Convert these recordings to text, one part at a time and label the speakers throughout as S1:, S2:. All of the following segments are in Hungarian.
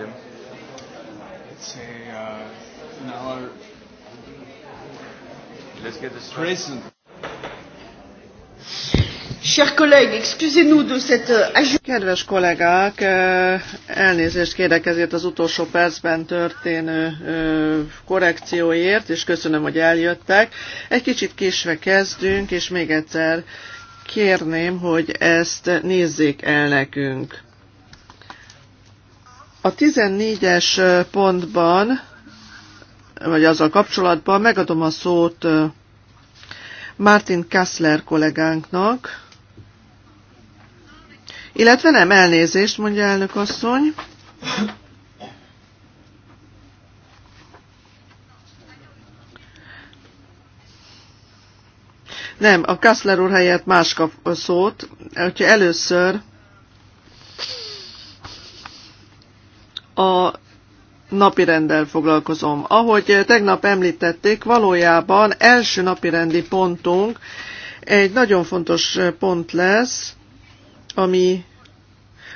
S1: Jim? It's a, uh, an hour. Let's get this prison.
S2: Chers collègues, excusez-nous de cette... Euh, Kedves kollégák, elnézést kérek ezért az utolsó percben történő korrekcióért, és köszönöm, hogy eljöttek. Egy kicsit késve kezdünk, és még egyszer kérném, hogy ezt nézzék el nekünk. A 14-es pontban, vagy azzal kapcsolatban megadom a szót Martin Kassler kollégánknak, illetve nem elnézést, mondja elnök asszony. Nem, a Kassler úr helyett más kap szót, hogyha először a napi rendel foglalkozom. Ahogy tegnap említették, valójában első napi rendi pontunk egy nagyon fontos pont lesz, ami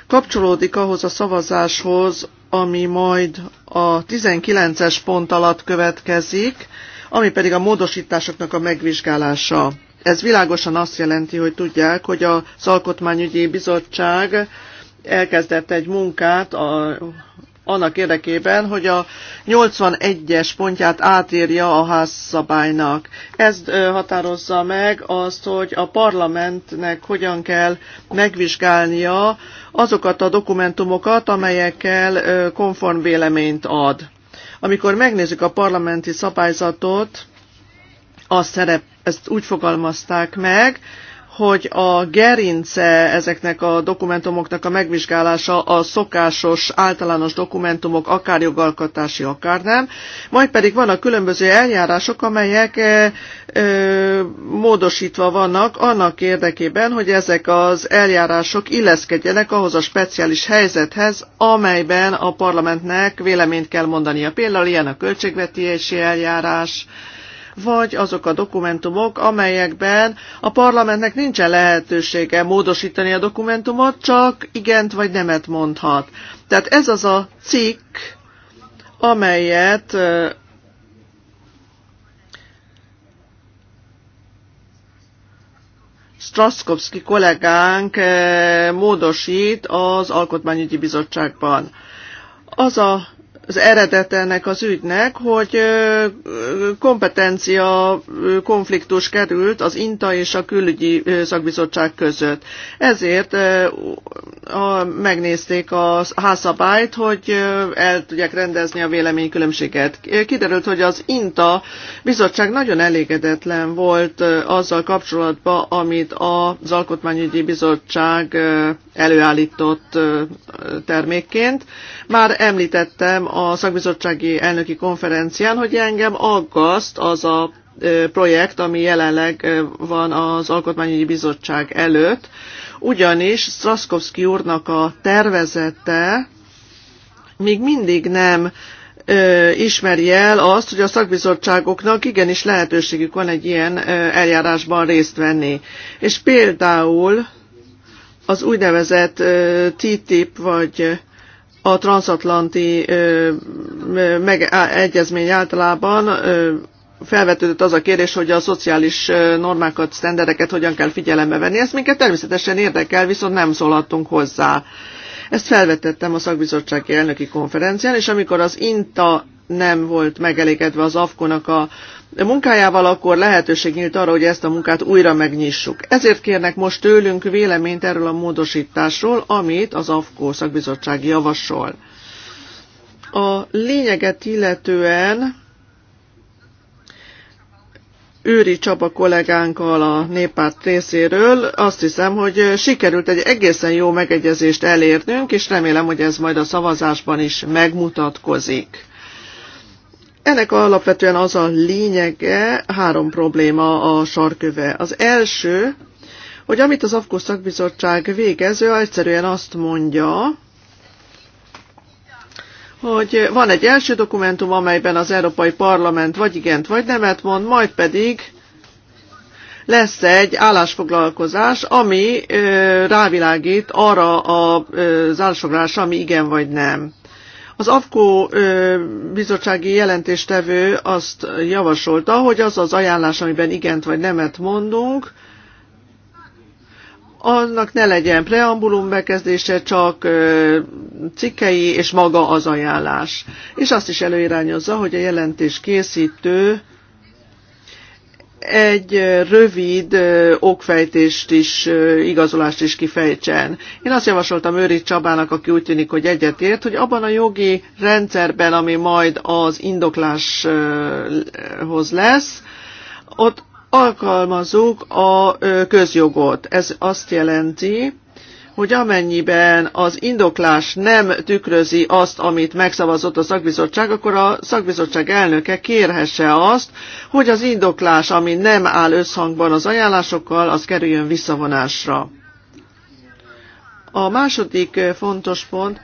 S2: kapcsolódik ahhoz a szavazáshoz, ami majd a 19-es pont alatt következik, ami pedig a módosításoknak a megvizsgálása. Ez világosan azt jelenti, hogy tudják, hogy az Alkotmányügyi Bizottság elkezdett egy munkát a, annak érdekében, hogy a 81-es pontját átírja a házszabálynak. Ez határozza meg azt, hogy a parlamentnek hogyan kell megvizsgálnia azokat a dokumentumokat, amelyekkel konform véleményt ad. Amikor megnézzük a parlamenti szabályzatot, azt szerep, ezt úgy fogalmazták meg, hogy a gerince ezeknek a dokumentumoknak a megvizsgálása a szokásos általános dokumentumok, akár jogalkotási, akár nem, majd pedig vannak különböző eljárások, amelyek ö, eh, eh, módosítva vannak annak érdekében, hogy ezek az eljárások illeszkedjenek ahhoz a speciális helyzethez, amelyben a parlamentnek véleményt kell mondania. Például ilyen a költségvetési eljárás, vagy azok a dokumentumok, amelyekben a parlamentnek nincsen lehetősége módosítani a dokumentumot, csak igent vagy nemet mondhat. Tehát ez az a cikk, amelyet Straszkowski kollégánk módosít az Alkotmányügyi Bizottságban. Az a az eredet ennek az ügynek, hogy kompetencia konfliktus került az INTA és a külügyi szakbizottság között. Ezért megnézték a házszabályt, hogy el tudják rendezni a véleménykülönbséget. Kiderült, hogy az INTA bizottság nagyon elégedetlen volt azzal kapcsolatban, amit az Alkotmányügyi Bizottság előállított termékként. Már említettem a szakbizottsági elnöki konferencián, hogy engem aggaszt az a projekt, ami jelenleg van az Alkotmányügyi Bizottság előtt, ugyanis Straszkowski úrnak a tervezete még mindig nem ö, ismeri el azt, hogy a szakbizottságoknak igenis lehetőségük van egy ilyen ö, eljárásban részt venni. És például az úgynevezett ö, TTIP vagy a transatlanti ö, meg, á, egyezmény általában ö, felvetődött az a kérdés, hogy a szociális normákat, sztendereket hogyan kell figyelembe venni. Ezt minket természetesen érdekel, viszont nem szólhattunk hozzá. Ezt felvetettem a szakbizottsági elnöki konferencián, és amikor az INTA nem volt megelégedve az afkonak a de munkájával, akkor lehetőség nyílt arra, hogy ezt a munkát újra megnyissuk. Ezért kérnek most tőlünk véleményt erről a módosításról, amit az AFKO szakbizottság javasol. A lényeget illetően Őri Csaba kollégánkkal a néppárt részéről. Azt hiszem, hogy sikerült egy egészen jó megegyezést elérnünk, és remélem, hogy ez majd a szavazásban is megmutatkozik. Ennek alapvetően az a lényege, három probléma a sarköve. Az első, hogy amit az AFKO szakbizottság végező, egyszerűen azt mondja, hogy van egy első dokumentum, amelyben az Európai Parlament vagy igent, vagy nemet mond, majd pedig lesz egy állásfoglalkozás, ami rávilágít arra a, az állásfoglalásra, ami igen vagy nem. Az AFKO bizottsági jelentéstevő azt javasolta, hogy az az ajánlás, amiben igent vagy nemet mondunk, annak ne legyen preambulum bekezdése, csak cikkei és maga az ajánlás. És azt is előirányozza, hogy a jelentés készítő egy rövid okfejtést is, igazolást is kifejtsen. Én azt javasoltam Őri Csabának, aki úgy tűnik, hogy egyetért, hogy abban a jogi rendszerben, ami majd az indokláshoz lesz, ott alkalmazzuk a közjogot. Ez azt jelenti, hogy amennyiben az indoklás nem tükrözi azt, amit megszavazott a szakbizottság, akkor a szakbizottság elnöke kérhesse azt, hogy az indoklás, ami nem áll összhangban az ajánlásokkal, az kerüljön visszavonásra. A második fontos pont,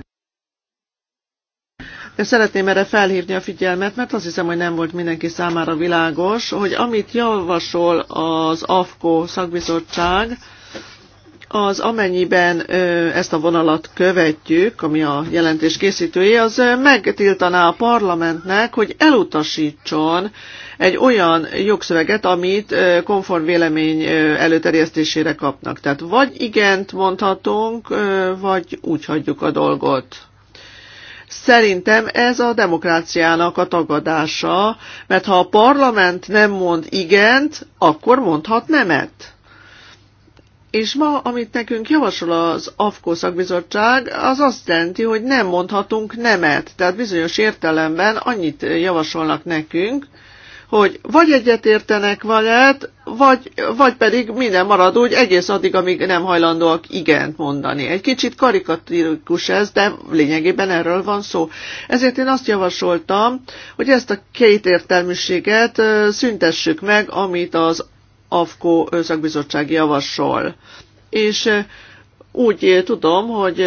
S2: de szeretném erre felhívni a figyelmet, mert azt hiszem, hogy nem volt mindenki számára világos, hogy amit javasol az AFKO szakbizottság, az amennyiben ezt a vonalat követjük, ami a jelentés készítője, az megtiltaná a parlamentnek, hogy elutasítson egy olyan jogszöveget, amit konform vélemény előterjesztésére kapnak. Tehát vagy igent mondhatunk, vagy úgy hagyjuk a dolgot. Szerintem ez a demokráciának a tagadása, mert ha a parlament nem mond igent, akkor mondhat nemet. És ma, amit nekünk javasol az AFKO szakbizottság, az azt jelenti, hogy nem mondhatunk nemet. Tehát bizonyos értelemben annyit javasolnak nekünk, hogy vagy egyetértenek valet, vagy, vagy pedig minden marad úgy egész addig, amíg nem hajlandóak igent mondani. Egy kicsit karikatirikus ez, de lényegében erről van szó. Ezért én azt javasoltam, hogy ezt a két értelműséget szüntessük meg, amit az AFKO szakbizottság javasol. És úgy tudom, hogy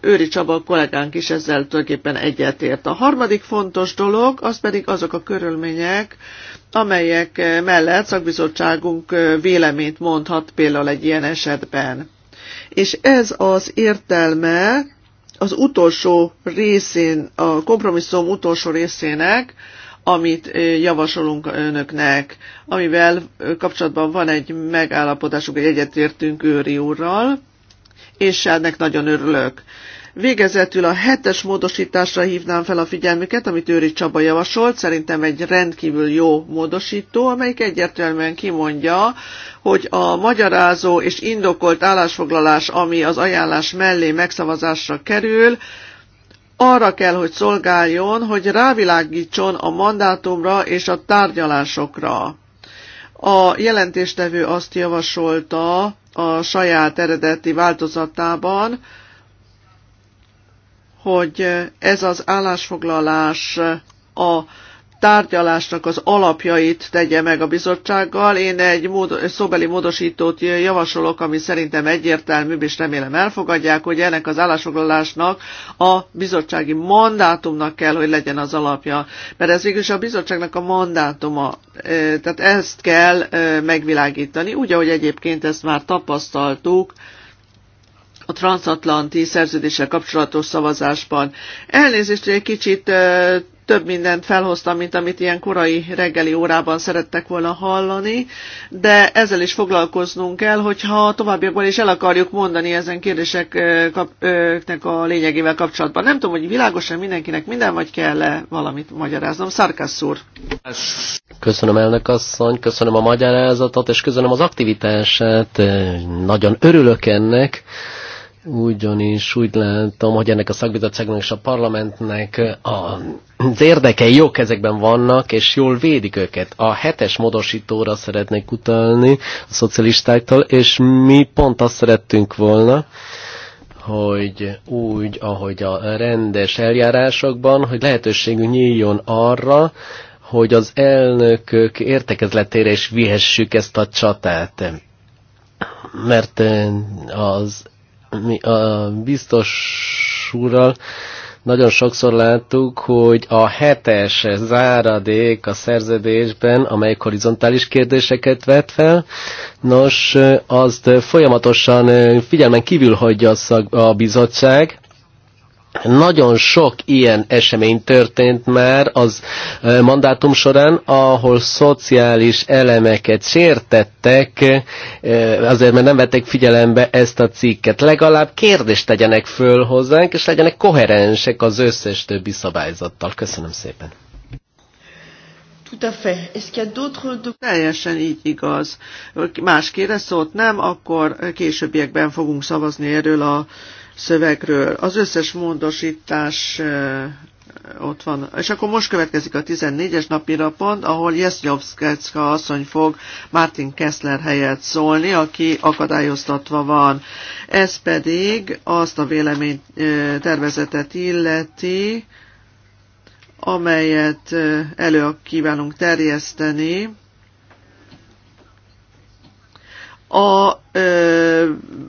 S2: Őri Csaba kollégánk is ezzel tulajdonképpen egyetért. A harmadik fontos dolog, az pedig azok a körülmények, amelyek mellett szakbizottságunk véleményt mondhat például egy ilyen esetben. És ez az értelme az utolsó részén, a kompromisszum utolsó részének, amit javasolunk önöknek, amivel kapcsolatban van egy megállapodásunk, egy egyetértünk Őri úrral, és ennek nagyon örülök. Végezetül a hetes módosításra hívnám fel a figyelmüket, amit Őri Csaba javasolt. Szerintem egy rendkívül jó módosító, amelyik egyértelműen kimondja, hogy a magyarázó és indokolt állásfoglalás, ami az ajánlás mellé megszavazásra kerül, arra kell, hogy szolgáljon, hogy rávilágítson a mandátumra és a tárgyalásokra. A jelentéstevő azt javasolta a saját eredeti változatában, hogy ez az állásfoglalás a tárgyalásnak az alapjait tegye meg a bizottsággal. Én egy mód, szóbeli módosítót javasolok, ami szerintem egyértelműbb, és remélem elfogadják, hogy ennek az állásfoglalásnak a bizottsági mandátumnak kell, hogy legyen az alapja. Mert ez végülis a bizottságnak a mandátuma. Tehát ezt kell megvilágítani, úgy, ahogy egyébként ezt már tapasztaltuk, a transatlanti szerződéssel kapcsolatos szavazásban. Elnézést, hogy egy kicsit több mindent felhoztam, mint amit ilyen korai reggeli órában szerettek volna hallani, de ezzel is foglalkoznunk kell, hogyha továbbiakban is el akarjuk mondani ezen kérdéseknek a lényegével kapcsolatban. Nem tudom, hogy világosan mindenkinek minden, vagy kell-e valamit magyaráznom. Szarkasz úr!
S3: Köszönöm elnök asszony, köszönöm a magyarázatot, és köszönöm az aktivitását. Nagyon örülök ennek ugyanis úgy látom, hogy ennek a szakbizottságnak és a parlamentnek a, az érdekei jók ezekben vannak, és jól védik őket. A hetes modosítóra szeretnék utalni a szocialistáktól, és mi pont azt szerettünk volna, hogy úgy, ahogy a rendes eljárásokban, hogy lehetőségünk nyíljon arra, hogy az elnökök értekezletére is vihessük ezt a csatát. Mert az mi a biztos úrral nagyon sokszor láttuk, hogy a hetes záradék a szerződésben, amely horizontális kérdéseket vet fel, nos, azt folyamatosan figyelmen kívül hagyja a, a bizottság, nagyon sok ilyen esemény történt már az mandátum során, ahol szociális elemeket sértettek, azért mert nem vették figyelembe ezt a cikket. Legalább kérdést tegyenek föl hozzánk, és legyenek koherensek az összes többi szabályzattal. Köszönöm szépen.
S2: Teljesen így igaz. Más kére szót nem, akkor későbbiekben fogunk szavazni erről a szövegről. Az összes módosítás ott van. És akkor most következik a 14-es napi rapont, ahol Jesnyovszkecka asszony fog Martin Kessler helyett szólni, aki akadályoztatva van. Ez pedig azt a vélemény tervezetet illeti, amelyet elő kívánunk terjeszteni a,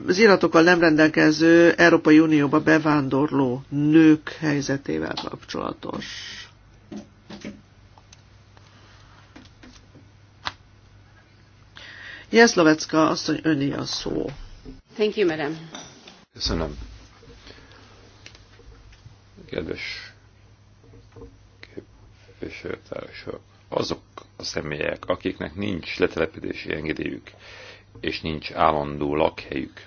S2: az iratokkal nem rendelkező Európai Unióba bevándorló nők helyzetével kapcsolatos. Jeszlovecka mondja, öné a szó. Thank you, madam.
S4: Köszönöm. Kedves képviselőtársak, azok a személyek, akiknek nincs letelepedési engedélyük, és nincs állandó lakhelyük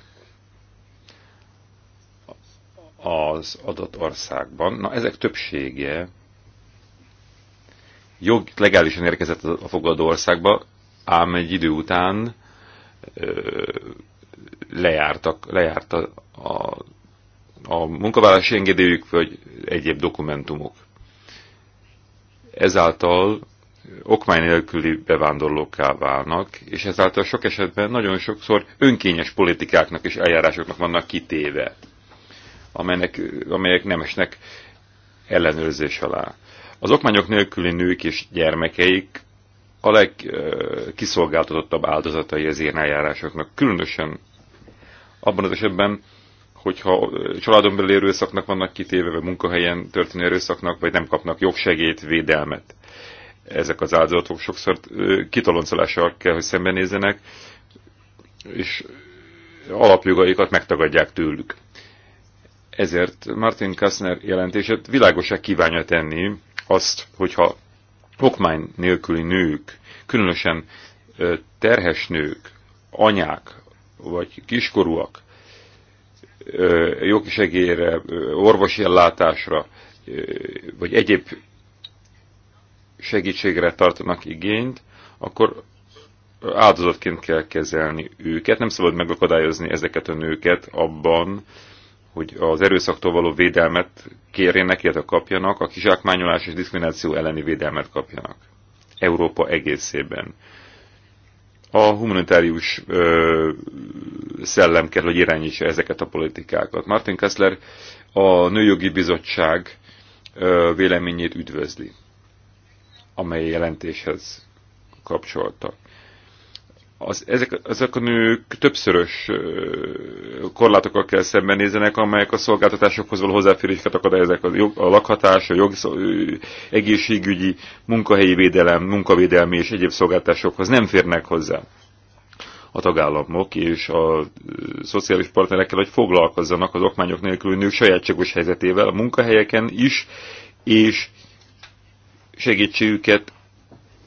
S4: az adott országban. Na, ezek többsége jog legálisan érkezett a fogadó országba, ám egy idő után ö, lejártak, lejárt a, a, a munkavállalási engedélyük, vagy egyéb dokumentumok. Ezáltal okmány nélküli bevándorlókká válnak, és ezáltal sok esetben nagyon sokszor önkényes politikáknak és eljárásoknak vannak kitéve, amelynek, amelyek nem esnek ellenőrzés alá. Az okmányok nélküli nők és gyermekeik a legkiszolgáltatottabb áldozatai az ilyen eljárásoknak, különösen abban az esetben, hogyha családon belül erőszaknak vannak kitéve, vagy munkahelyen történő erőszaknak, vagy nem kapnak jogsegét, védelmet ezek az áldozatok sokszor kitoloncolással kell, hogy szembenézzenek, és alapjogaikat megtagadják tőlük. Ezért Martin Kassner jelentését világosá kívánja tenni azt, hogyha okmány nélküli nők, különösen terhes nők, anyák vagy kiskorúak jogsegélyre, orvosi ellátásra, vagy egyéb segítségre tartanak igényt, akkor áldozatként kell kezelni őket. Nem szabad megakadályozni ezeket a nőket abban, hogy az erőszaktól való védelmet kérjenek, illetve kapjanak, a kizsákmányolás és diszkrimináció elleni védelmet kapjanak. Európa egészében. A humanitárius ö, szellem kell, hogy irányítsa ezeket a politikákat. Martin Kessler a Nőjogi Bizottság ö, véleményét üdvözli amely jelentéshez kapcsoltak. Az, ezek, ezek a nők többszörös korlátokkal kell szembenézenek, amelyek a szolgáltatásokhoz való hozzáféréseket akadályozzák a, jog, a lakhatás, a jog, egészségügyi, munkahelyi védelem, munkavédelmi és egyéb szolgáltatásokhoz nem férnek hozzá a tagállamok és a szociális partnerekkel, hogy foglalkozzanak az okmányok nélkül nők sajátságos helyzetével a munkahelyeken is, és segítségüket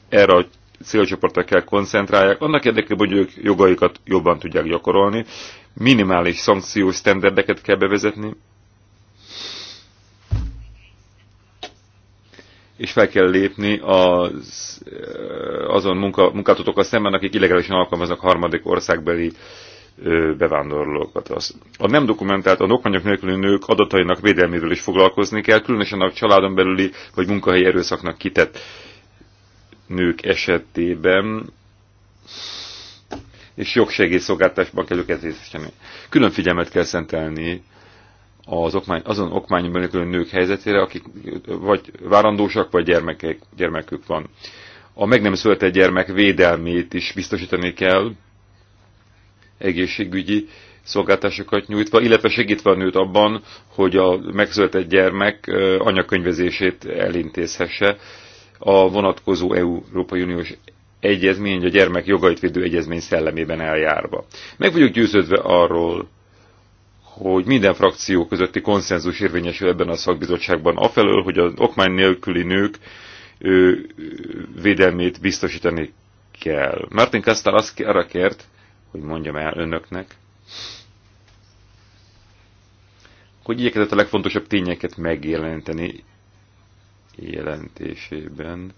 S4: erre a célcsoportra kell koncentrálják, annak érdekében, hogy ők jogaikat jobban tudják gyakorolni, minimális szankciós sztenderdeket kell bevezetni, és fel kell lépni az, eh, azon munka, munkáltatókkal szemben, akik illegálisan alkalmaznak harmadik országbeli bevándorlókat. Az. A nem dokumentált, a dokmányok nélküli nők adatainak védelméről is foglalkozni kell, különösen a családon belüli vagy munkahelyi erőszaknak kitett nők esetében, és jogsegélyszolgáltatásban kell őket részesíteni. Külön figyelmet kell szentelni az okmány, azon okmányban nélküli nők helyzetére, akik vagy várandósak, vagy gyermekek, gyermekük van. A meg nem született gyermek védelmét is biztosítani kell, egészségügyi szolgáltásokat nyújtva, illetve segítve a nőt abban, hogy a megszületett gyermek anyakönyvezését elintézhesse. A vonatkozó Európai Uniós egyezmény, a gyermek jogait védő egyezmény szellemében eljárva. Meg vagyok győződve arról, hogy minden frakció közötti konszenzus érvényesül ebben a szakbizottságban, afelől, hogy az okmány nélküli nők védelmét biztosítani kell. Martin Kastár azt arra kért, hogy mondjam el önöknek, hogy igyekezett a legfontosabb tényeket megjelenteni jelentésében,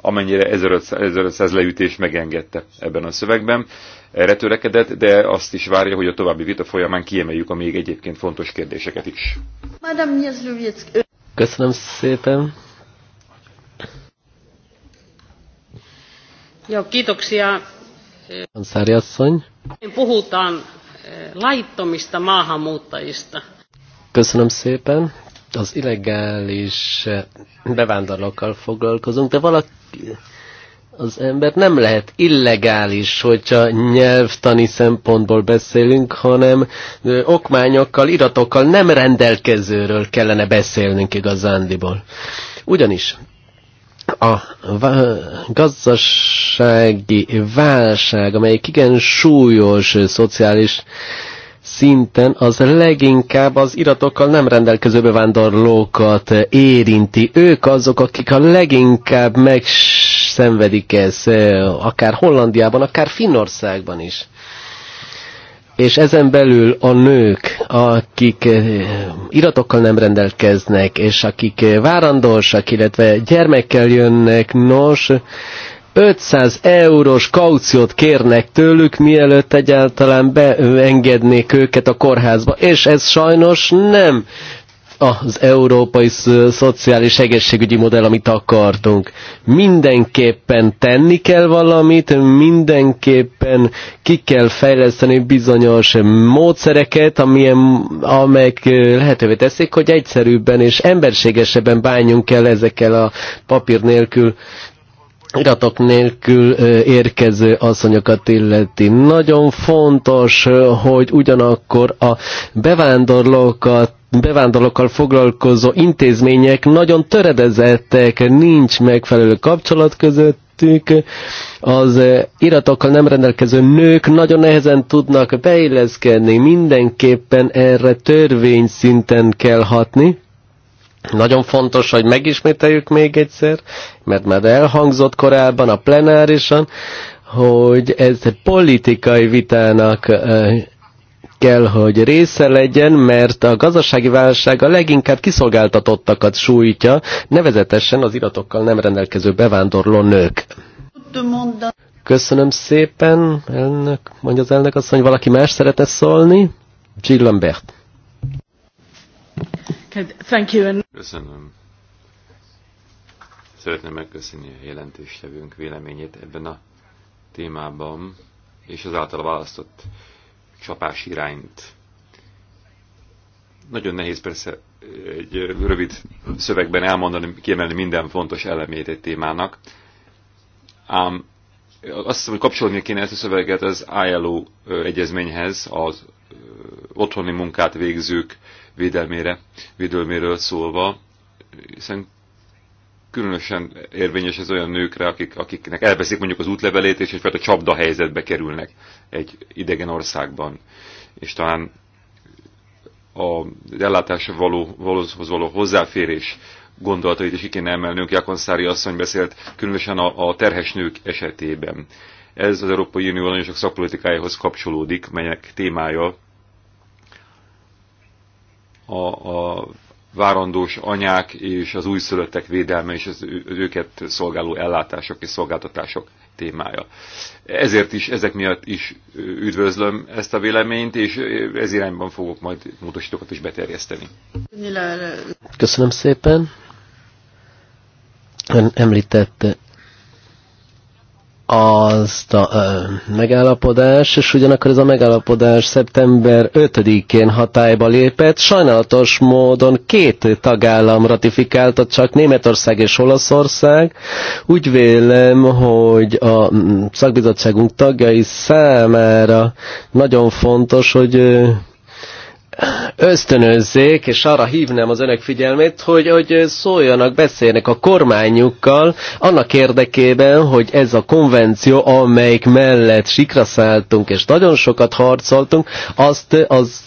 S4: amennyire 1500, 1500 leütés megengedte ebben a szövegben. Erre törekedett, de azt is várja, hogy a további vita folyamán kiemeljük a még egyébként fontos kérdéseket is.
S3: Köszönöm szépen.
S1: Jó, kiitoksia Anszári asszony. Puhutaan eh, laittomista maahanmuuttajista.
S3: Köszönöm szépen. Az illegális eh, bevándorlókkal foglalkozunk, de valaki az ember nem lehet illegális, hogyha nyelvtani szempontból beszélünk, hanem eh, okmányokkal, iratokkal nem rendelkezőről kellene beszélnünk igazándiból. Ugyanis a gazdasági válság, amelyik igen súlyos szociális szinten az leginkább az iratokkal nem rendelkező bevándorlókat érinti. Ők azok, akik a leginkább megszenvedik ezt, akár Hollandiában, akár Finnországban is és ezen belül a nők, akik eh, iratokkal nem rendelkeznek, és akik eh, várandósak, illetve gyermekkel jönnek, nos, 500 eurós kauciót kérnek tőlük, mielőtt egyáltalán beengednék őket a kórházba, és ez sajnos nem az európai szociális egészségügyi modell, amit akartunk. Mindenképpen tenni kell valamit, mindenképpen ki kell fejleszteni bizonyos módszereket, amilyen, amelyek lehetővé teszik, hogy egyszerűbben és emberségesebben bánjunk el ezekkel a papír nélkül iratok nélkül érkező asszonyokat illeti. Nagyon fontos, hogy ugyanakkor a bevándorlókat bevándorlókkal foglalkozó intézmények nagyon töredezettek, nincs megfelelő kapcsolat közöttük. az iratokkal nem rendelkező nők nagyon nehezen tudnak beilleszkedni, mindenképpen erre törvényszinten kell hatni. Nagyon fontos, hogy megismételjük még egyszer, mert már elhangzott korábban a plenárisan, hogy ez politikai vitának kell, hogy része legyen, mert a gazdasági válság a leginkább kiszolgáltatottakat sújtja, nevezetesen az iratokkal nem rendelkező bevándorló nők. Köszönöm szépen, elnök, mondja az elnök hogy valaki más szeretne szólni? Gilles Lambert.
S4: Thank you. Köszönöm. Szeretném megköszönni a jelentéstevőnk véleményét ebben a témában, és az által választott csapás irányt. Nagyon nehéz persze egy rövid szövegben elmondani, kiemelni minden fontos elemét egy témának, ám azt hiszem, hogy kapcsolni kéne ezt a szöveget az ILO egyezményhez, az otthoni munkát végzők védelmére, védelméről szólva, hiszen különösen érvényes ez olyan nőkre, akik, akiknek elveszik mondjuk az útlevelét, és egyfajta csapda helyzetbe kerülnek egy idegen országban. És talán a ellátásra való, valóhoz való hozzáférés gondolatait is ki kéne emelnünk. Jakonszári asszony beszélt különösen a, a terhes nők esetében. Ez az Európai Unió nagyon sok szakpolitikájához kapcsolódik, melynek témája a, a várandós anyák és az újszülöttek védelme és az őket szolgáló ellátások és szolgáltatások témája. Ezért is, ezek miatt is üdvözlöm ezt a véleményt, és ez irányban fogok majd módosítókat is beterjeszteni.
S3: Köszönöm szépen. Ön említette azt a ö, megállapodás, és ugyanakkor ez a megállapodás szeptember 5-én hatályba lépett. Sajnálatos módon két tagállam ratifikálta, csak Németország és Olaszország. Úgy vélem, hogy a szakbizottságunk tagjai számára nagyon fontos, hogy ösztönözzék, és arra hívnám az önök figyelmét, hogy, hogy szóljanak, beszélnek a kormányukkal annak érdekében, hogy ez a konvenció, amelyik mellett sikra szálltunk, és nagyon sokat harcoltunk, azt az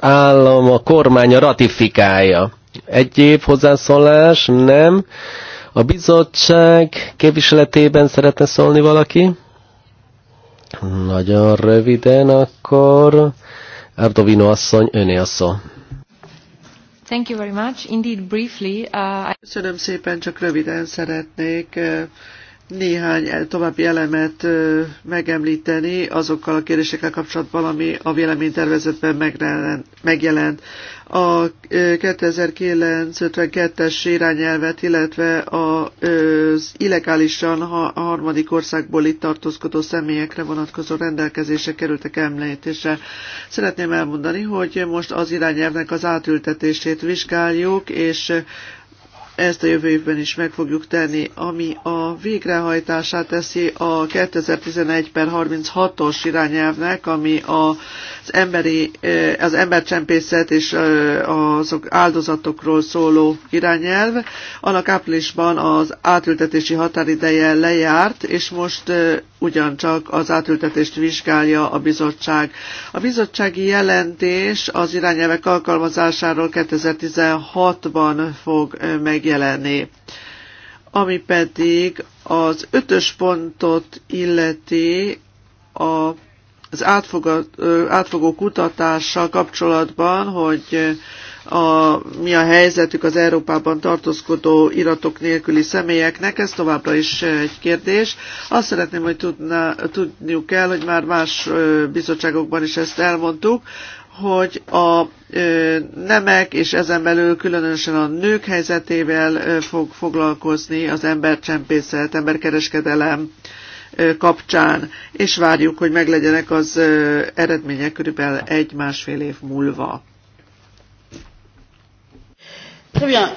S3: állam, a kormánya ratifikálja. Egyéb hozzászólás? Nem. A bizottság képviseletében szeretne szólni valaki? Nagyon röviden akkor Erdovino asszony, öné a szó.
S2: Thank you very much. Indeed, briefly, uh, I... Köszönöm szépen, csak röviden szeretnék uh, néhány további elemet megemlíteni azokkal a kérdésekkel kapcsolatban, ami a véleménytervezetben megjelent. A 2952-es irányelvet, illetve az illegálisan a harmadik országból itt tartózkodó személyekre vonatkozó rendelkezések kerültek említésre. Szeretném elmondani, hogy most az irányelvnek az átültetését vizsgáljuk, és ezt a jövő évben is meg fogjuk tenni, ami a végrehajtását teszi a 2011 per 36-os irányelvnek, ami az, emberi, eh, az embercsempészet és eh, azok áldozatokról szóló irányelv. Annak áprilisban az átültetési határideje lejárt, és most eh, ugyancsak az átültetést vizsgálja a bizottság. A bizottsági jelentés az irányelvek alkalmazásáról 2016-ban fog megjelenni ami pedig az ötös pontot illeti a, az átfogó, átfogó kutatással kapcsolatban, hogy a, mi a helyzetük az Európában tartózkodó iratok nélküli személyeknek, ez továbbra is eh, egy kérdés. Azt szeretném, hogy tudna tudniuk kell, hogy már más eh, bizottságokban is ezt elmondtuk, hogy a eh, nemek és ezen belül különösen a nők helyzetével fog foglalkozni az embercsempészet, emberkereskedelem kapcsán, és várjuk, hogy meglegyenek az eredmények körülbelül egy-másfél év múlva. Euh,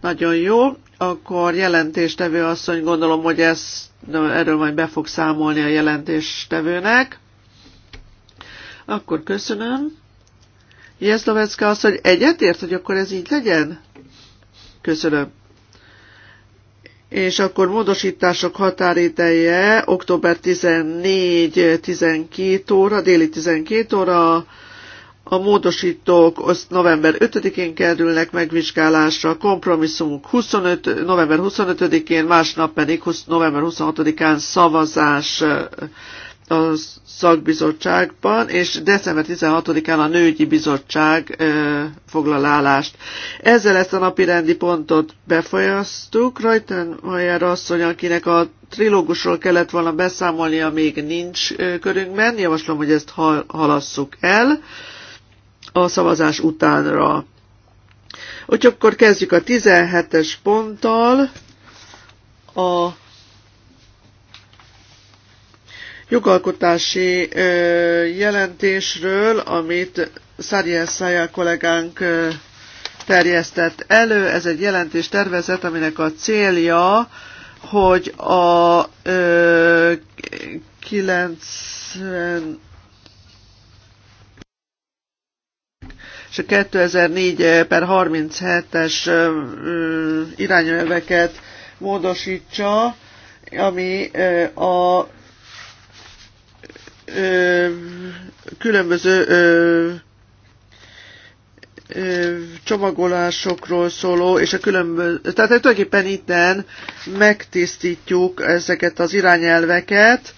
S2: Nagyon jó. Akkor jelentéstevő asszony, gondolom, hogy ez, erről majd be fog számolni a jelentéstevőnek. Akkor köszönöm. Jeszlovecka azt, hogy egyetért, hogy akkor ez így legyen? Köszönöm. És akkor módosítások határideje október 14-12 óra, déli 12 óra, a módosítók azt november 5-én kerülnek megvizsgálásra, kompromisszumuk 25, november 25-én, másnap pedig 20, november 26-án szavazás a szakbizottságban, és december 16-án a nőgyi bizottság ö, foglal állást. Ezzel ezt a napi rendi pontot befolyasztuk. Majer asszony, akinek a trilógusról kellett volna beszámolnia, még nincs ö, körünkben. Javaslom, hogy ezt hal- halasszuk el a szavazás utánra. Úgyhogy akkor kezdjük a 17-es ponttal. A jogalkotási jelentésről, amit Szárien Szája kollégánk terjesztett elő. Ez egy jelentés tervezet, aminek a célja, hogy a ö, 90 és a 2004 eh, per 37-es eh, eh, irányelveket módosítsa, ami a különböző csomagolásokról szóló, és a különböző, tehát tulajdonképpen itten megtisztítjuk ezeket az irányelveket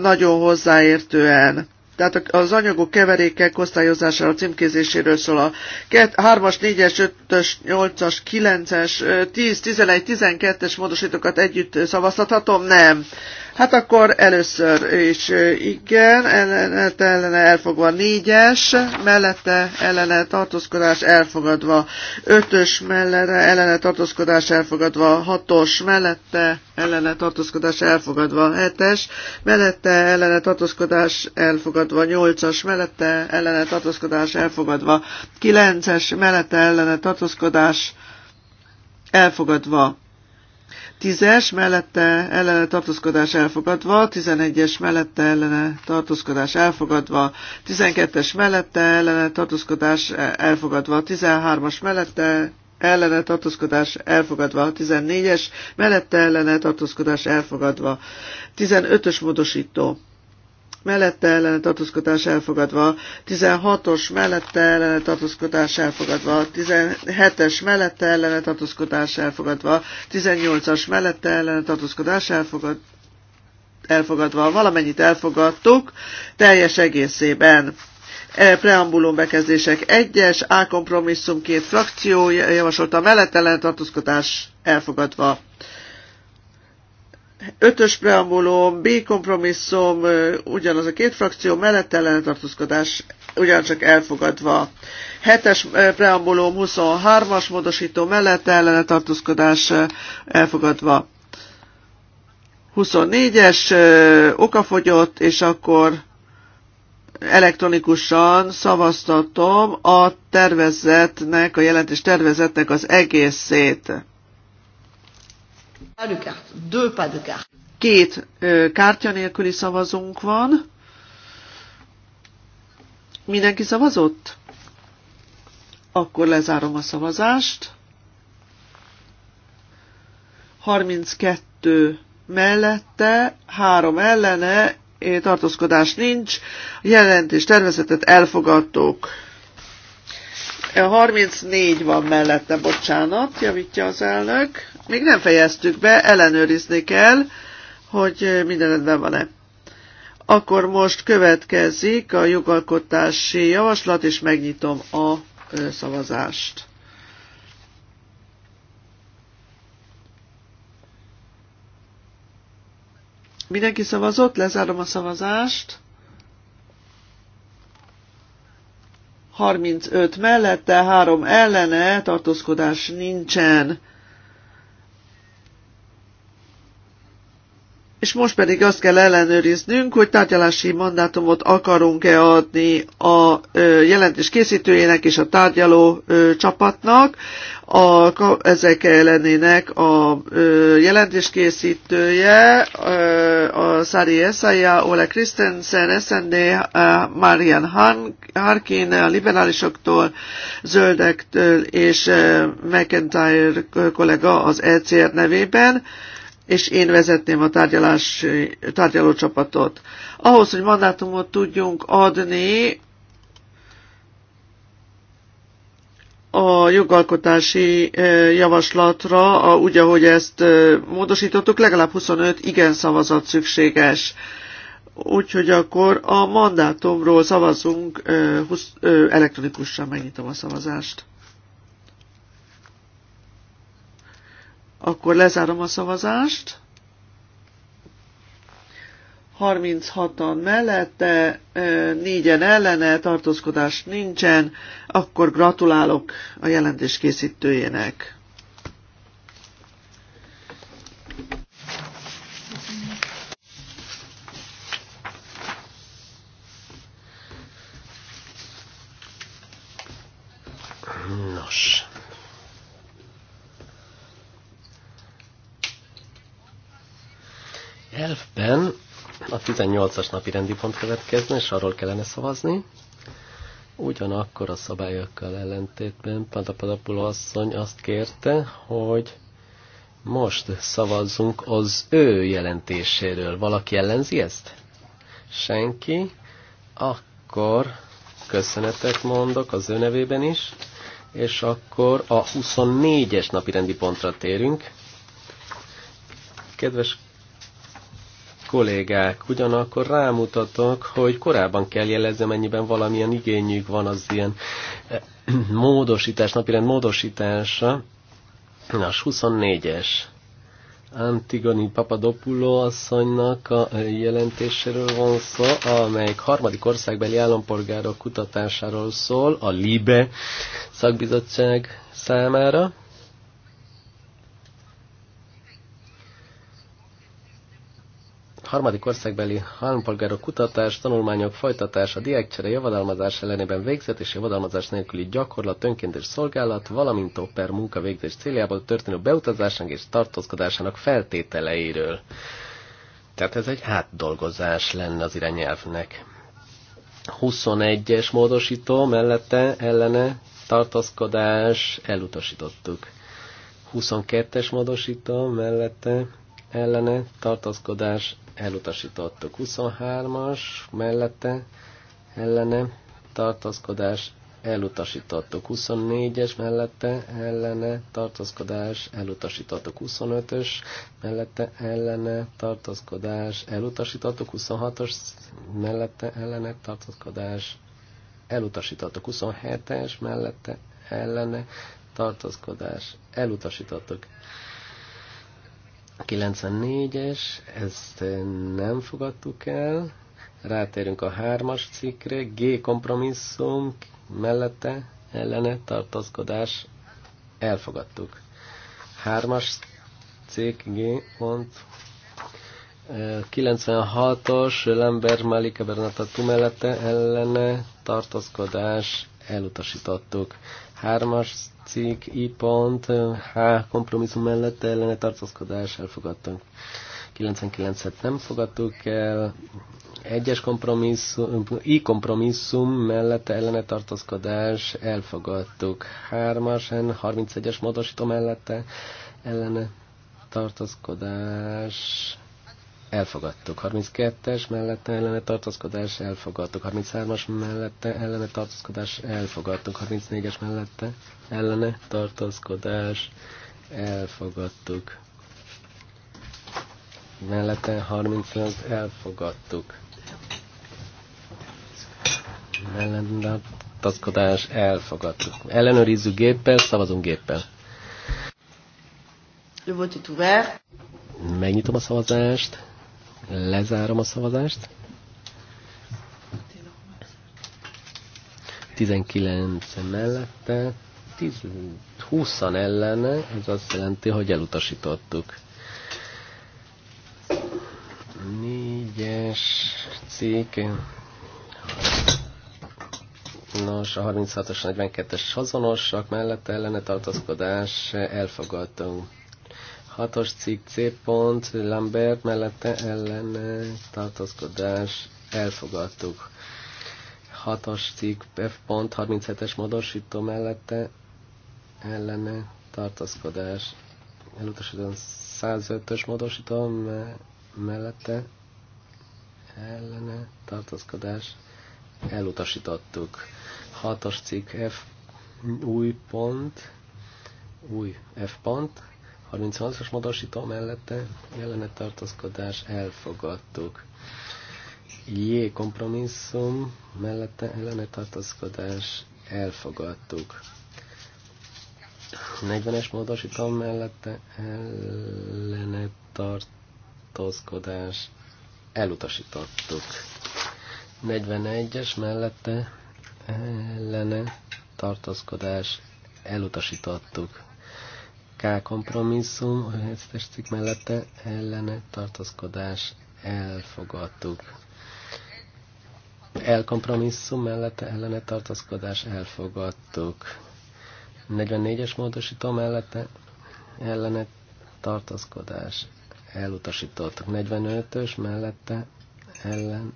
S2: nagyon hozzáértően tehát az anyagok keverékek osztályozására, címkézéséről szól a 3-as, 4-es, 5-ös, 8-as, 9-es, 10, 11, 12-es módosítókat együtt szavazhatom? Nem. Hát akkor először is igen, ellenet hát ellene elfogva négyes, mellette ellene tartózkodás elfogadva ötös mellene ellene tartózkodás elfogadva hatos, mellette ellene tartózkodás elfogadva hetes, mellette ellene tartózkodás elfogadva nyolcas, mellette ellene tartózkodás elfogadva kilences, mellette ellene tartózkodás elfogadva 10-es mellette ellene tartózkodás elfogadva, 11-es mellette ellene tartózkodás elfogadva, 12-es mellette ellene tartózkodás elfogadva, 13-as mellette ellene tartózkodás elfogadva, 14-es mellette ellene tartózkodás elfogadva, 15-ös módosító mellette ellene tartózkodás elfogadva, 16-os mellette ellene tartózkodás elfogadva, 17-es mellette ellene tartózkodás elfogadva, 18-as mellette ellene tartózkodás elfogadva, elfogadva, valamennyit elfogadtuk, teljes egészében. E preambulum bekezdések 1-es, A kompromisszum két frakció javasolta mellett tartózkodás elfogadva. Ötös preambulum, B kompromisszum, ugyanaz a két frakció, mellett ellenetartózkodás ugyancsak elfogadva. Hetes preambulum 23-as módosító mellett ellenetartózkodás elfogadva. 24-es okafogyott, és akkor elektronikusan szavaztatom a tervezetnek, a jelentés tervezetnek az egészét. Két ö, kártya nélküli szavazónk van. Mindenki szavazott? Akkor lezárom a szavazást. 32 mellette, 3 ellene, eh, tartózkodás nincs. A jelentés tervezetet elfogadtuk. 34 van mellette, bocsánat, javítja az elnök. Még nem fejeztük be, ellenőrizni kell, hogy minden rendben van-e. Akkor most következik a jogalkotási javaslat, és megnyitom a szavazást. Mindenki szavazott, lezárom a szavazást. 35 mellette, 3 ellene, tartózkodás nincsen. és most pedig azt kell ellenőriznünk, hogy tárgyalási mandátumot akarunk-e adni a jelentés készítőjének és a tárgyaló csapatnak. A, ezek ellenének a jelentés készítője, a Szári Eszája, Ole Christensen, SND, Marian Harkin, a liberálisoktól, zöldektől és McIntyre kollega az ECR nevében és én vezetném a tárgyalás, tárgyalócsapatot. Ahhoz, hogy mandátumot tudjunk adni, a jogalkotási e, javaslatra, a, úgy, ahogy ezt e, módosítottuk, legalább 25 igen szavazat szükséges. Úgyhogy akkor a mandátumról szavazunk, e, elektronikusan megnyitom a szavazást. Akkor lezárom a szavazást. 36-an mellette, 4-en ellene, tartózkodás nincsen, akkor gratulálok a jelentés készítőjének.
S3: Nos. Elfben a 18-as napi rendi pont következne, és arról kellene szavazni. Ugyanakkor a szabályokkal ellentétben Padapadapul asszony azt kérte, hogy most szavazzunk az ő jelentéséről. Valaki ellenzi ezt? Senki? Akkor köszönetet mondok az ő nevében is, és akkor a 24-es napi rendi pontra térünk. Kedves kollégák, ugyanakkor rámutatok, hogy korábban kell jelezni, mennyiben valamilyen igényük van az ilyen eh, módosítás, napirend módosítása. Na, 24-es. Antigoni Papadopulo asszonynak a eh, jelentéséről van szó, amelyik harmadik országbeli állampolgárok kutatásáról szól a LIBE szakbizottság számára. harmadik országbeli állampolgárok kutatás, tanulmányok folytatása, diákcsere, javadalmazás ellenében végzett és javadalmazás nélküli gyakorlat, önkéntes szolgálat, valamint oper munkavégzés céljából történő beutazásának és tartózkodásának feltételeiről. Tehát ez egy átdolgozás lenne az irányelvnek. 21-es módosító mellette ellene tartózkodás elutasítottuk. 22-es módosító mellette ellene tartózkodás elutasítottuk. 23-as mellette ellene tartózkodás elutasítottuk. 24-es mellette ellene tartózkodás elutasítottuk. 25-ös mellette ellene tartózkodás elutasítottuk. 26-os mellette ellene tartózkodás elutasítottuk. 27-es mellette ellene tartózkodás elutasítottuk. 94-es, ezt nem fogadtuk el. Rátérünk a 3-as cikkre, G kompromisszum, mellette, ellene, tartozkodás elfogadtuk. 3-as cikk, G pont, 96-os Lember Malika Bernata mellette ellene tartozkodás elutasítottuk. Hármas cikk, I pont, H kompromisszum mellett ellene tartózkodás elfogadtunk. 99-et nem fogadtuk el. Egyes kompromisszum, I kompromisszum mellett ellene tartózkodás elfogadtuk. Hármas, N 31-es módosító mellette ellene tartózkodás elfogadtuk. 32-es mellette ellene tartózkodás, elfogadtuk. 33-as mellette ellene tartózkodás, elfogadtuk. 34-es mellette ellene tartózkodás, elfogadtuk. Mellette 38 elfogadtuk. Mellette tartózkodás, elfogadtuk. Ellenőrizzük géppel, szavazunk géppel.
S2: Le vote est ouvert.
S3: Megnyitom a szavazást. Lezárom a szavazást. 19 mellette, 20 ellene, ez azt jelenti, hogy elutasítottuk. 4-es cikk. Nos, a 36-os, 42-es azonosak mellette ellene tartózkodás elfogadtunk. Hatos cikk C pont, Lambert mellette ellene tartózkodás, elfogadtuk. Hatos cikk F pont, 37-es módosító mellette ellene tartózkodás, elutasítom 105-ös módosító me mellette ellene tartózkodás, elutasítottuk. Hatos cikk F új pont, új F pont, 36-as modosító mellette jelenet tartózkodás elfogadtuk. J kompromisszum mellette jelenet tartózkodás elfogadtuk. 40-es módosító mellette ellene tartózkodás elutasítottuk. 41-es mellette ellene tartózkodás elutasítottuk. K kompromisszum, a 7 cikk mellette ellene tartózkodás elfogadtuk. L kompromisszum mellette ellene tartózkodás elfogadtuk. 44-es módosító mellette ellene tartózkodás elutasítottak. 45-ös mellette ellen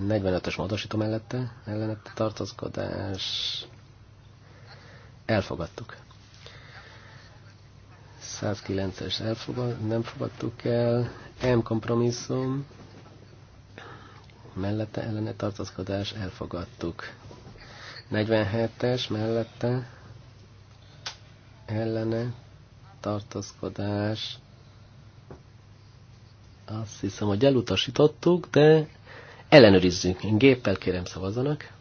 S3: 45-ös módosító mellette ellenet tartozkodás elfogadtuk. 109-es elfogad, nem fogadtuk el. M kompromisszum, mellette ellene tartozkodás elfogadtuk. 47-es mellette ellene tartozkodás. azt hiszem, hogy elutasítottuk, de ellenőrizzük. Géppel kérem szavazanak.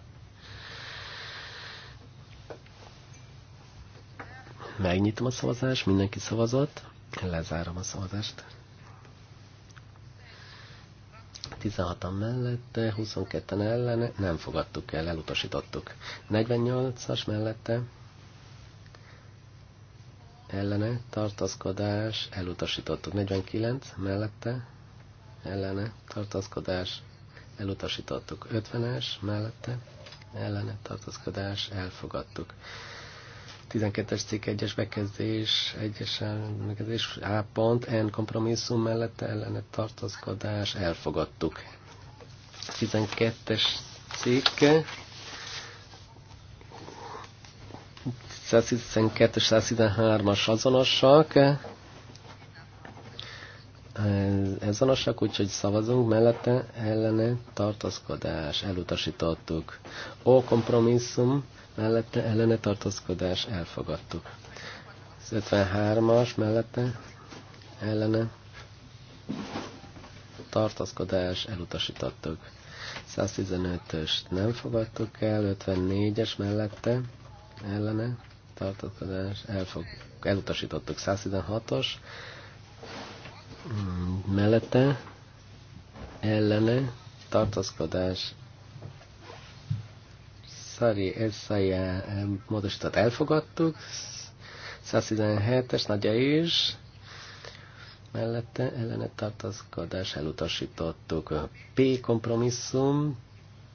S3: Megnyitom a szavazást, mindenki szavazott. Lezárom a szavazást. 16-an mellette, 22-en ellen, nem fogadtuk el, elutasítottuk. 48-as mellette, ellene, tartaszkodás, elutasítottuk. 49 mellette, ellene, tartaszkodás, elutasítottuk. 50-es mellette, ellene, tartaszkodás, elfogadtuk. 12-es cikk 1-es bekezdés, 1-es bekezdés, A pont, N kompromisszum mellette ellene tartozkodás, elfogadtuk. 12-es cikk, 112-113-as azonosak, azonosak, úgyhogy szavazunk, mellette ellene tartozkodás, elutasítottuk. O kompromisszum, mellette ellene tartózkodás elfogadtuk. Az 53-as mellette ellene tartózkodás elutasítottuk. 115-öst nem fogadtuk el, 54-es mellette ellene tartózkodás elfog, elutasítottuk. 116-os mellette ellene tartózkodás Szari Eszája eh, módosítat elfogadtuk. 117-es nagyja is. Mellette ellene tartozkodás elutasítottuk. P kompromisszum.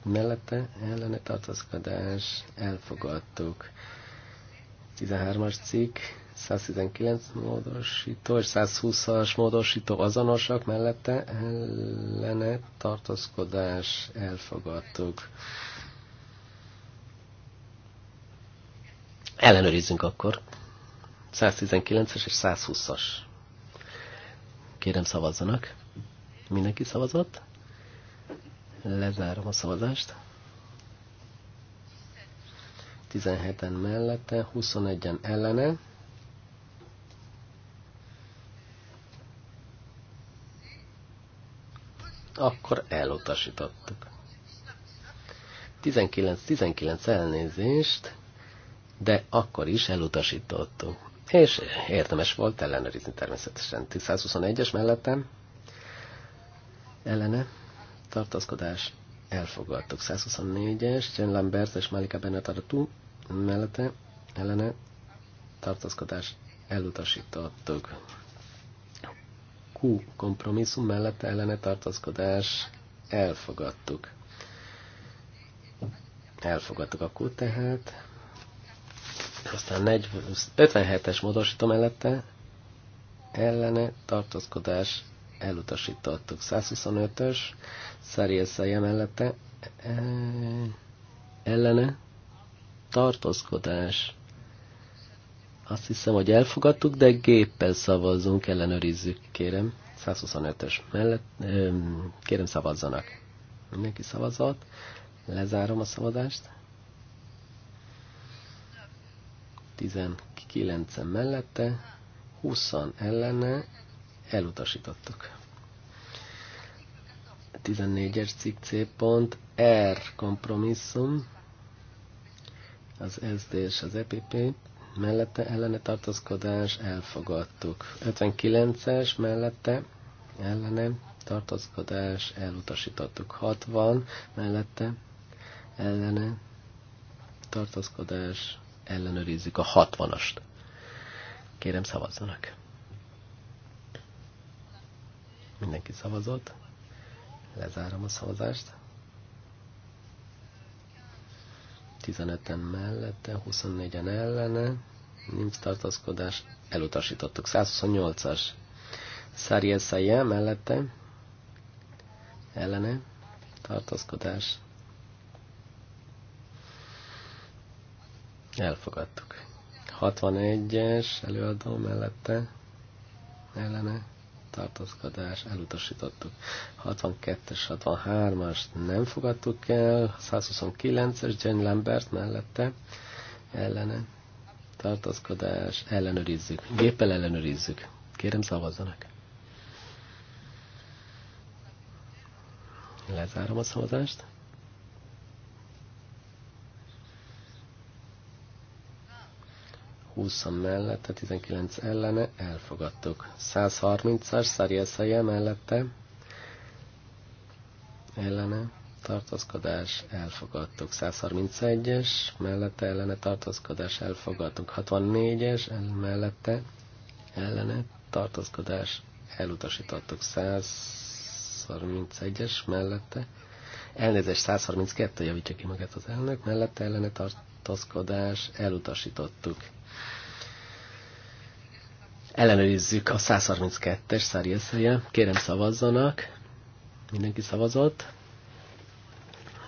S3: Mellette ellene tartozkodás elfogadtuk. 13-as cikk. 119 módosító és 120-as módosító azonosak mellette ellene tartozkodás elfogadtuk. Ellenőrizzünk akkor. 119-es és 120-as. Kérem szavazzanak. Mindenki szavazott? Lezárom a szavazást. 17-en mellette, 21-en ellene. Akkor elutasítottuk. 19-19 elnézést de akkor is elutasítottuk. És érdemes volt ellenőrizni természetesen. 121-es mellettem ellene tartózkodás elfogadtuk. 124-es, Jen Lambert és Malika Benetartu mellette ellene tartózkodás elutasítottuk. Q kompromisszum mellette ellene tartózkodás elfogadtuk. Elfogadtuk a Q tehát. Aztán 57-es módosító mellette ellene tartózkodás elutasítottuk. 125-ös Szerieszeje mellette e, ellene tartózkodás. Azt hiszem, hogy elfogadtuk, de géppel szavazzunk, ellenőrizzük, kérem. 125-ös mellett, e, kérem szavazzanak. Mindenki szavazott. Lezárom a szavazást. 19 mellette, 20 ellene elutasítottuk. 14-es cikk C pont R kompromisszum, az SD és az EPP mellette ellene tartozkodás elfogadtuk. 59-es mellette ellene tartozkodás elutasítottuk. 60 mellette ellene tartozkodás ellenőrizzük a 60-ast. Kérem szavazzanak. Mindenki szavazott. Lezárom a szavazást. 15-en mellette, 24-en ellene, nincs tartozkodás. elutasítottuk. 128-as. Száriel mellette, ellene, Tartozkodás. Elfogadtuk. 61-es előadó mellette ellene tartózkodás, elutasítottuk. 62-es, 63-as nem fogadtuk el, 129-es Jane Lambert mellette ellene tartózkodás, ellenőrizzük. Géppel ellenőrizzük. Kérem szavazzanak. Lezárom a szavazást. 20 mellette, 19 ellene, elfogadtuk. 130-as Szarjeszeje mellette, ellene, tartózkodás, elfogadtuk. 131-es, mellette, ellene, tartózkodás, elfogadtuk. 64-es, el, mellette, ellene, tartózkodás, elutasítottuk. 131-es, mellette, elnézést, 132 javítja ki magát az elnök, mellette, ellene, tart tartózkodás, elutasítottuk. Ellenőrizzük a 132-es szárjeszelje. Kérem szavazzanak. Mindenki szavazott.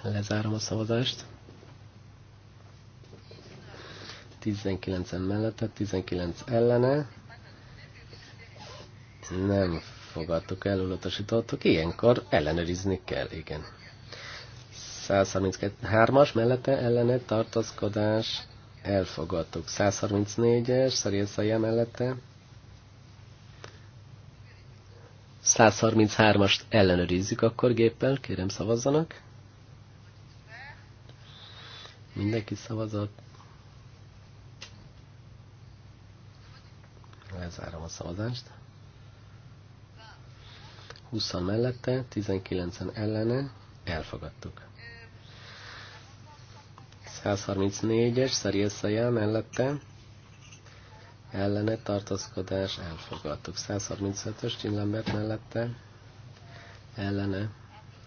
S3: Lezárom a szavazást. 19-en 19 ellene. Nem fogadtuk el, utasítottuk. Ilyenkor ellenőrizni kell, igen. 133-as mellette ellene tartozkodás elfogadtuk. 134-es Szarjenszaja mellette. 133-ast ellenőrizzük akkor géppel, kérem szavazzanak. Mindenki szavazott. Lezárom a szavazást. 20 mellette, 19-en ellene, elfogadtuk. 134-es Szeriesszaja mellette ellene tartózkodás elfogadtuk. 135-ös Csillambert mellette ellene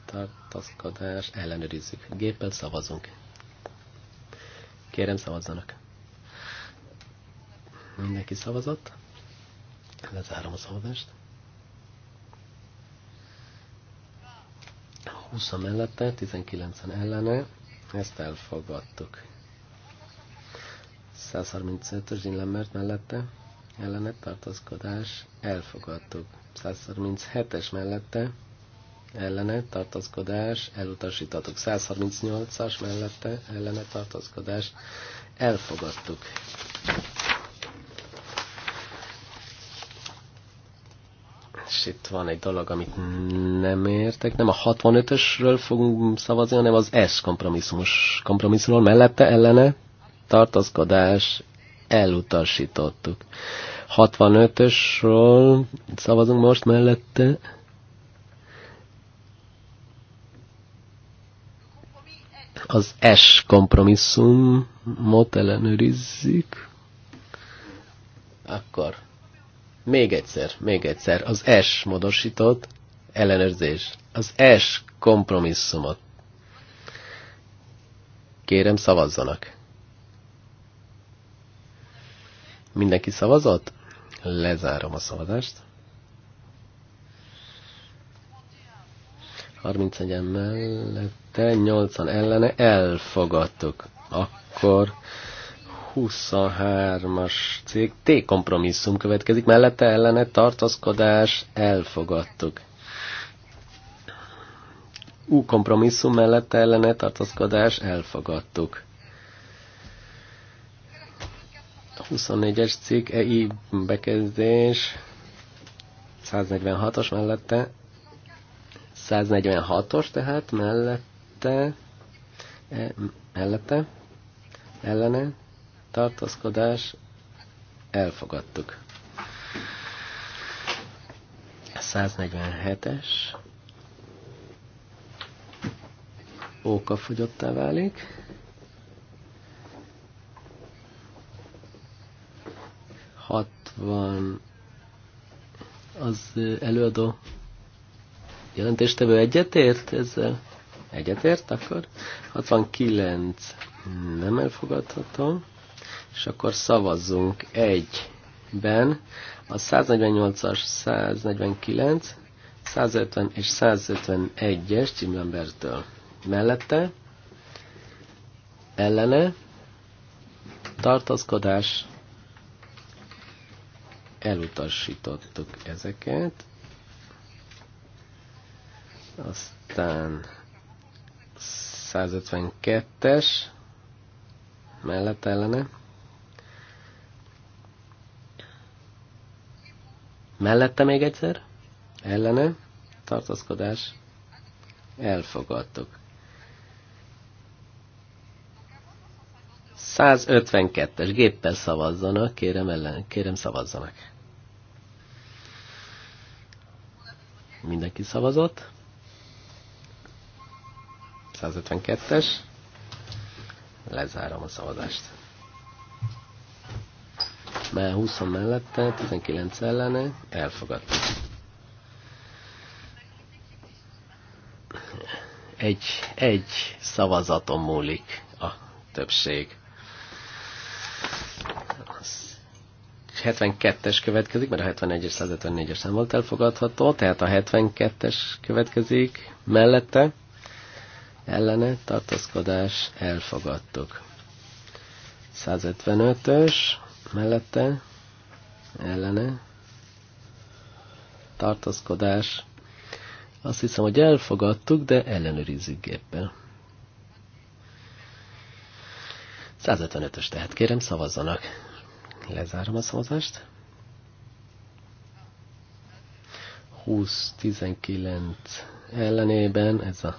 S3: tartózkodás ellenőrizzük. Géppel szavazunk. Kérem szavazzanak. Mindenki szavazott. Lezárom a szavazást. 20 mellette, 19-en ellene, ezt elfogadtuk. 135-ös dilemmert mellette ellene tartózkodás elfogadtuk. 137-es mellette ellene tartózkodás elutasítottuk. 138-as mellette ellene tartózkodás elfogadtuk. És itt van egy dolog, amit nem értek. Nem a 65-ösről fogunk szavazni, hanem az S kompromisszumos kompromisszumról mellette ellene tartozkodás elutasítottuk. 65-ösről szavazunk most mellette. Az S kompromisszumot ellenőrizzük. Akkor még egyszer, még egyszer, az S modosított, ellenőrzés, az S kompromisszumot. Kérem szavazzanak. Mindenki szavazott? Lezárom a szavazást. 31 mellette, 80 ellene elfogadtuk. Akkor 23-as cég T kompromisszum következik, mellette ellene tartaszkodás elfogadtuk. U kompromisszum mellette ellene tartaszkodás elfogadtuk. 24-es cikk, EI bekezdés, 146-os mellette, 146-os tehát mellette, e, mellette, ellene, tartózkodás, elfogadtuk. 147-es, fogyottá válik. van az előadó jelentéstevő egyetért ezzel? Egyetért akkor? 69 nem elfogadható és akkor szavazzunk egyben a 148-as, 149, 150 és 151-es címembertől. Mellette, ellene, tartozkodás, elutasítottuk ezeket. Aztán 152-es, mellett ellene, Mellette még egyszer? Ellene? tartozkodás, elfogadtok. 152-es géppel szavazzanak, kérem, ellen, kérem szavazzanak. Mindenki szavazott. 152-es. Lezárom a szavazást. Már 20 mellette, 19 ellene, elfogadtuk. Egy, egy szavazaton múlik a többség. 72-es következik, mert a 71-es 154-es szám volt elfogadható, tehát a 72-es következik mellette. Ellene tartózkodás elfogadtuk. 155-ös mellette, ellene, tartaszkodás. Azt hiszem, hogy elfogadtuk, de ellenőrizzük géppel. 155-ös, tehát kérem szavazzanak. Lezárom a szavazást. 20-19 ellenében ez a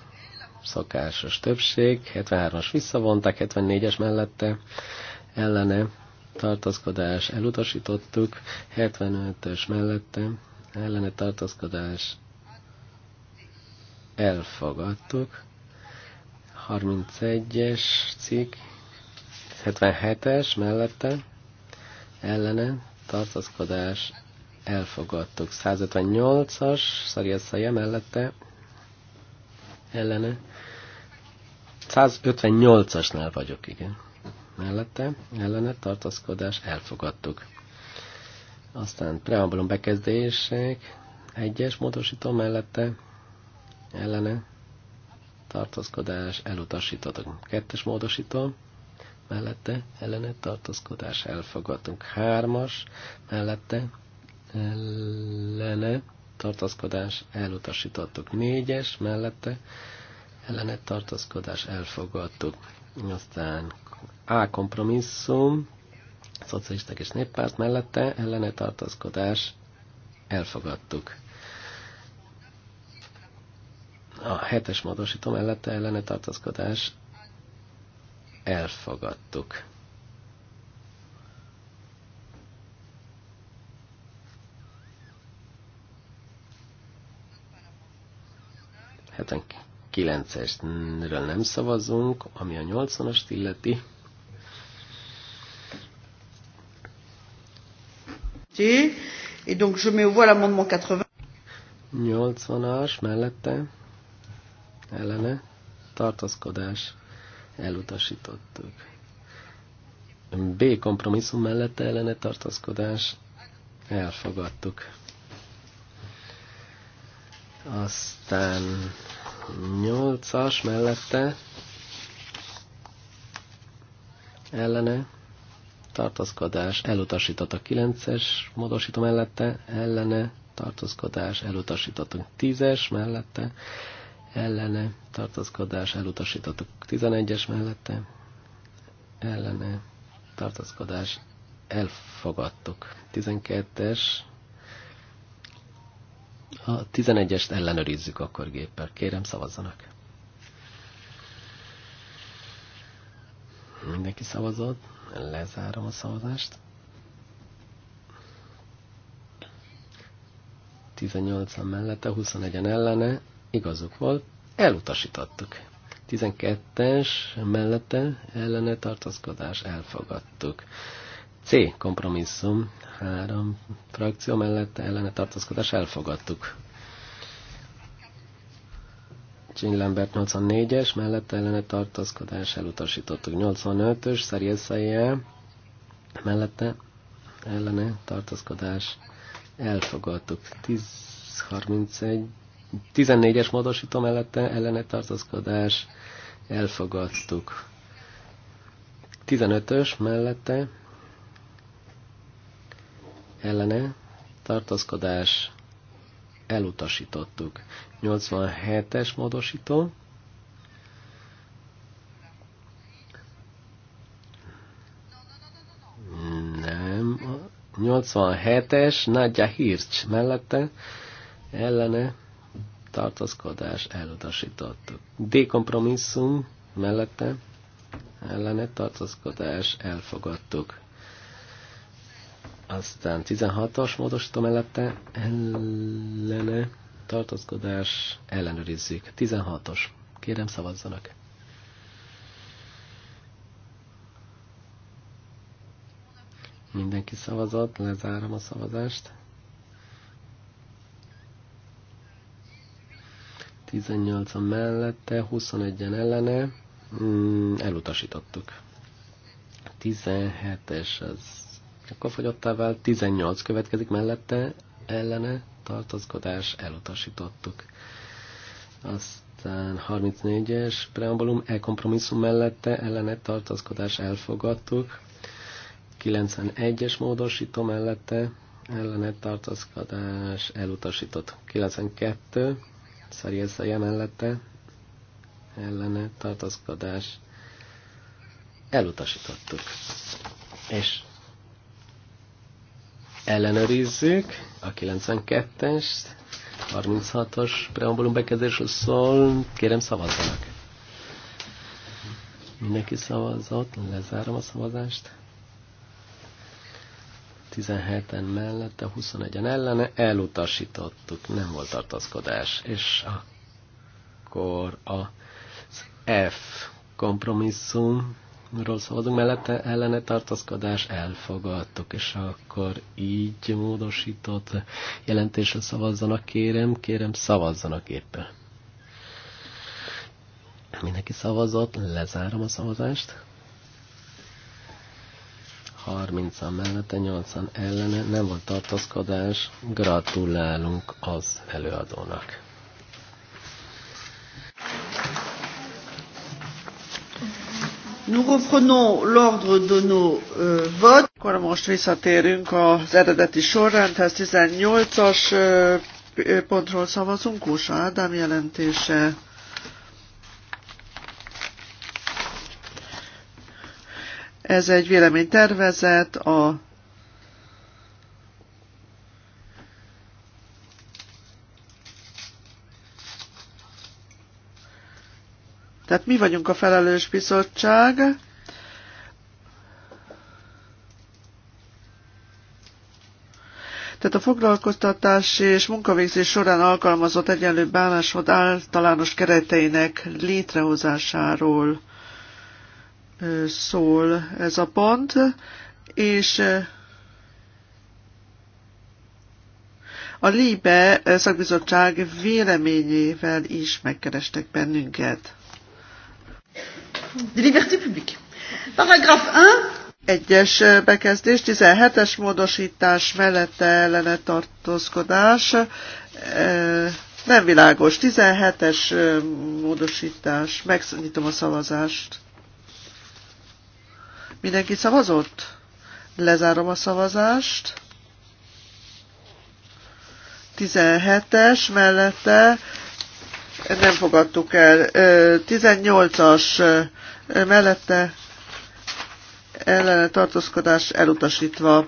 S3: szokásos többség, 73-as visszavonták, 74-es mellette ellene tartózkodás elutasítottuk, 75-ös mellette ellene tartózkodás elfogadtuk, 31-es cikk, 77-es mellette ellene tartózkodás elfogadtuk, 158-as szarjesszaja mellette ellene 158-asnál vagyok, igen mellette ellene tartaszkodás elfogadtuk. Aztán preambulum bekezdések, egyes módosító mellette ellene tartaszkodás elutasítottuk. Kettes módosító mellette ellene tartaszkodás elfogadtunk. Hármas mellette ellene tartaszkodás elutasítottuk. Négyes mellette ellene tartaszkodás elfogadtuk. Aztán a kompromisszum, szocialisták és néppárt mellette ellene tartózkodás elfogadtuk. A hetes módosító mellette ellene tartózkodás elfogadtuk. Heten 9-esről nem szavazunk, ami a 80-ast illeti. adopté. Et donc je mets au l'amendement 80. 80-as mellette ellene tartózkodás elutasítottuk. B kompromisszum mellette ellene tartózkodás elfogadtuk. Aztán 8-as mellette ellene tartózkodás, a 9-es módosító mellette, ellene, tartózkodás, a 10-es mellette, ellene, tartózkodás, a 11-es mellette, ellene, tartózkodás, elfogadtuk. 12-es, a 11-est ellenőrizzük akkor géppel. Kérem, szavazzanak. Mindenki szavazott. Lezárom a szavazást. 18 mellette, 21-en ellene, igazuk volt, elutasítottuk. 12-es mellette ellene tartózkodás elfogadtuk. C. Kompromisszum. Három frakció mellette ellene tartózkodás elfogadtuk. Jean Lambert 84-es, mellette ellene tartózkodás elutasítottuk. 85-ös, Szerjeszeje, mellette ellene tartózkodás elfogadtuk. 1031 14-es módosító mellette ellene tartózkodás elfogadtuk. 15-ös mellette ellene tartózkodás elutasítottuk. 87-es módosító. Nem. 87-es Nagyja Hircs mellette ellene tartózkodás elutasítottuk. Dekompromisszum mellette ellene tartózkodás elfogadtuk. Aztán 16-as módosító mellette ellene tartózkodás ellenőrizzük. 16-os. Kérem szavazzanak. Mindenki szavazott, lezárom a szavazást. 18 a mellette, 21-en ellene, mm, elutasítottuk. 17-es az akkor fogyottá vált 18 következik mellette, ellene tartozkodás elutasítottuk. Aztán 34-es preambulum e-kompromisszum mellette ellene tartozkodás elfogadtuk. 91-es módosító mellette ellene tartozkodás elutasított. 92 Szarieszeje mellette ellene tartozkodás elutasítottuk. És ellenőrizzük a 92-es, 36-os preambulum bekezdésről szól, kérem szavazzanak. Mindenki szavazott, lezárom a szavazást. 17-en mellette, 21-en ellene, elutasítottuk, nem volt tartaszkodás. És akkor a F kompromisszum ról szavazunk mellette, ellene tartaszkodás elfogadtuk, és akkor így módosított jelentésre szavazzanak, kérem, kérem szavazzanak éppen. Mindenki szavazott, lezárom a szavazást. 30-an mellette, 80 ellene, nem volt tartaszkodás. gratulálunk az előadónak.
S2: Nous reprenons l'ordre de nos euh, votes. Akkor most visszatérünk az eredeti sorrendhez. 18-as euh, pontról szavazunk, Kósa Ádám jelentése. Ez egy véleménytervezet a Tehát mi vagyunk a felelős bizottság, tehát a foglalkoztatás és munkavégzés során alkalmazott egyenlő bánásmód általános kereteinek létrehozásáról szól ez a pont, és a LIBE szakbizottság véleményével is megkerestek bennünket des libertés publiques. Paragraphe 1. Egyes bekezdés, 17-es módosítás mellette ellene tartózkodás. Nem világos. 17-es módosítás. Megnyitom a szavazást. Mindenki szavazott? Lezárom a szavazást. 17-es mellette nem fogadtuk el. 18-as mellette ellene tartózkodás elutasítva.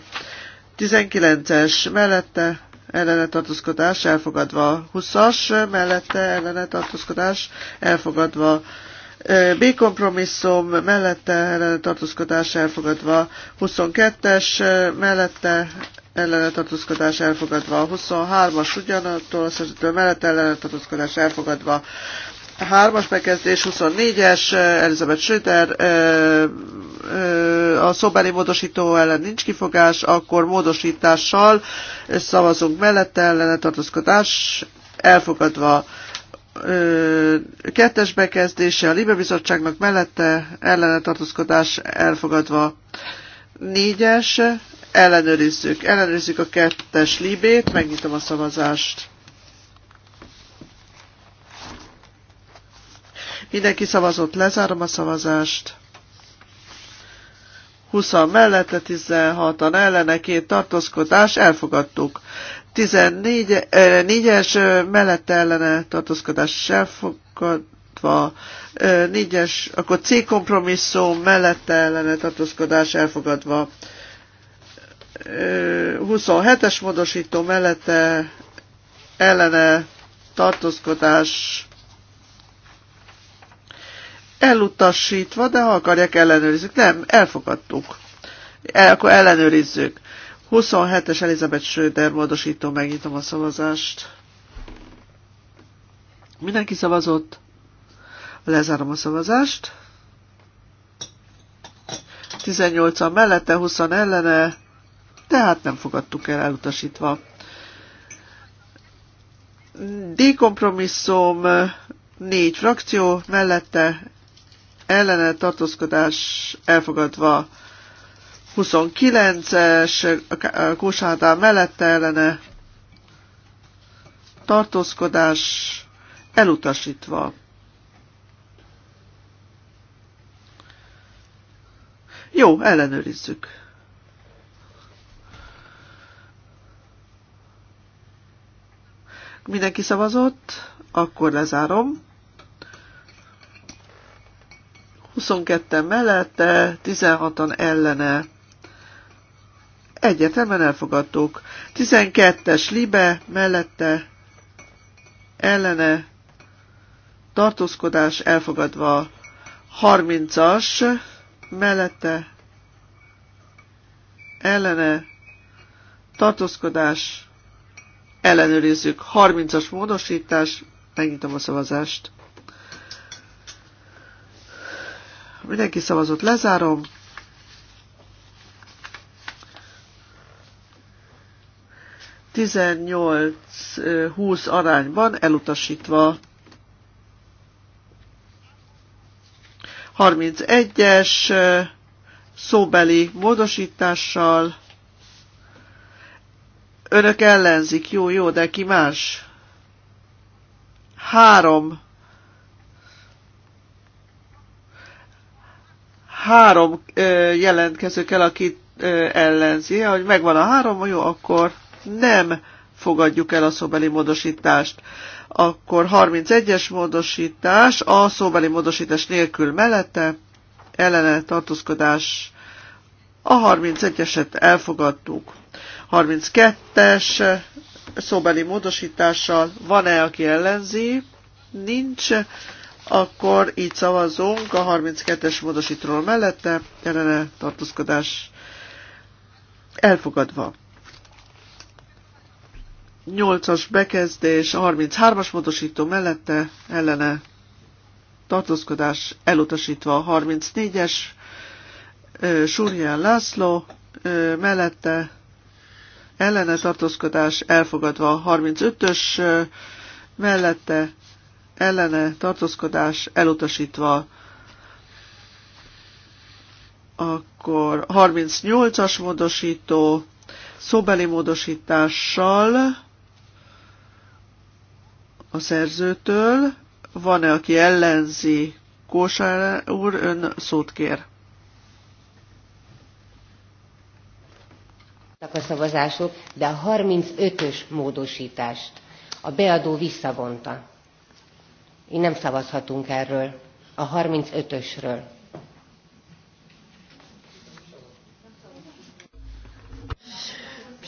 S2: 19-es mellette ellene tartózkodás elfogadva. 20-as mellette ellene tartózkodás elfogadva. B kompromisszum mellette ellene tartózkodás elfogadva. 22-es mellette ellene tartózkodás elfogadva. A 23-as ugyanattól a szerzőtől mellett ellene tartózkodás elfogadva. A 3-as bekezdés 24-es Elizabeth Schröder a szobeli módosító ellen nincs kifogás, akkor módosítással szavazunk mellette ellene tartózkodás elfogadva kettes bekezdése a Libe Bizottságnak mellette ellene tartózkodás elfogadva. Négyes ellenőrizzük. Ellenőrizzük a kettes libét, megnyitom a szavazást. Mindenki szavazott, lezárom a szavazást. 20 mellette, 16-an ellene, két tartózkodás, elfogadtuk. 14, 4-es eh, eh, mellette ellene tartózkodás elfogadva, 4-es, eh, akkor C kompromisszum mellette ellene tartózkodás elfogadva, 27-es módosító mellette ellene tartózkodás elutasítva, de ha akarják ellenőrizzük. Nem, elfogadtuk. El, akkor ellenőrizzük. 27-es Elizabeth Schröder módosító, megnyitom a szavazást. Mindenki szavazott? Lezárom a szavazást. 18-an mellette, 20 ellene, tehát nem fogadtuk el elutasítva. D kompromisszum, négy frakció, mellette ellene tartózkodás elfogadva 29-es, Kósádán mellette ellene tartózkodás elutasítva. Jó, ellenőrizzük. Mindenki szavazott, akkor lezárom. 22-en mellette, 16-an ellene. Egyetemen elfogadtuk. 12-es libe mellette, ellene, tartózkodás elfogadva. 30-as mellette, ellene, tartózkodás ellenőrizzük. 30-as módosítás, megnyitom a szavazást. Mindenki szavazott, lezárom. Tizennyolc húsz arányban elutasítva. 31-es eh, szóbeli módosítással Önök ellenzik, jó, jó, de ki más? Három. Három ö, jelentkező kell, aki ö, ellenzi. Ahogy megvan a három, jó, akkor nem fogadjuk el a szóbeli módosítást. Akkor 31-es módosítás, a szóbeli módosítás nélkül mellette, ellene tartózkodás, a 31-eset elfogadtuk. 32-es szóbeli módosítással van-e, aki ellenzi? Nincs. Akkor így szavazunk a 32-es módosítról mellette, jelene tartózkodás elfogadva. 8-as bekezdés, a 33-as módosító mellette, ellene tartózkodás elutasítva a 34-es, Súrján László mellette ellene tartózkodás elfogadva 35-ös mellette ellene tartózkodás elutasítva akkor 38-as módosító szóbeli módosítással a szerzőtől van-e, aki ellenzi Kósár úr, ön szót kér.
S1: a szavazások, de a 35-ös módosítást a beadó visszavonta. Így nem szavazhatunk erről, a 35-ösről.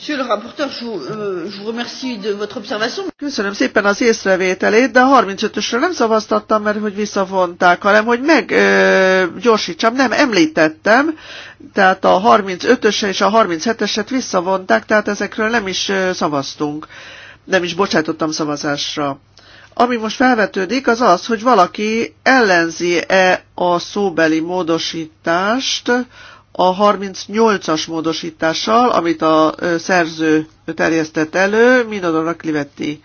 S2: Monsieur le rapporteur, je vous, euh, je vous remercie de votre observation. Köszönöm szépen az észrevételét, de a 35-ösről nem szavaztattam, mert hogy visszavonták, hanem hogy meg ö, gyorsítsam, nem említettem, tehát a 35-ös és a 37-eset visszavonták, tehát ezekről nem is ö, szavaztunk, nem is bocsátottam szavazásra. Ami most felvetődik, az az, hogy valaki ellenzi-e a szóbeli módosítást, a 38-as módosítással, amit a szerző terjesztett elő, a Clivetti.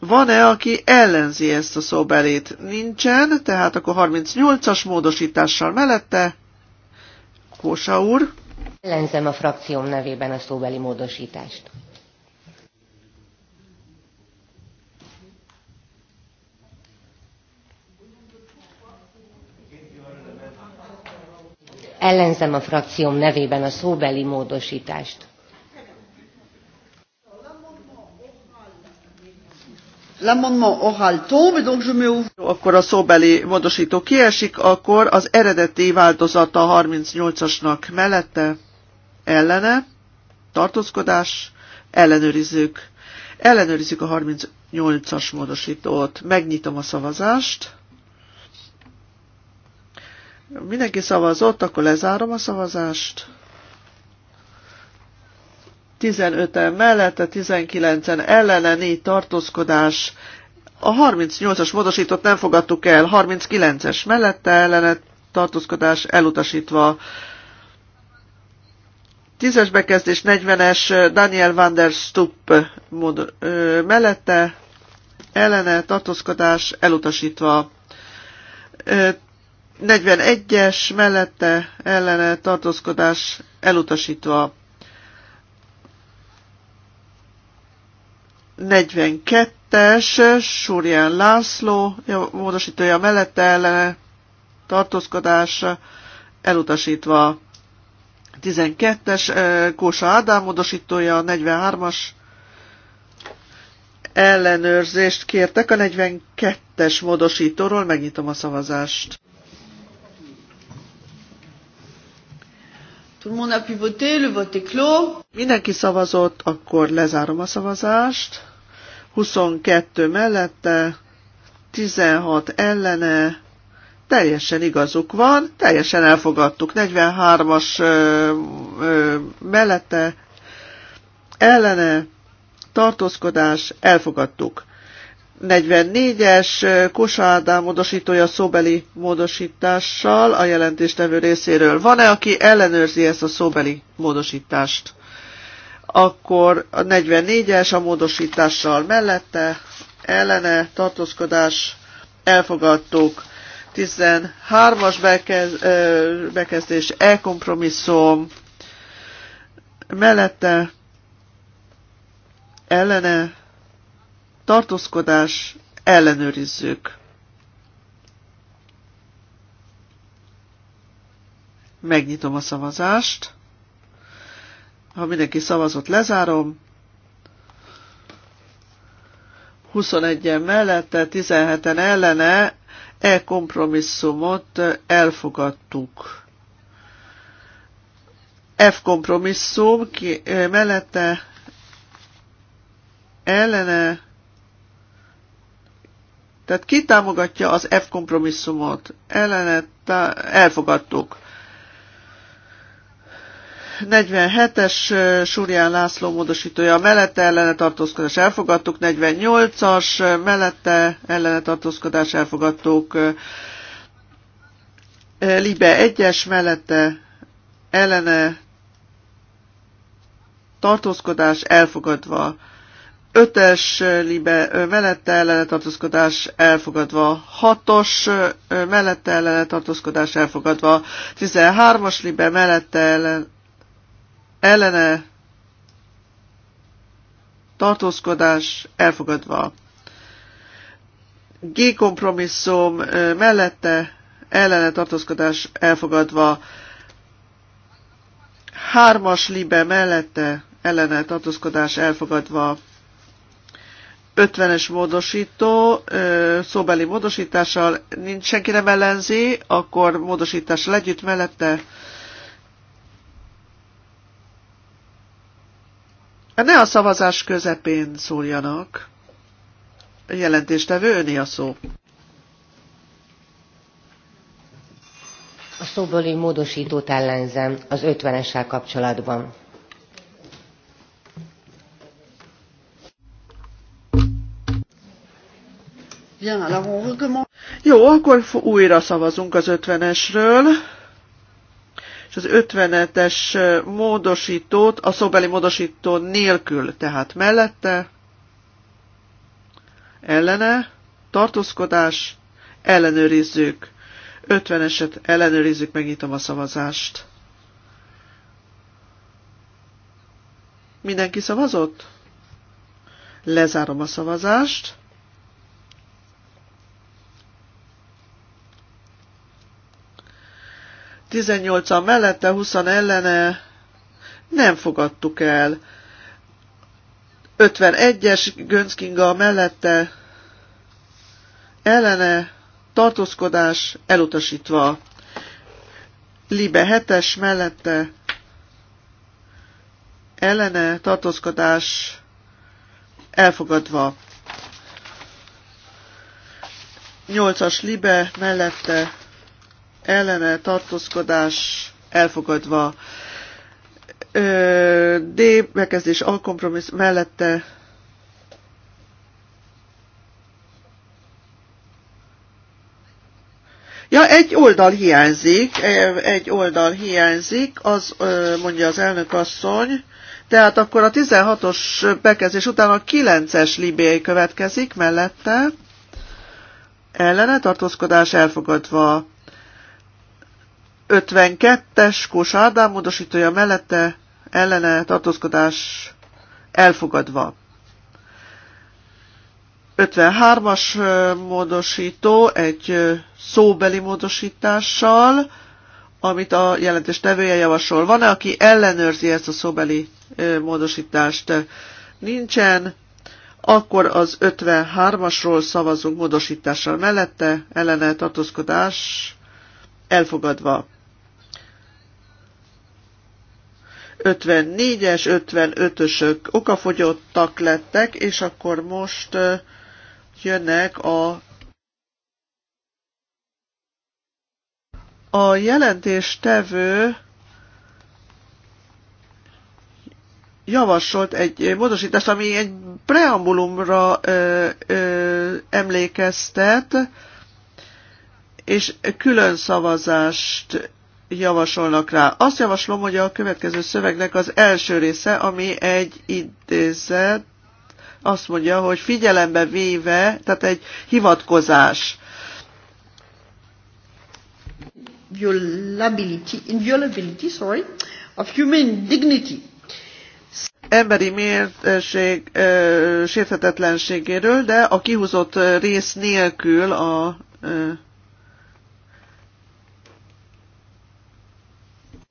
S2: Van-e, aki ellenzi ezt a szóbelét? Nincsen, tehát akkor 38-as módosítással mellette. Kósa úr.
S1: Ellenzem a frakcióm nevében a szóbeli módosítást. ellenzem a frakcióm nevében a szóbeli módosítást.
S2: L'amendement oral tombe, donc je me ouvre. Akkor a szóbeli módosító kiesik, akkor az eredeti változata 38-asnak mellette, ellene, tartózkodás, ellenőrizzük. Ellenőrizzük a 38-as módosítót. Megnyitom a szavazást. Mindenki szavazott, akkor lezárom a szavazást. 15-en mellette, 19-en ellene, 4 tartózkodás. A 38-as módosított nem fogadtuk el, 39-es mellette ellene tartózkodás elutasítva. 10-es bekezdés 40-es Daniel van der Stupp ö, mellette ellene tartózkodás elutasítva. 41-es mellette ellene tartózkodás elutasítva. 42-es Súrián László módosítója mellette ellene tartózkodás elutasítva. 12-es Kósa Ádám módosítója, 43-as ellenőrzést kértek a 42-es módosítóról, megnyitom a szavazást. Tout le monde a pu voter, le vote est clos. Mindenki szavazott, akkor lezárom a szavazást. 22 mellette, 16 ellene, teljesen igazuk van, teljesen elfogadtuk. 43-as ö, ö, mellette, ellene, tartózkodás, elfogadtuk. 44-es Ádám módosítója szóbeli módosítással a jelentéstevő részéről. Van-e, aki ellenőrzi ezt a szóbeli módosítást? Akkor a 44-es a módosítással mellette, ellene, tartózkodás, elfogadtuk. 13-as bekez, bekezdés, elkompromisszum, mellette, ellene, tartózkodás, ellenőrizzük. Megnyitom a szavazást. Ha mindenki szavazott, lezárom. 21-en mellette, 17-en ellene, e kompromisszumot elfogadtuk. F kompromisszum ki, mellette ellene tehát ki támogatja az F kompromisszumot? Ellenet elfogadtuk. 47-es Súrián László módosítója mellette ellene tartózkodás elfogadtuk, 48-as mellette ellene tartózkodás elfogadtuk, Libe 1-es mellette ellene tartózkodás elfogadva, Ötös libe mellette ellenetartózkodás elfogadva, hatos mellette ellenetartózkodás elfogadva, 13-as libe mellette ellen, ellene tartózkodás elfogadva. G kompromisszum mellette ellene tartózkodás elfogadva, hármas libe mellette ellene tartózkodás elfogadva, 50-es módosító szóbeli módosítással nincs senki nem ellenzi, akkor módosítás együtt mellette hát Ne a szavazás közepén szóljanak. Jelentéstevő öné a szó.
S1: A szóbeli módosítót ellenzem az 50-essel kapcsolatban.
S2: Jó, akkor újra szavazunk az 50-esről. És az 50-es módosítót, a szóbeli módosító nélkül, tehát mellette, ellene, tartózkodás, ellenőrizzük. 50-eset ellenőrizzük, megnyitom a szavazást. Mindenki szavazott? Lezárom a szavazást. 18-an mellette, 20 ellene nem fogadtuk el. 51-es Gönckinga mellette ellene tartózkodás elutasítva. Libe 7-es mellette ellene tartózkodás elfogadva. 8-as Libe mellette ellene tartózkodás elfogadva. D bekezdés A kompromissz mellette Ja, egy oldal hiányzik, egy oldal hiányzik, az mondja az elnök asszony, tehát akkor a 16-os bekezdés után a 9-es libéi következik mellette, ellene tartózkodás elfogadva. 52-es Kós Ádám módosítója mellette ellene tartózkodás elfogadva. 53-as módosító egy szóbeli módosítással, amit a jelentés tevője javasol. Van-e, aki ellenőrzi ezt a szóbeli módosítást? Nincsen. Akkor az 53-asról szavazunk módosítással mellette, ellene tartózkodás elfogadva. 54-es, 55-ösök okafogyottak lettek, és akkor most jönnek a a jelentéstevő javasolt egy módosítást, ami egy preambulumra ö, ö, emlékeztet, és külön szavazást javasolnak rá. Azt javaslom, hogy a következő szövegnek az első része, ami egy idézet, azt mondja, hogy figyelembe véve, tehát egy hivatkozás. Violability, inviolability, sorry, of human dignity. Emberi mértség sérthetetlenségéről, de a kihúzott rész nélkül a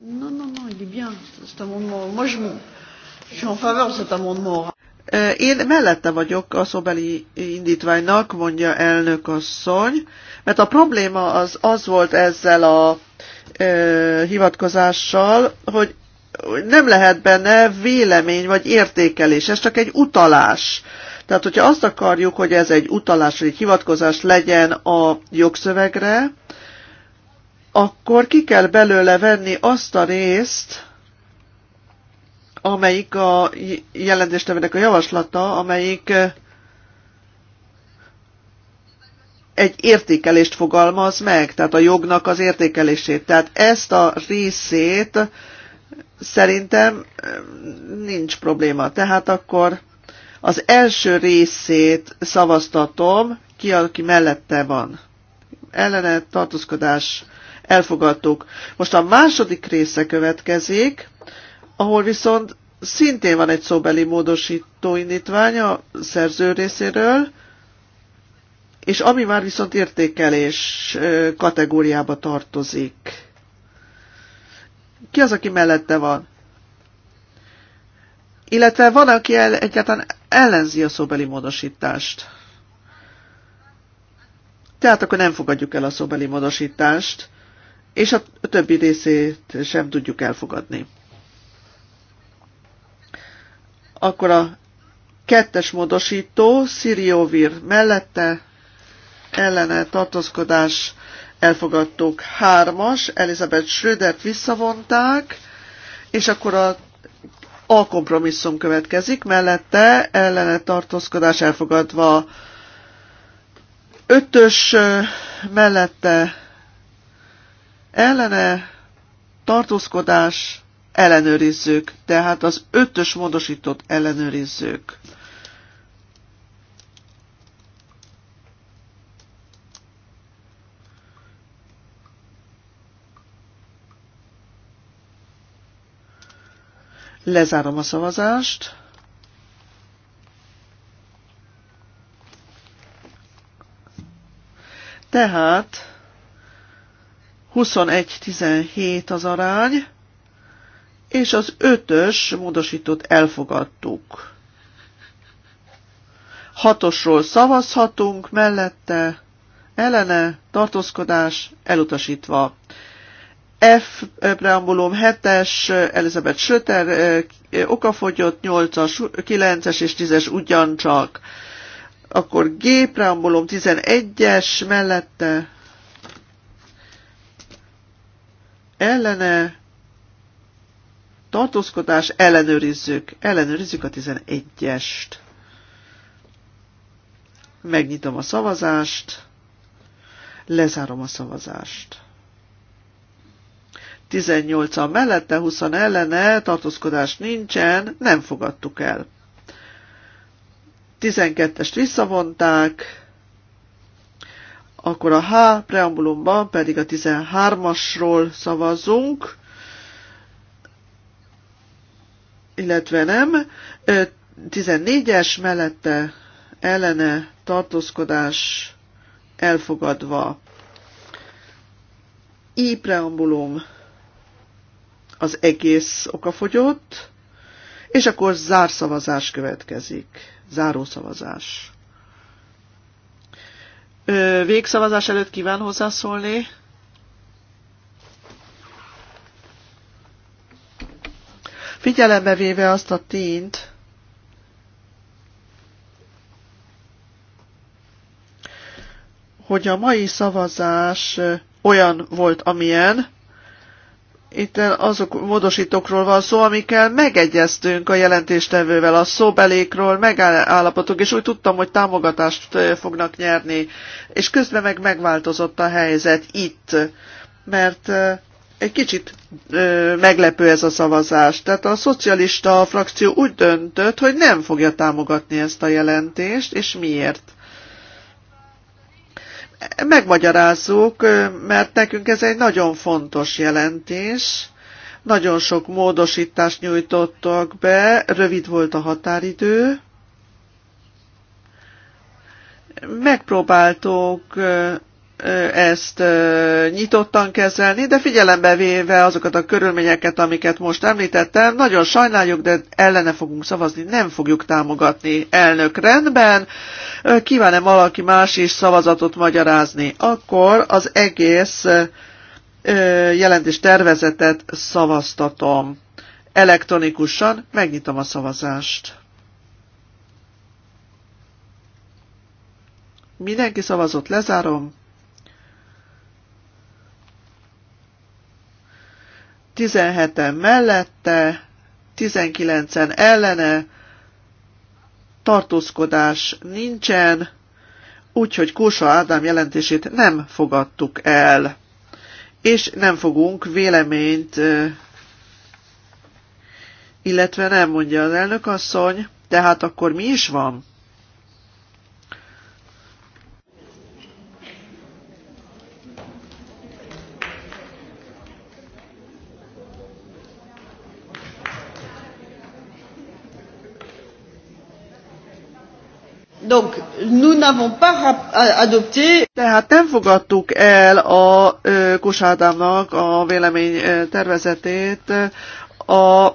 S2: Non, non, non, il est bien, cet amendement. Moi, je, je suis en faveur de cet amendement. Én mellette vagyok a szobeli indítványnak, mondja elnök asszony, mert a probléma az, az volt ezzel a e, hivatkozással, hogy nem lehet benne vélemény vagy értékelés, ez csak egy utalás. Tehát, hogyha azt akarjuk, hogy ez egy utalás vagy egy hivatkozás legyen a jogszövegre, akkor ki kell belőle venni azt a részt, amelyik a jelentéstevének a javaslata, amelyik eh, egy értékelést fogalmaz meg, tehát a jognak az értékelését. Tehát ezt a részét szerintem eh, nincs probléma. Tehát akkor az első részét szavaztatom, ki, aki mellette van. Ellene tartózkodás elfogadtuk. Most a második része következik, ahol viszont szintén van egy szóbeli módosító indítvány a szerző részéről, és ami már viszont értékelés kategóriába tartozik. Ki az, aki mellette van? Illetve van, aki el, egyáltalán ellenzi a szóbeli módosítást. Tehát akkor nem fogadjuk el a szóbeli módosítást és a többi részét sem tudjuk elfogadni. Akkor a kettes módosító, Szirióvir mellette, ellene tartózkodás elfogadtuk. Hármas, Elizabeth Schröder visszavonták, és akkor a a kompromisszum következik, mellette ellene tartózkodás elfogadva ötös mellette ellene tartózkodás ellenőrizzük, tehát az ötös módosított ellenőrizzük. Lezárom a szavazást. Tehát 21-17 az arány, és az ötös módosítót elfogadtuk. Hatosról szavazhatunk, mellette ellene tartózkodás elutasítva. F preambulum 7-es, Elizabeth Söter, eh, okafogyott 8-as, 9-es és 10-es ugyancsak. Akkor G preambulum 11-es mellette ellene tartózkodás, ellenőrizzük, ellenőrizzük a 11-est. Megnyitom a szavazást, lezárom a szavazást. 18 a mellette, 20 ellene, tartózkodás nincsen, nem fogadtuk el. 12-est visszavonták, akkor a H preambulumban pedig a 13-asról szavazzunk, illetve nem, 14-es mellette ellene tartózkodás elfogadva. I preambulum az egész okafogyott, és akkor zárszavazás következik. Zárószavazás. Végszavazás előtt kíván hozzászólni. Figyelembe véve azt a tényt, hogy a mai szavazás olyan volt, amilyen, itt azok módosítókról van szó, amikkel megegyeztünk a jelentéstevővel, a szóbelékről megállapodtunk, és úgy tudtam, hogy támogatást fognak nyerni. És közben meg megváltozott a helyzet itt, mert egy kicsit meglepő ez a szavazás. Tehát a szocialista frakció úgy döntött, hogy nem fogja támogatni ezt a jelentést, és miért? megmagyarázzuk, mert nekünk ez egy nagyon fontos jelentés. Nagyon sok módosítást nyújtottak be, rövid volt a határidő. Megpróbáltuk ezt nyitottan kezelni, de figyelembe véve azokat a körülményeket, amiket most említettem, nagyon sajnáljuk, de ellene fogunk szavazni, nem fogjuk támogatni elnök rendben. e valaki más is szavazatot magyarázni. Akkor az egész jelentés tervezetet szavaztatom. Elektronikusan megnyitom a szavazást. Mindenki szavazott, lezárom. 17-en mellette, 19-en ellene, tartózkodás nincsen, úgyhogy Kósa Ádám jelentését nem fogadtuk el, és nem fogunk véleményt, illetve nem mondja az elnök asszony, tehát akkor mi is van? Donc, nous n'avons pas euh, adopté. Tehát nem fogadtuk el a Kusádámnak a vélemény tervezetét a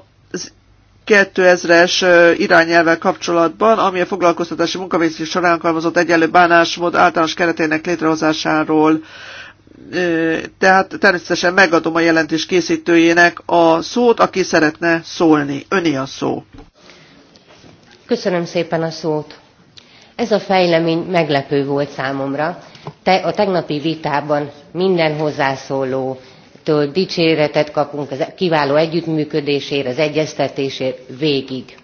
S2: 2000-es irányelvvel kapcsolatban, ami a foglalkoztatási munkavégzés során alkalmazott egyenlő bánásmód általános keretének létrehozásáról. Tehát természetesen megadom a jelentés készítőjének a szót, aki szeretne szólni. Öni a
S1: szó. Köszönöm szépen a szót ez a fejlemény meglepő volt számomra. Te, a tegnapi vitában minden hozzászóló től dicséretet kapunk a kiváló együttműködésért, az egyeztetésért végig.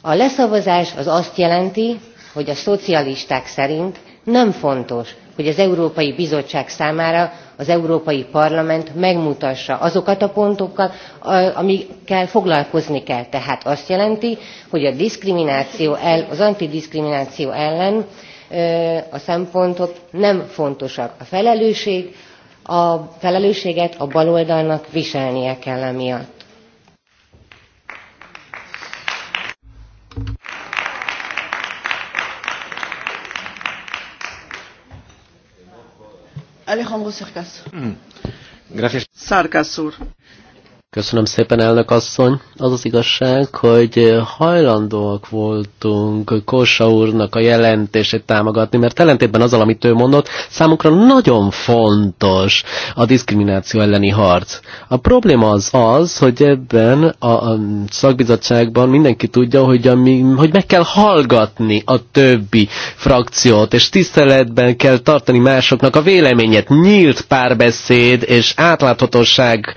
S1: A leszavazás az azt jelenti, hogy a szocialisták szerint nem fontos, hogy az Európai Bizottság számára az Európai Parlament megmutassa azokat a pontokat, amikkel foglalkozni kell. Tehát azt jelenti, hogy a diszkrimináció el, az antidiszkrimináció ellen a szempontok nem fontosak. A felelősség, a felelősséget a baloldalnak viselnie kell emiatt.
S2: Alejandro cercas. Hmm. Gracias.
S3: Köszönöm szépen, elnök asszony. Az az igazság, hogy hajlandóak voltunk Kosa úrnak a jelentését támogatni, mert ellentétben azzal, amit ő mondott, számunkra nagyon fontos a diszkrimináció elleni harc. A probléma az az, hogy ebben a szakbizottságban mindenki tudja, hogy, ami, hogy meg kell hallgatni a többi frakciót, és tiszteletben kell tartani másoknak a véleményet. Nyílt párbeszéd és átláthatóság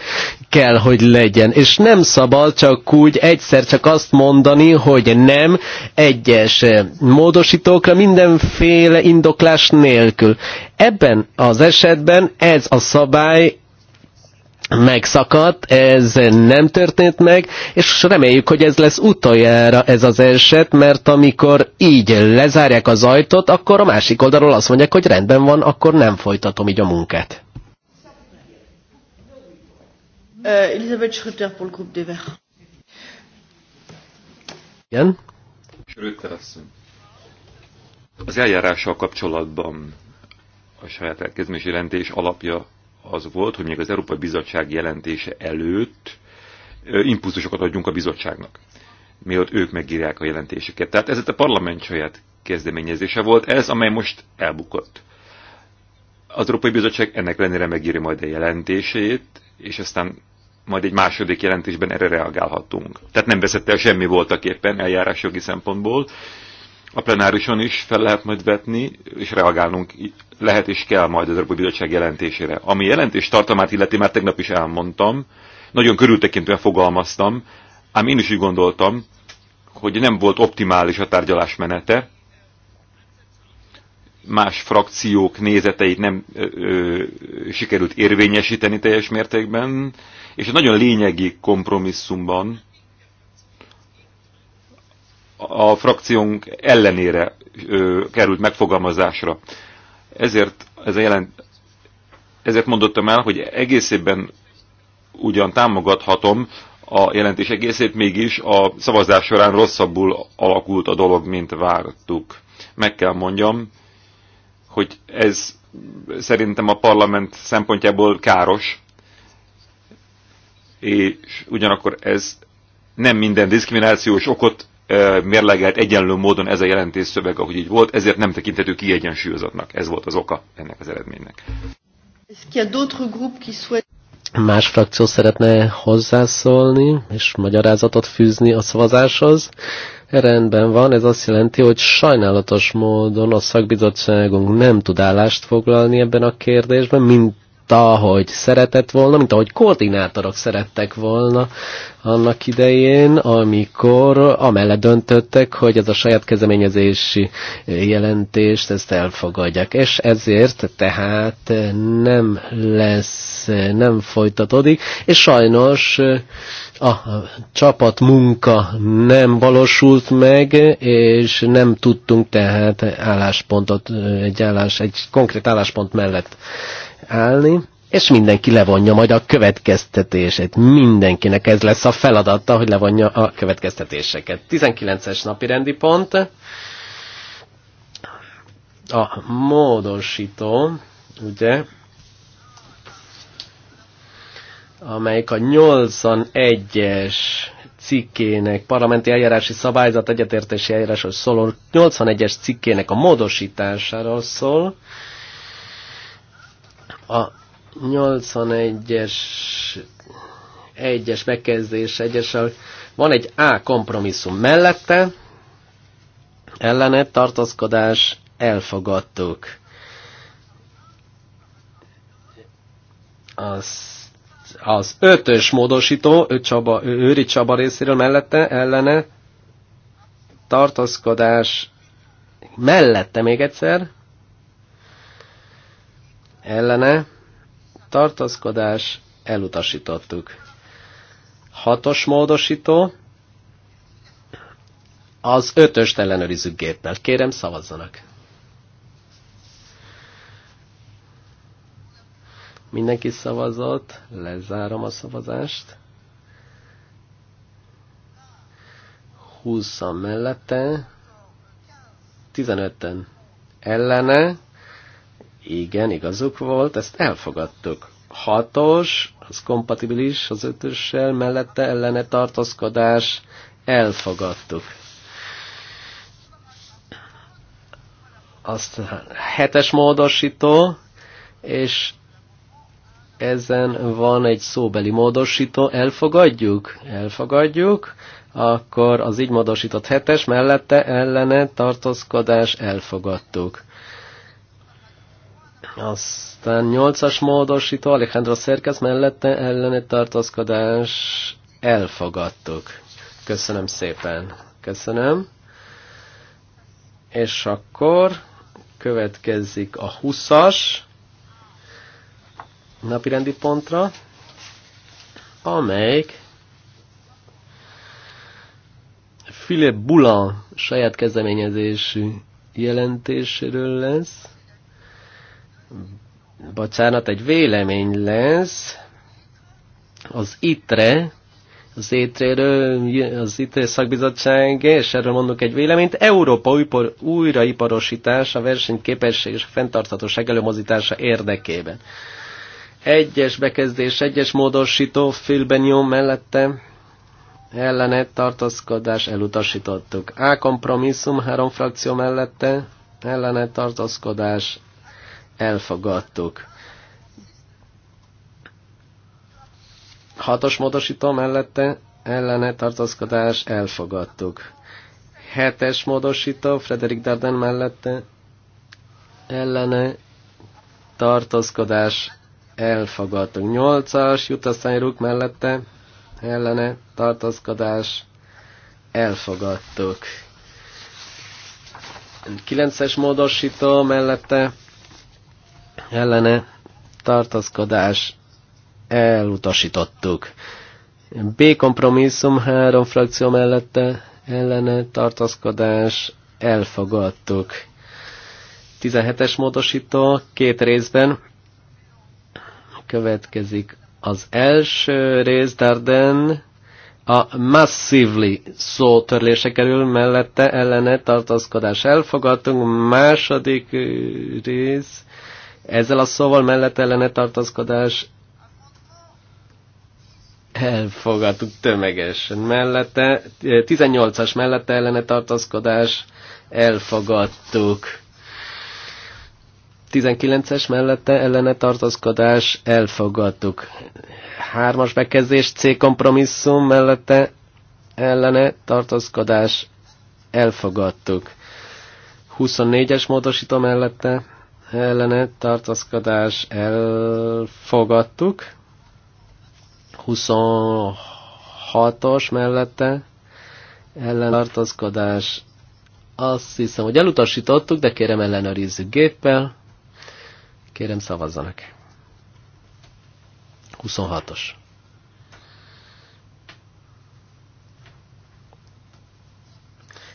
S3: kell, hogy legyen, és nem szabad csak úgy egyszer csak azt mondani, hogy nem egyes eh, módosítókra mindenféle indoklás nélkül. Ebben az esetben ez a szabály megszakadt, ez nem történt meg, és reméljük, hogy ez lesz utoljára ez az eset, mert amikor így lezárják az ajtót, akkor a másik oldalról azt mondják, hogy rendben van, akkor nem folytatom így a munkát.
S2: Uh, Schröter pour le groupe des Verts.
S4: Igen? Schröter asszony. Az eljárással kapcsolatban a saját elkezdési jelentés alapja az volt, hogy még az Európai Bizottság jelentése előtt impulzusokat adjunk a bizottságnak, mielőtt ők megírják a jelentéseket. Tehát ez a parlament saját kezdeményezése volt, ez, amely most elbukott. Az Európai Bizottság ennek lennére megírja majd a jelentését, és aztán majd egy második jelentésben erre reagálhatunk. Tehát nem veszett el semmi voltak éppen eljárásjogi szempontból. A plenárison is fel lehet majd vetni, és reagálnunk lehet és kell majd az Európai Bizottság jelentésére. Ami jelentés tartalmát illeti, már tegnap is elmondtam, nagyon körültekintően fogalmaztam, ám én is úgy gondoltam, hogy nem volt optimális a tárgyalás menete, más frakciók nézeteit nem ö, ö, sikerült érvényesíteni teljes mértékben, és egy nagyon lényegi kompromisszumban a frakciónk ellenére ö, került megfogalmazásra. Ezért, ez a jelent, ezért mondottam el, hogy egészében ugyan támogathatom a jelentés egészét, mégis a szavazás során rosszabbul alakult a dolog, mint vártuk. Meg kell mondjam, hogy ez szerintem a parlament szempontjából káros, és ugyanakkor ez nem minden diszkriminációs okot mérlegelt egyenlő módon ez a jelentés szöveg, ahogy így volt, ezért nem tekinthető kiegyensúlyozatnak. Ez volt az oka ennek az eredménynek.
S3: Más frakció szeretne hozzászólni és magyarázatot fűzni a szavazáshoz? Rendben van, ez azt jelenti, hogy sajnálatos módon a szakbizottságunk nem tud állást foglalni ebben a kérdésben, mint ahogy szeretett volna, mint ahogy koordinátorok szerettek volna annak idején, amikor amellett döntöttek, hogy ez a saját kezeményezési jelentést ezt elfogadják. És ezért tehát nem lesz, nem folytatódik, és sajnos a csapatmunka nem valósult meg, és nem tudtunk tehát álláspontot, egy, állás, egy konkrét álláspont mellett állni, és mindenki levonja majd a következtetését. Mindenkinek ez lesz a feladata, hogy levonja a következtetéseket. 19-es napi rendi pont. A módosító, ugye, amelyik a 81-es cikkének, parlamenti eljárási szabályzat egyetértési eljárásról szóló 81-es cikkének a módosításáról szól. A 81-es egyes bekezdés egyesel van egy A kompromisszum mellette, ellenet, tartozkodás, elfogadtuk. Az az ötös módosító Csaba, Őri Csaba részéről mellette ellene tartózkodás mellette még egyszer ellene tartózkodás elutasítottuk. Hatos módosító az ötöst ellenőrizzük géppel. Kérem szavazzanak! Mindenki szavazott, lezárom a szavazást. 20 mellette, 15-en ellene, igen, igazuk volt, ezt elfogadtuk. 6-os, az kompatibilis az 5 mellette ellene tartózkodás, elfogadtuk. Aztán 7-es módosító, és ezen van egy szóbeli módosító, elfogadjuk? Elfogadjuk. Akkor az így módosított hetes mellette ellene tartózkodás elfogadtuk. Aztán nyolcas módosító, Alejandro Szerkesz mellette ellene tartózkodás elfogadtuk. Köszönöm szépen. Köszönöm. És akkor következik a 20-as napirendi pontra, amelyik Philip Bula saját kezdeményezésű jelentéséről lesz. Bocsánat, egy vélemény lesz az ITRE, az ITRE-ről, az ITRE szakbizottság, és erről mondok egy véleményt, Európa újraiparosítása, versenyképesség és fenntarthatóság előmozítása érdekében. Egyes bekezdés, egyes módosító, Phil Benyon mellette ellene tartózkodás elutasítottuk. A kompromisszum három frakció mellette ellene tartózkodás elfogadtuk. Hatos módosító mellette ellene tartózkodás elfogadtuk. Hetes módosító Frederik Darden mellette ellene tartózkodás elfogadtunk. jut as jutasztányruk mellette ellene tartaszkodás. elfogadtuk. Kilences módosító mellette ellene tartaszkodás. elutasítottuk. B kompromisszum három frakció mellette ellene tartaszkodás. elfogadtuk. 17-es módosító két részben Következik az első rész, Darden a massively szó törlése kerül mellette ellene tartózkodás elfogadtunk. Második rész ezzel a szóval mellette ellene tartózkodás elfogadtuk tömegesen. Mellette, 18-as mellette ellene tartózkodás elfogadtuk. 19-es mellette ellene tartozkodás, elfogadtuk. Hármas bekezdés C kompromisszum mellette ellene tartozkodás elfogadtuk. 24-es módosító mellette ellene tartozkodás elfogadtuk. 26-os mellette ellen tartozkodás. azt hiszem, hogy elutasítottuk, de kérem ellenőrizzük géppel. Kérem szavazzanak. 26-os.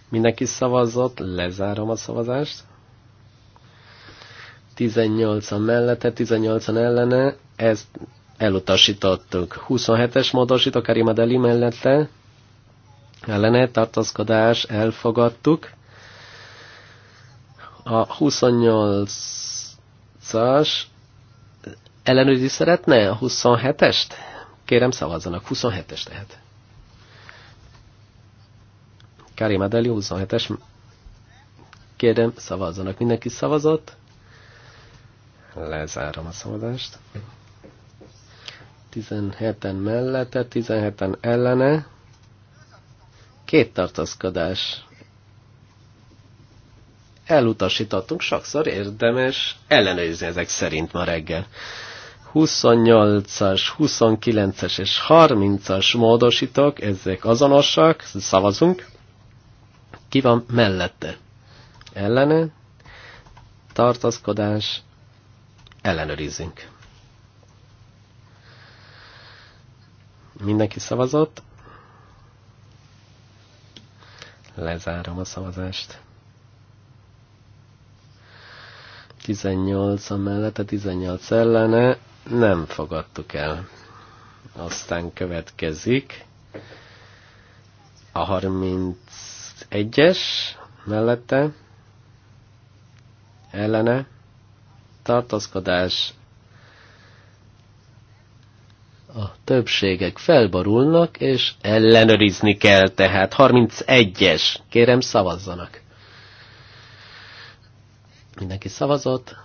S3: Mindenki szavazott, lezárom a szavazást. 18-an mellette, 18-an ellene, ezt elutasítottuk. 27-es módosító Karima Deli mellette, ellene tartozkodás, elfogadtuk. A 28 28-as ellenőrzi szeretne a 27-est? Kérem szavazzanak, 27-es tehet. Karim Adeli 27-es. Kérem szavazzanak, mindenki szavazott. Lezárom a szavazást. 17-en mellette, 17-en ellene. Két tartozkodás elutasítottunk, sokszor érdemes ellenőrizni ezek szerint ma reggel. 28-as, 29-es és 30-as módosítók, ezek azonosak, szavazunk. Ki van mellette? Ellene, tartaszkodás, ellenőrizünk. Mindenki szavazott. Lezárom a szavazást. 18 a mellette, 18 ellene, nem fogadtuk el. Aztán következik a 31-es mellette, ellene, tartózkodás, a többségek felborulnak, és ellenőrizni kell, tehát 31-es, kérem szavazzanak. Mindenki szavazott.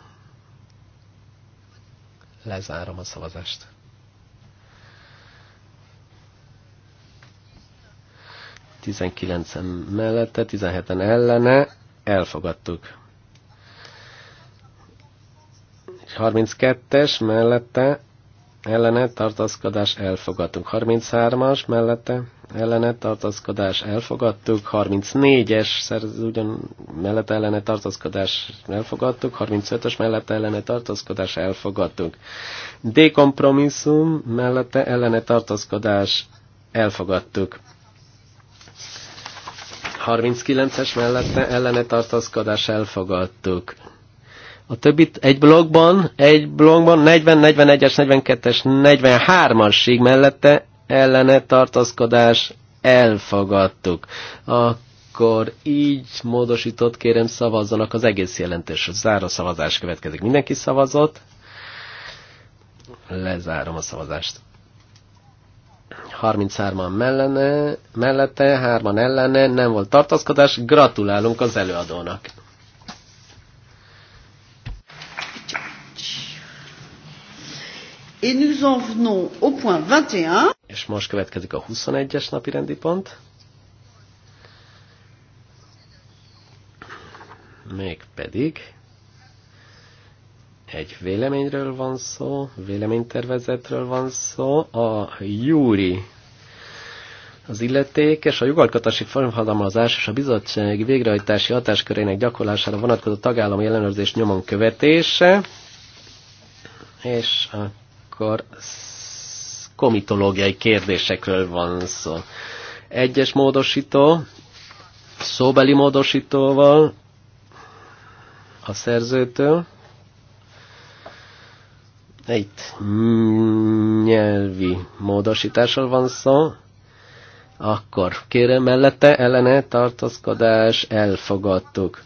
S3: Lezárom a szavazást. Tizenkilencen mellette, 17 ellene, elfogadtuk. 32-es mellette, ellene, tartaszkodás elfogadtuk. 33-as mellette, ellene tartózkodás elfogadtuk, 34-es ugyan mellett ellene tartózkodás elfogadtuk, 35-ös mellett ellene tartózkodás elfogadtuk. D kompromisszum mellette ellene tartózkodás elfogadtuk. 39-es mellette ellene tartózkodás elfogadtuk. A többit egy blogban, egy blogban 40, 41-es, 42-es, 43-asig mellette ellene tartaszkodás elfogadtuk. Akkor így módosított kérem szavazzanak az egész jelentés. Záró szavazás következik. Mindenki szavazott. Lezárom a szavazást. 33-an mellene, mellette, 3-an ellene, nem volt tartaszkodás. Gratulálunk az előadónak!
S2: Et nous en venons au point 21.
S3: És most következik a 21-es napi rendi pont. Mégpedig egy véleményről van szó, véleménytervezetről van szó, a Júri az illetékes a jogalkotási felhatalmazás és a bizottság végrehajtási hatáskörének gyakorlására vonatkozó tagállami ellenőrzés nyomon követése, és akkor komitológiai kérdésekről van szó. Egyes módosító, szóbeli módosítóval a szerzőtől. Itt nyelvi módosításról van szó. Akkor kérem mellette ellene tartózkodás elfogadtuk.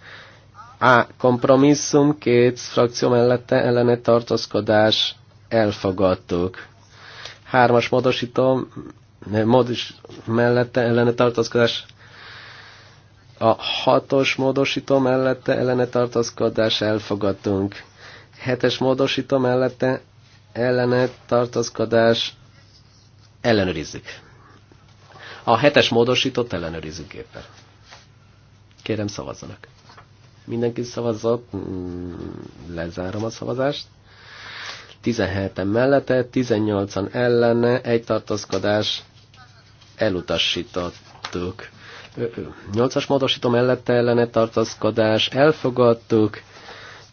S3: A. Kompromisszum két frakció mellette ellene tartózkodás elfogadtuk. Hármas módosító, modis mellette ellene tartozkodás, a hatos módosító mellette ellene tartozkodás elfogadtunk. Hetes módosító mellette ellene tartozkodás ellenőrizzük. A hetes módosítót ellenőrizzük éppen. Kérem szavazzanak. Mindenki szavazott, mm, lezárom a szavazást. 17-en mellette, 18-an ellene, egy tartózkodás elutasítottuk. 8-as módosító mellette ellene tartózkodás elfogadtuk,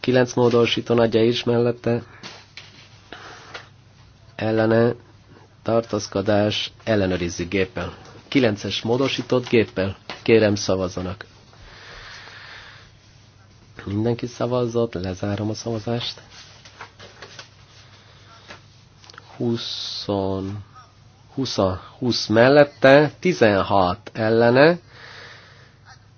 S3: 9 módosító nagyja is mellette ellene tartózkodás ellenőrizzük géppel. 9-es módosított géppel. Kérem szavazzanak. Mindenki szavazott, lezárom a szavazást. 20, 20, 20 mellette, 16 ellene,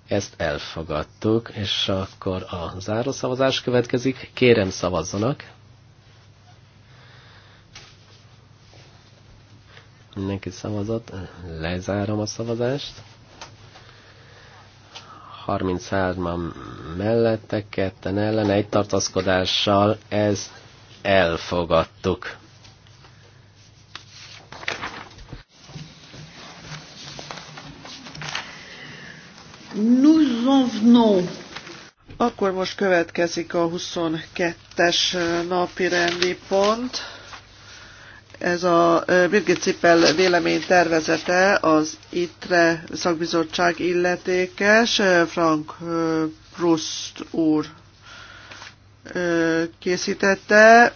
S3: ezt elfogadtuk, és akkor a zárószavazás következik. Kérem szavazzanak! Mindenki szavazott, lezárom a szavazást. 33-an mellette, ketten ellen, egy tartaszkodással ezt elfogadtuk.
S2: Nous en venons. Akkor most következik a 22-es eh, napi rendi pont. Ez a eh, Birgit Cipel vélemény tervezete az ITRE szakbizottság illetékes, eh, Frank Proust úr készítette,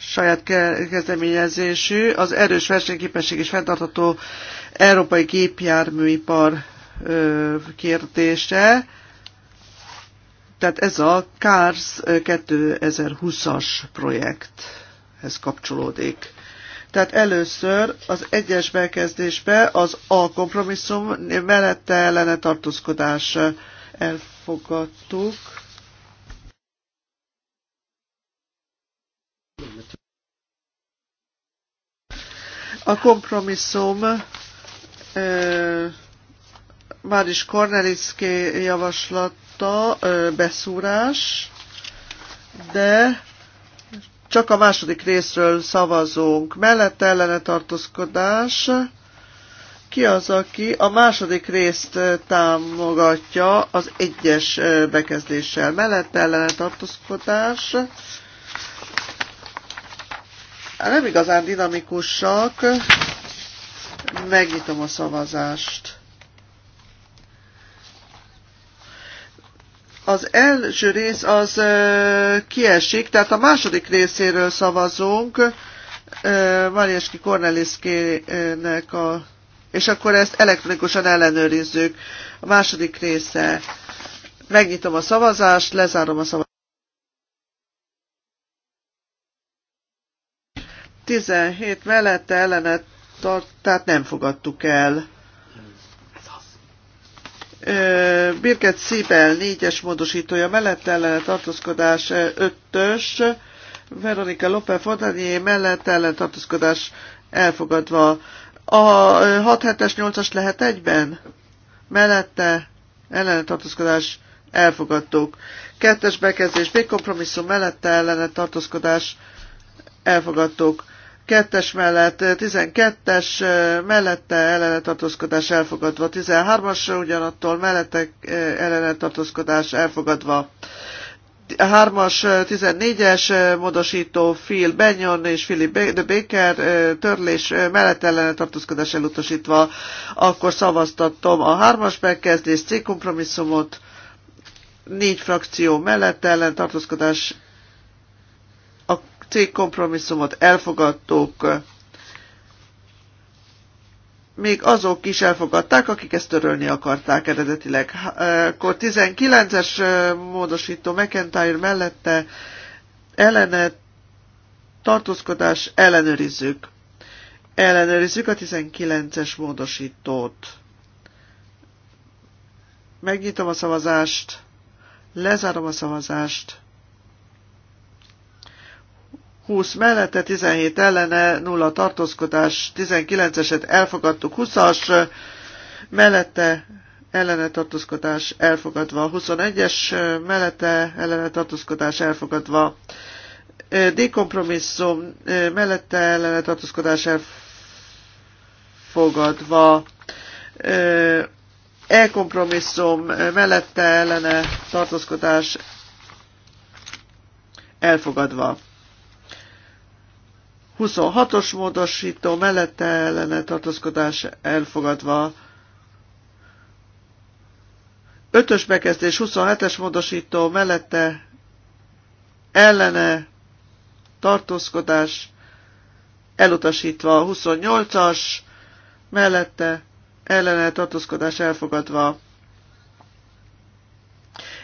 S2: saját kezdeményezésű, az erős versenyképesség és fenntartható európai gépjárműipar kérdése, tehát ez a CARS 2020-as projekthez kapcsolódik. Tehát először az egyes bekezdésbe az A kompromisszum mellette ellene tartózkodás elfogadtuk. A kompromisszum Máris Kornelicki javaslata beszúrás, de csak a második részről szavazunk. Mellett ellene tartózkodás. Ki az, aki a második részt támogatja az egyes bekezdéssel? mellett ellene tartózkodás. Nem igazán dinamikusak. Megnyitom a szavazást. Az első rész az ö, kiesik, tehát a második részéről szavazunk. Marieski Corneliskének a... És akkor ezt elektronikusan ellenőrizzük. A második része. Megnyitom a szavazást, lezárom a szavazást. 17 mellette ellenet tart, tehát nem fogadtuk el. Birket Szibel 4-es módosítója mellett ellen tartózkodás 5-ös, Veronika Lope Fodanyé mellett ellen tartózkodás elfogadva. A 6-7-es 8-as lehet egyben? Mellette ellen tartózkodás elfogadtuk. Kettes bekezdés B kompromisszum mellette ellen tartózkodás elfogadtuk kettes mellett, 12-es mellette ellenetartózkodás elfogadva, 13-as ugyanattól mellette ellenetartózkodás elfogadva. 3-as, 14-es módosító Phil Benyon és Philip de Baker törlés mellett ellene tartózkodás elutasítva, akkor szavaztattam a 3-as bekezdés C kompromisszumot, négy frakció mellett ellen tartózkodás cégkompromisszumot kompromisszumot elfogadtuk. Még azok is elfogadták, akik ezt törölni akarták eredetileg. Akkor 19-es módosító McIntyre mellette ellene tartózkodás ellenőrizzük. Ellenőrizzük a 19-es módosítót. Megnyitom a szavazást, lezárom a szavazást, 20 mellette, 17 ellene, 0 tartózkodás, 19-eset elfogadtuk, 20-as mellette ellene tartózkodás elfogadva, 21-es mellette ellene tartózkodás elfogadva, D kompromisszum mellette ellene tartózkodás elfogadva, E kompromisszum mellette ellene tartózkodás elfogadva. 26-os módosító mellette ellene tartózkodás elfogadva. 5-ös bekezdés 27-es módosító mellette ellene tartózkodás elutasítva. 28-as mellette ellene tartózkodás elfogadva.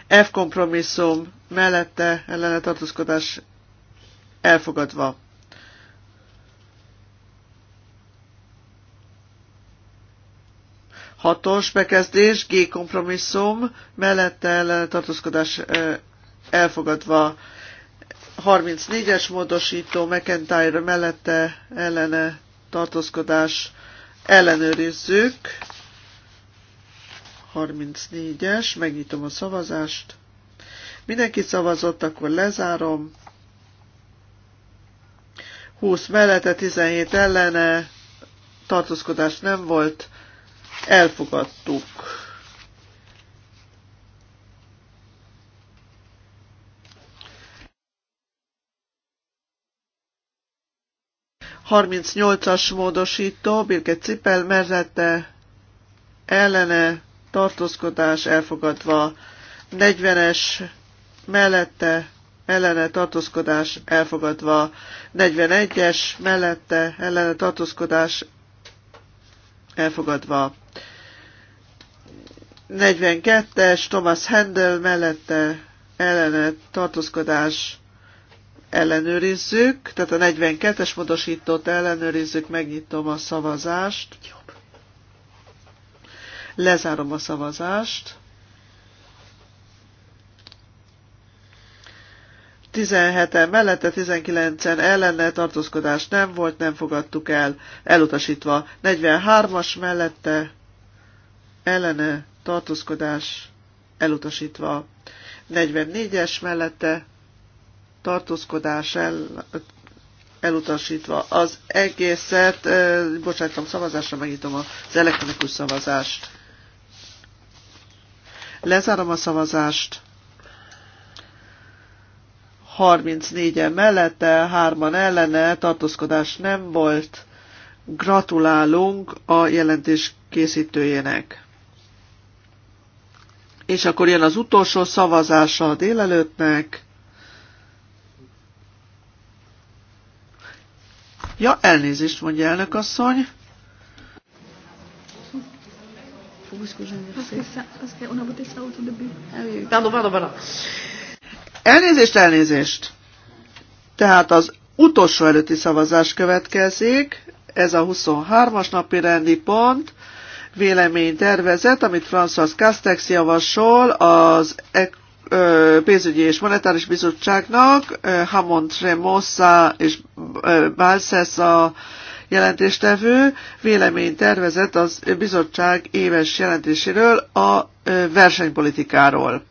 S2: F kompromisszum mellette ellene tartózkodás elfogadva. Hatos bekezdés, G kompromisszum, mellette ellene tartózkodás elfogadva. 34-es módosító McIntyre mellette ellene tartózkodás ellenőrizzük. 34-es, megnyitom a szavazást. Mindenki szavazott, akkor lezárom. 20 mellette, 17 ellene, tartózkodás nem volt, Elfogadtuk. Harmincnyolcas módosító, Birke Cipel mellette ellene tartózkodás elfogadva. 40-es mellette ellene tartózkodás elfogadva, 41-es mellette ellene tartózkodás elfogadva, 42-es Thomas Handel mellette ellene tartózkodás ellenőrizzük, tehát a 42-es módosítót ellenőrizzük, megnyitom a szavazást. Lezárom a szavazást. 17-en mellette, 19-en ellene tartózkodás nem volt, nem fogadtuk el, elutasítva. 43-as mellette ellene tartózkodás elutasítva. 44-es mellette tartózkodás el, elutasítva. Az egészet, Eh, bocsájtom, szavazásra megnyitom az elektronikus szavazást. Lezárom a szavazást. 34-en mellette, 3-an ellene, tartózkodás nem volt. Gratulálunk a jelentés készítőjének és akkor jön az utolsó szavazása a délelőttnek. Ja, elnézést mondja elnök asszony. Elnézést, elnézést. Tehát az utolsó előtti szavazás következik, ez a 23-as napi rendi pont, véleménytervezet, amit François Castex javasol az e- pénzügyi és monetáris bizottságnak, Hamon Tremosa és Balszesz a jelentéstevő véleménytervezet az bizottság éves jelentéséről a versenypolitikáról.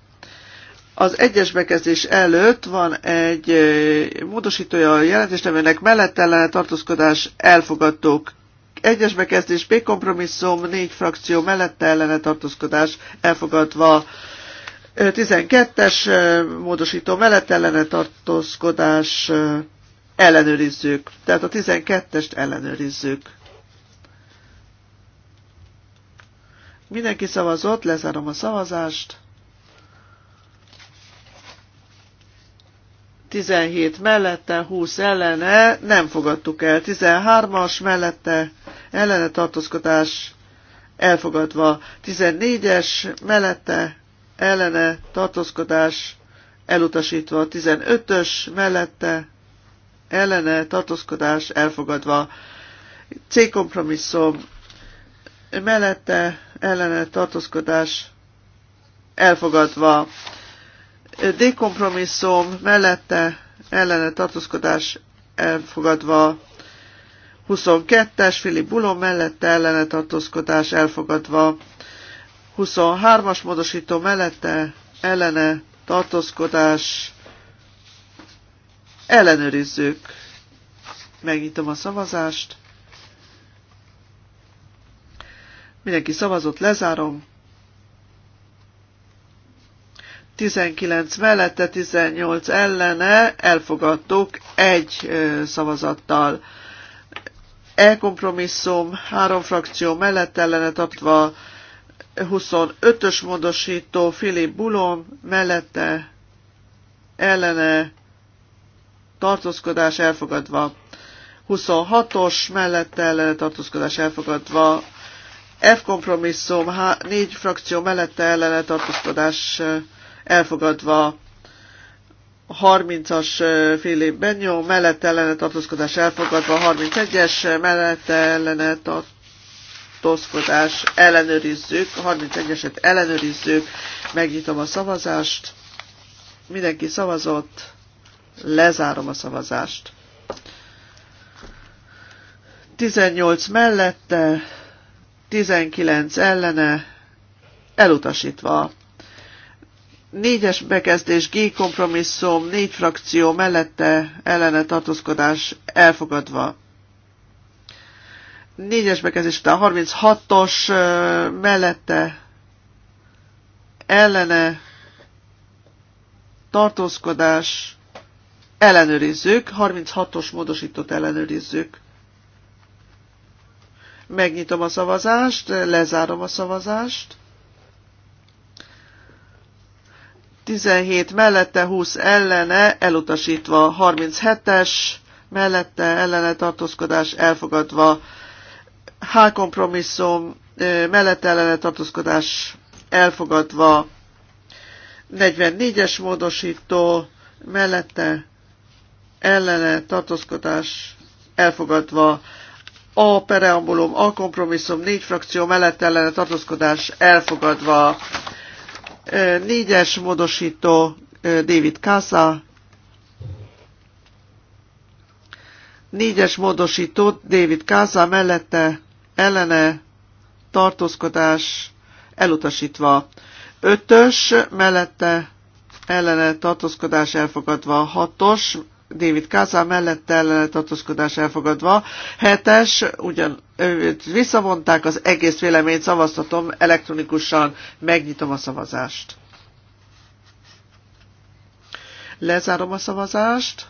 S2: Az egyes bekezdés előtt van egy módosítója a jelentéstevőnek mellette ellene tartózkodás elfogadtuk. Egyes bekezdés B kompromisszum, négy frakció mellette ellene tartózkodás elfogadva. 12-es módosító mellett ellene tartózkodás ellenőrizzük. Tehát a 12-est ellenőrizzük. Mindenki szavazott, lezárom a szavazást. 17 mellette, 20 ellene, nem fogadtuk el. 13-as mellette, ellene tartózkodás elfogadva. 14-es mellette, ellene tartózkodás elutasítva. 15-ös mellette, ellene tartózkodás elfogadva. C kompromisszum mellette, ellene tartózkodás elfogadva dékompromisszum mellette ellene tartózkodás elfogadva. 22-es Fili Bulon mellette ellene tartózkodás elfogadva. 23-as módosító mellette ellene tartózkodás ellenőrizzük. Megnyitom a szavazást. Mindenki szavazott, lezárom. 19 mellette, 18 ellene elfogadtuk egy szavazattal. E-kompromisszum három frakció mellett ellene tartva, 25-ös módosító Filip Bulom mellette ellene tartózkodás elfogadva. 26-os mellette ellene tartózkodás elfogadva. F kompromisszum, négy frakció mellette ellene tartózkodás elfogadva elfogadva 30-as fél évben jó, mellett ellene tartózkodás elfogadva, 31-es mellett ellene tartózkodás ellenőrizzük, 31-eset ellenőrizzük, megnyitom a szavazást, mindenki szavazott, lezárom a szavazást. 18 mellette, 19 ellene, elutasítva. Négyes bekezdés, G kompromisszum, négy frakció mellette ellene tartózkodás elfogadva. Négyes bekezdés után 36-os mellette ellene tartózkodás ellenőrizzük, 36-os módosítót ellenőrizzük. Megnyitom a szavazást, lezárom a szavazást. 17 mellette, 20 ellene, elutasítva 37-es, mellette ellene tartózkodás elfogadva, H kompromisszum, mellette ellene tartózkodás elfogadva, 44-es módosító, mellette ellene tartózkodás elfogadva, a pereambulum, a kompromisszum, négy frakció mellett ellene tartózkodás elfogadva, Négyes módosító David Casa. Négyes módosító David Casa mellette ellene tartózkodás elutasítva. Ötös mellette ellene tartózkodás elfogadva. Hatos David Kázá mellette ellenetartózkodás elfogadva. Hetes, ugyan őt visszavonták, az egész véleményt szavaztatom elektronikusan, megnyitom a szavazást. Lezárom a szavazást.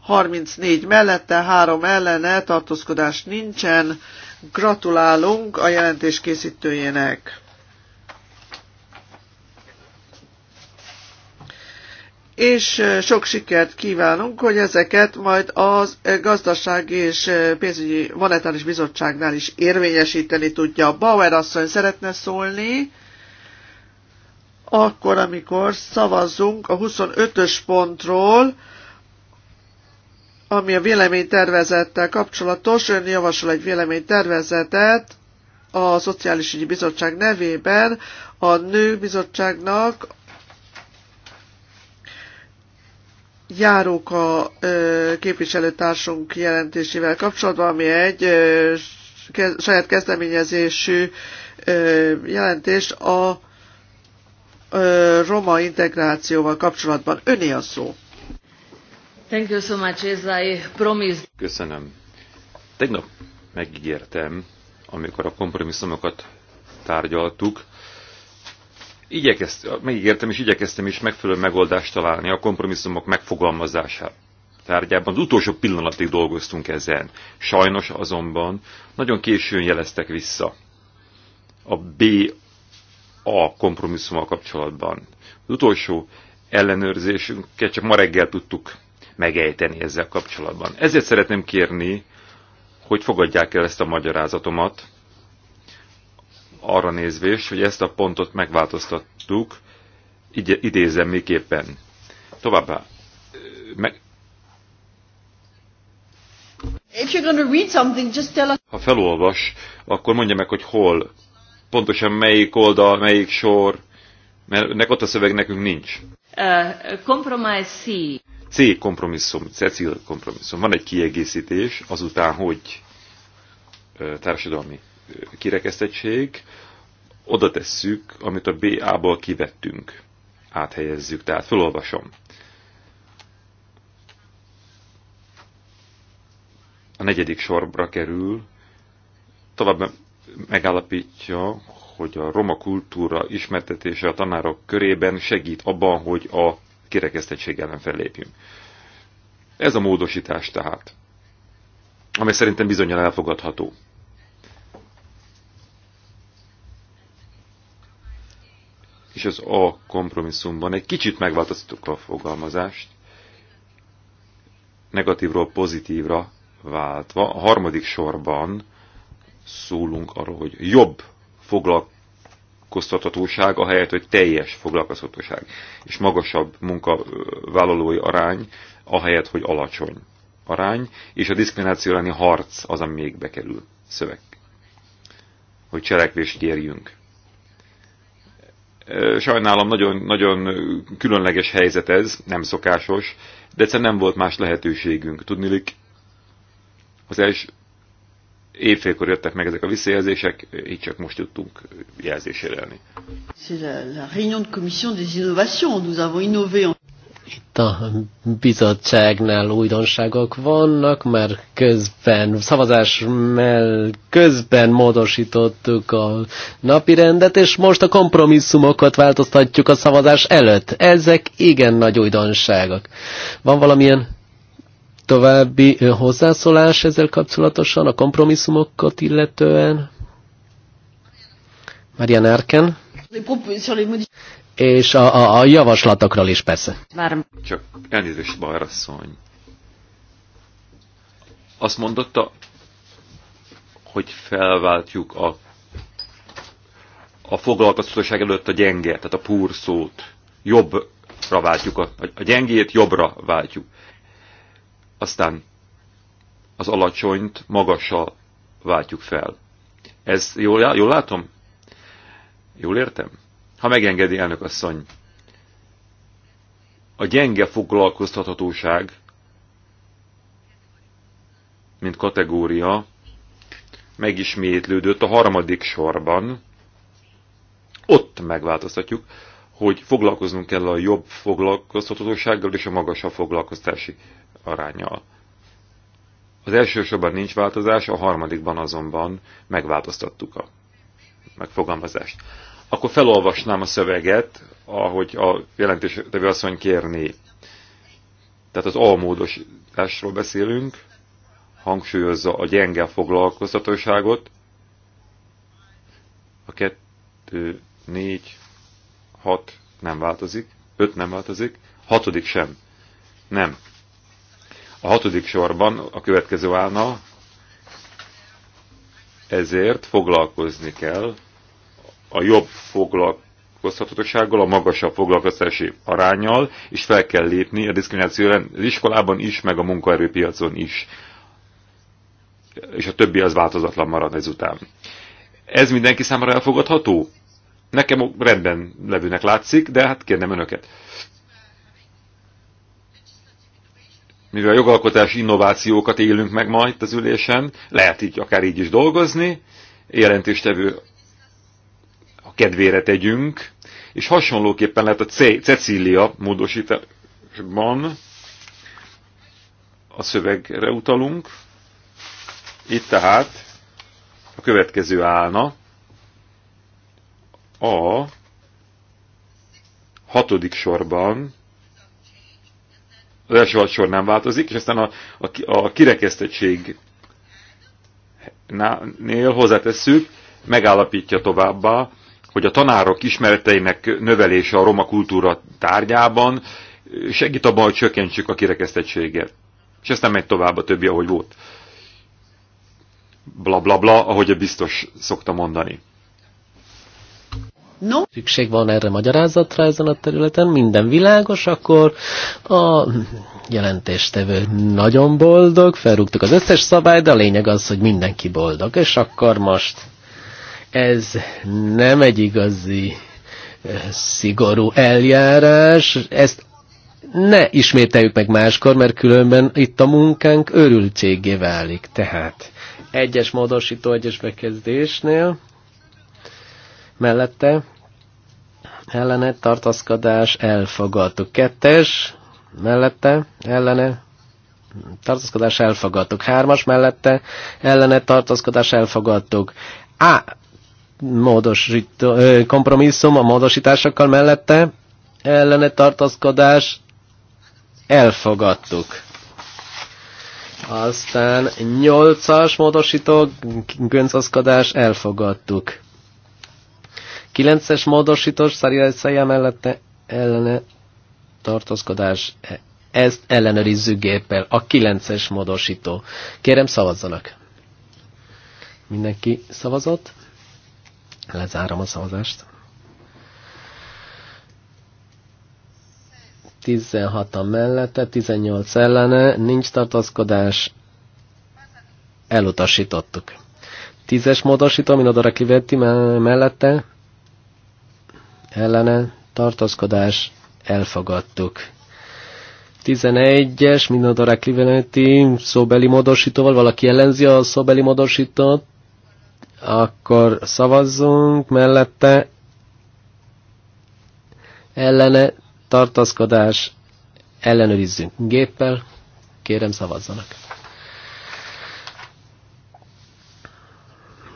S2: 34 mellette, 3 ellene, tartózkodás nincsen. Gratulálunk a jelentés készítőjének. és sok sikert kívánunk, hogy ezeket majd az gazdaság és pénzügyi monetáris bizottságnál is érvényesíteni tudja. Bauer asszony szeretne szólni, akkor, amikor szavazzunk a 25-ös pontról, ami a véleménytervezettel kapcsolatos, ön javasol egy véleménytervezetet a Szociális Ügyi Bizottság nevében a Nőbizottságnak Járók a képviselőtársunk jelentésével kapcsolatban, ami egy saját kezdeményezésű jelentés a roma integrációval kapcsolatban. Öné a szó. Thank you so much, I
S4: Köszönöm. Tegnap megígértem, amikor a kompromisszumokat tárgyaltuk, igyekezt, megígértem és igyekeztem is megfelelő megoldást találni a kompromisszumok megfogalmazására. Tárgyában az utolsó pillanatig dolgoztunk ezen. Sajnos azonban nagyon későn jeleztek vissza a B a kompromisszummal kapcsolatban. Az utolsó ellenőrzésünket csak ma reggel tudtuk megejteni ezzel kapcsolatban. Ezért szeretném kérni, hogy fogadják el ezt a magyarázatomat, arra nézvés, hogy ezt a pontot megváltoztattuk, így, idézem miképpen. Továbbá, meg...
S2: If you're gonna read something, just tell us.
S4: Ha felolvas, akkor mondja meg, hogy hol, pontosan melyik oldal, melyik sor, mert nek ott a szöveg nekünk nincs.
S2: Uh, C.
S4: C kompromisszum, Cecil kompromisszum. Van egy kiegészítés azután, hogy társadalmi kirekesztettség, oda tesszük, amit a BA-ból kivettünk. Áthelyezzük, tehát felolvasom. A negyedik sorra kerül, tovább megállapítja, hogy a roma kultúra ismertetése a tanárok körében segít abban, hogy a kirekesztettség ellen fellépjünk. Ez a módosítás tehát, amely szerintem bizonyal elfogadható. és az A kompromisszumban egy kicsit megváltoztuk a fogalmazást, negatívról pozitívra váltva. A harmadik sorban szólunk arról, hogy jobb foglalkoztathatóság, ahelyett, hogy teljes foglalkoztathatóság, és magasabb munkavállalói arány, ahelyett, hogy alacsony arány, és a diszkrimináció elleni harc az, ami még bekerül szöveg, hogy cselekvést érjünk. Sajnálom, nagyon, nagyon különleges helyzet ez, nem szokásos, de egyszerűen nem volt más lehetőségünk. Tudnilik, az első évfélkor jöttek meg ezek a visszajelzések, így csak most tudtunk jelzésére elni.
S2: C'est la, la réunion de commission des innovations. Nous avons innové en
S3: itt a bizottságnál újdonságok vannak, mert közben szavazás mell közben módosítottuk a napi rendet, és most a kompromisszumokat változtatjuk a szavazás előtt. Ezek igen nagy újdonságok. Van valamilyen további hozzászólás ezzel kapcsolatosan, a kompromisszumokat illetően? Marian Erken? És a, a, a javaslatokról is persze.
S4: Csak elnézést, Bajrasszony. Azt mondotta, hogy felváltjuk a, a foglalkoztatóság előtt a gyenge, tehát a púr szót. Jobbra váltjuk, a, a gyengét jobbra váltjuk. Aztán az alacsonyt magasra váltjuk fel. Ez jól, jól látom? Jól értem? Ha megengedi, elnök asszony. A gyenge foglalkoztathatóság, mint kategória, megismétlődött a harmadik sorban. Ott megváltoztatjuk, hogy foglalkoznunk kell a jobb foglalkoztathatósággal és a magasabb foglalkoztási arányjal. Az első sorban nincs változás, a harmadikban azonban megváltoztattuk a megfogalmazást. Akkor felolvasnám a szöveget, ahogy a jelentéstevő asszony kérné. Tehát az almódosításról beszélünk, hangsúlyozza a gyenge foglalkoztatóságot, a 2, 4, 6 nem változik, 5 nem változik, 6 sem. Nem. A hatodik sorban a következő állna, ezért foglalkozni kell a jobb foglalkoztatottsággal, a magasabb foglalkoztatási arányjal, és fel kell lépni a diszkrimináció az iskolában is, meg a munkaerőpiacon is. És a többi az változatlan marad ezután. Ez mindenki számára elfogadható? Nekem rendben levőnek látszik, de hát kérdem önöket. mivel a jogalkotási innovációkat élünk meg majd az ülésen, lehet így akár így is dolgozni, jelentéstevő kedvére tegyünk, és hasonlóképpen lehet a Cecília módosításban a szövegre utalunk. Itt tehát a következő állna a hatodik sorban az első hat sor nem változik, és aztán a, a, a kirekesztettségnél hozzátesszük, megállapítja továbbá, hogy a tanárok ismereteinek növelése a roma kultúra tárgyában segít abban, hogy csökkentsük a kirekesztettséget. És nem megy tovább a többi, ahogy volt. Bla bla bla, ahogy a biztos szokta mondani.
S3: No. Szükség van erre magyarázatra ezen a területen, minden világos, akkor a jelentéstevő nagyon boldog, felrúgtuk az összes szabályt, de a lényeg az, hogy mindenki boldog, és akkor most ez nem egy igazi eh, szigorú eljárás, ezt ne ismételjük meg máskor, mert különben itt a munkánk örültségé válik. Tehát egyes módosító, egyes bekezdésnél mellette ellene tartaszkodás elfogadtuk. Kettes mellette ellene tartaszkodás elfogadtuk. Hármas mellette ellene tartaszkodás elfogadtuk. A módosító, eh, kompromisszum a módosításokkal mellette ellene tartózkodás elfogadtuk. Aztán 8-as módosító göncaszkodás elfogadtuk. 9-es módosítós szarjelszeje mellette ellene tartózkodás ezt ellenőrizzük géppel. A 9-es módosító. Kérem szavazzanak. Mindenki szavazott? Lezárom a szavazást. 16 a mellette, 18 ellene, nincs tartozkodás, elutasítottuk. 10-es módosító, min oda kivetti mellette, ellene, tartozkodás, elfogadtuk. 11-es, min oda kivetti szóbeli módosítóval, valaki ellenzi a szóbeli módosítót, akkor szavazzunk mellette ellene tartaszkodás ellenőrizzünk géppel. Kérem szavazzanak.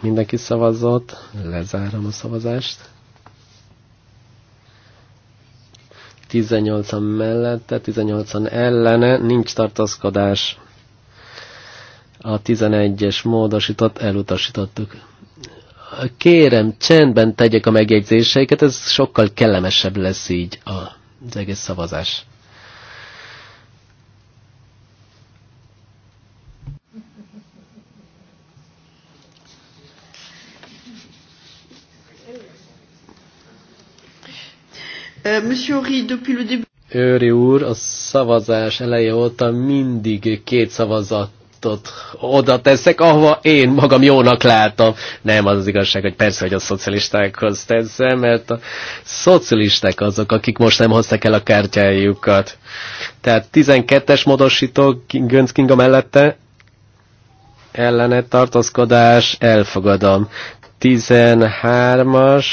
S3: Mindenki szavazott, lezárom a szavazást. 18-an mellette, 18-an ellene, nincs tartaszkodás. A 11-es módosított elutasítottuk kérem csendben tegyek a megjegyzéseiket, ez sokkal kellemesebb lesz így az egész szavazás.
S2: Euh, monsieur depuis le début...
S3: Őri úr, a szavazás eleje óta mindig két szavazat adatot oda teszek, ahova én magam jónak látom. Nem, az az igazság, hogy persze, hogy a szocialistákhoz teszem, mert a szocialisták azok, akik most nem hozták el a kártyájukat. Tehát 12-es módosító Gönc Kinga mellette ellene tartózkodás elfogadom. 13-as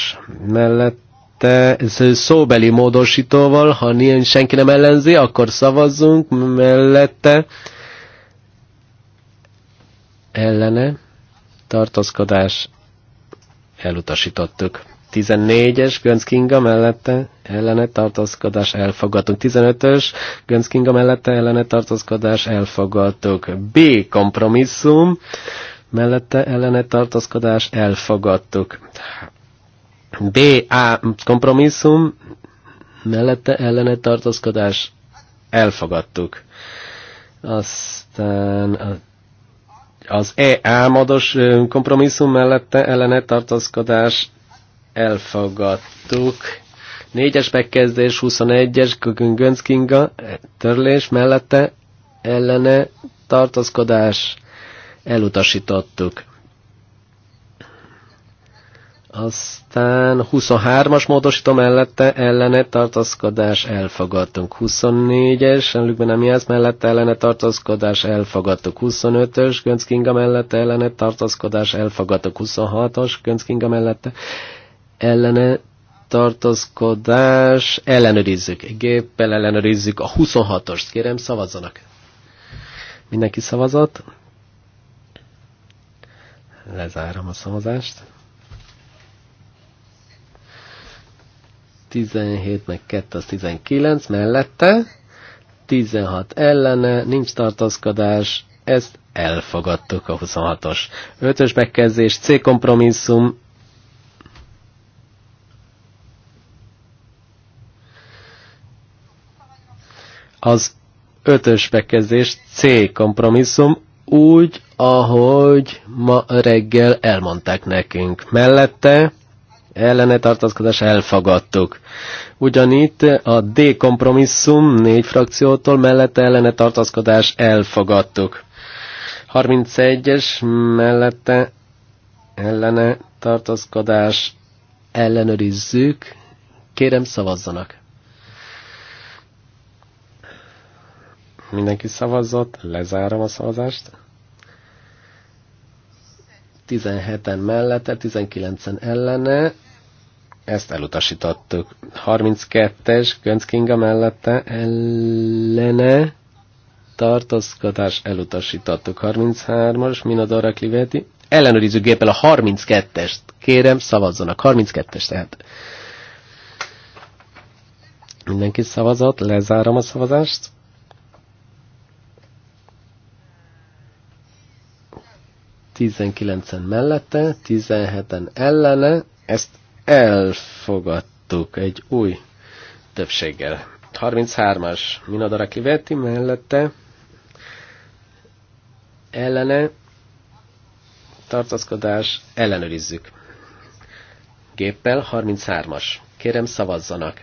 S3: mellett mellette szóbeli módosítóval, ha nincs senki nem ellenzi, akkor szavazzunk mellette ellene tartózkodás elutasítottuk. 14-es Gönc Kinga mellette ellene tartózkodás elfogadtunk. 15-ös Gönc Kinga mellette ellene tartózkodás elfogadtuk. B kompromisszum mellette ellene tartózkodás elfogadtuk. B A kompromisszum mellette ellene tartózkodás elfogadtuk. Aztán a az E álmodos kompromisszum mellette ellene tartozkodás elfogadtuk. 4-es bekezdés, 21-es Gönc törlés mellette ellene tartozkodás elutasítottuk. Aztán 23-as módosító mellette ellene tartózkodás elfogadtunk. 24-es, Lükben jelz mellette ellene tartózkodás elfogadtuk. 25-ös, Gönckinga mellette ellene tartózkodás elfogadtuk. 26-os, Gönckinga mellette ellene tartózkodás ellenőrizzük. Géppel ellenőrizzük a 26-ost. Kérem, szavazzanak. Mindenki szavazott? Lezárom a szavazást. 17 meg 2 az 19 mellette, 16 ellene, nincs tartózkodás, ezt elfogadtuk a 26-os. 5-ös megkezdés, C kompromisszum, az 5-ös bekezdés C kompromisszum úgy, ahogy ma reggel elmondták nekünk. Mellette ellene tartózkodás elfogadtuk. Ugyanitt a D kompromisszum négy frakciótól mellette ellene tartózkodás elfogadtuk. 31-es mellette ellene tartózkodás ellenőrizzük. Kérem szavazzanak. Mindenki szavazott, lezárom a szavazást. 17-en mellette, 19-en ellene, ezt elutasítottuk. 32-es Gönckinga mellette ellene tartózkodás elutasítottuk. 33-as Minodora Kliveti ellenőrizzük géppel a 32-est. Kérem, szavazzanak. 32-es tehát. Mindenki szavazott, lezárom a szavazást. Tizenkilencen mellette, tizenheten ellene, ezt elfogadtuk egy új többséggel. 33-as Minadara kiveti mellette ellene tartózkodás ellenőrizzük. Géppel 33-as. Kérem szavazzanak.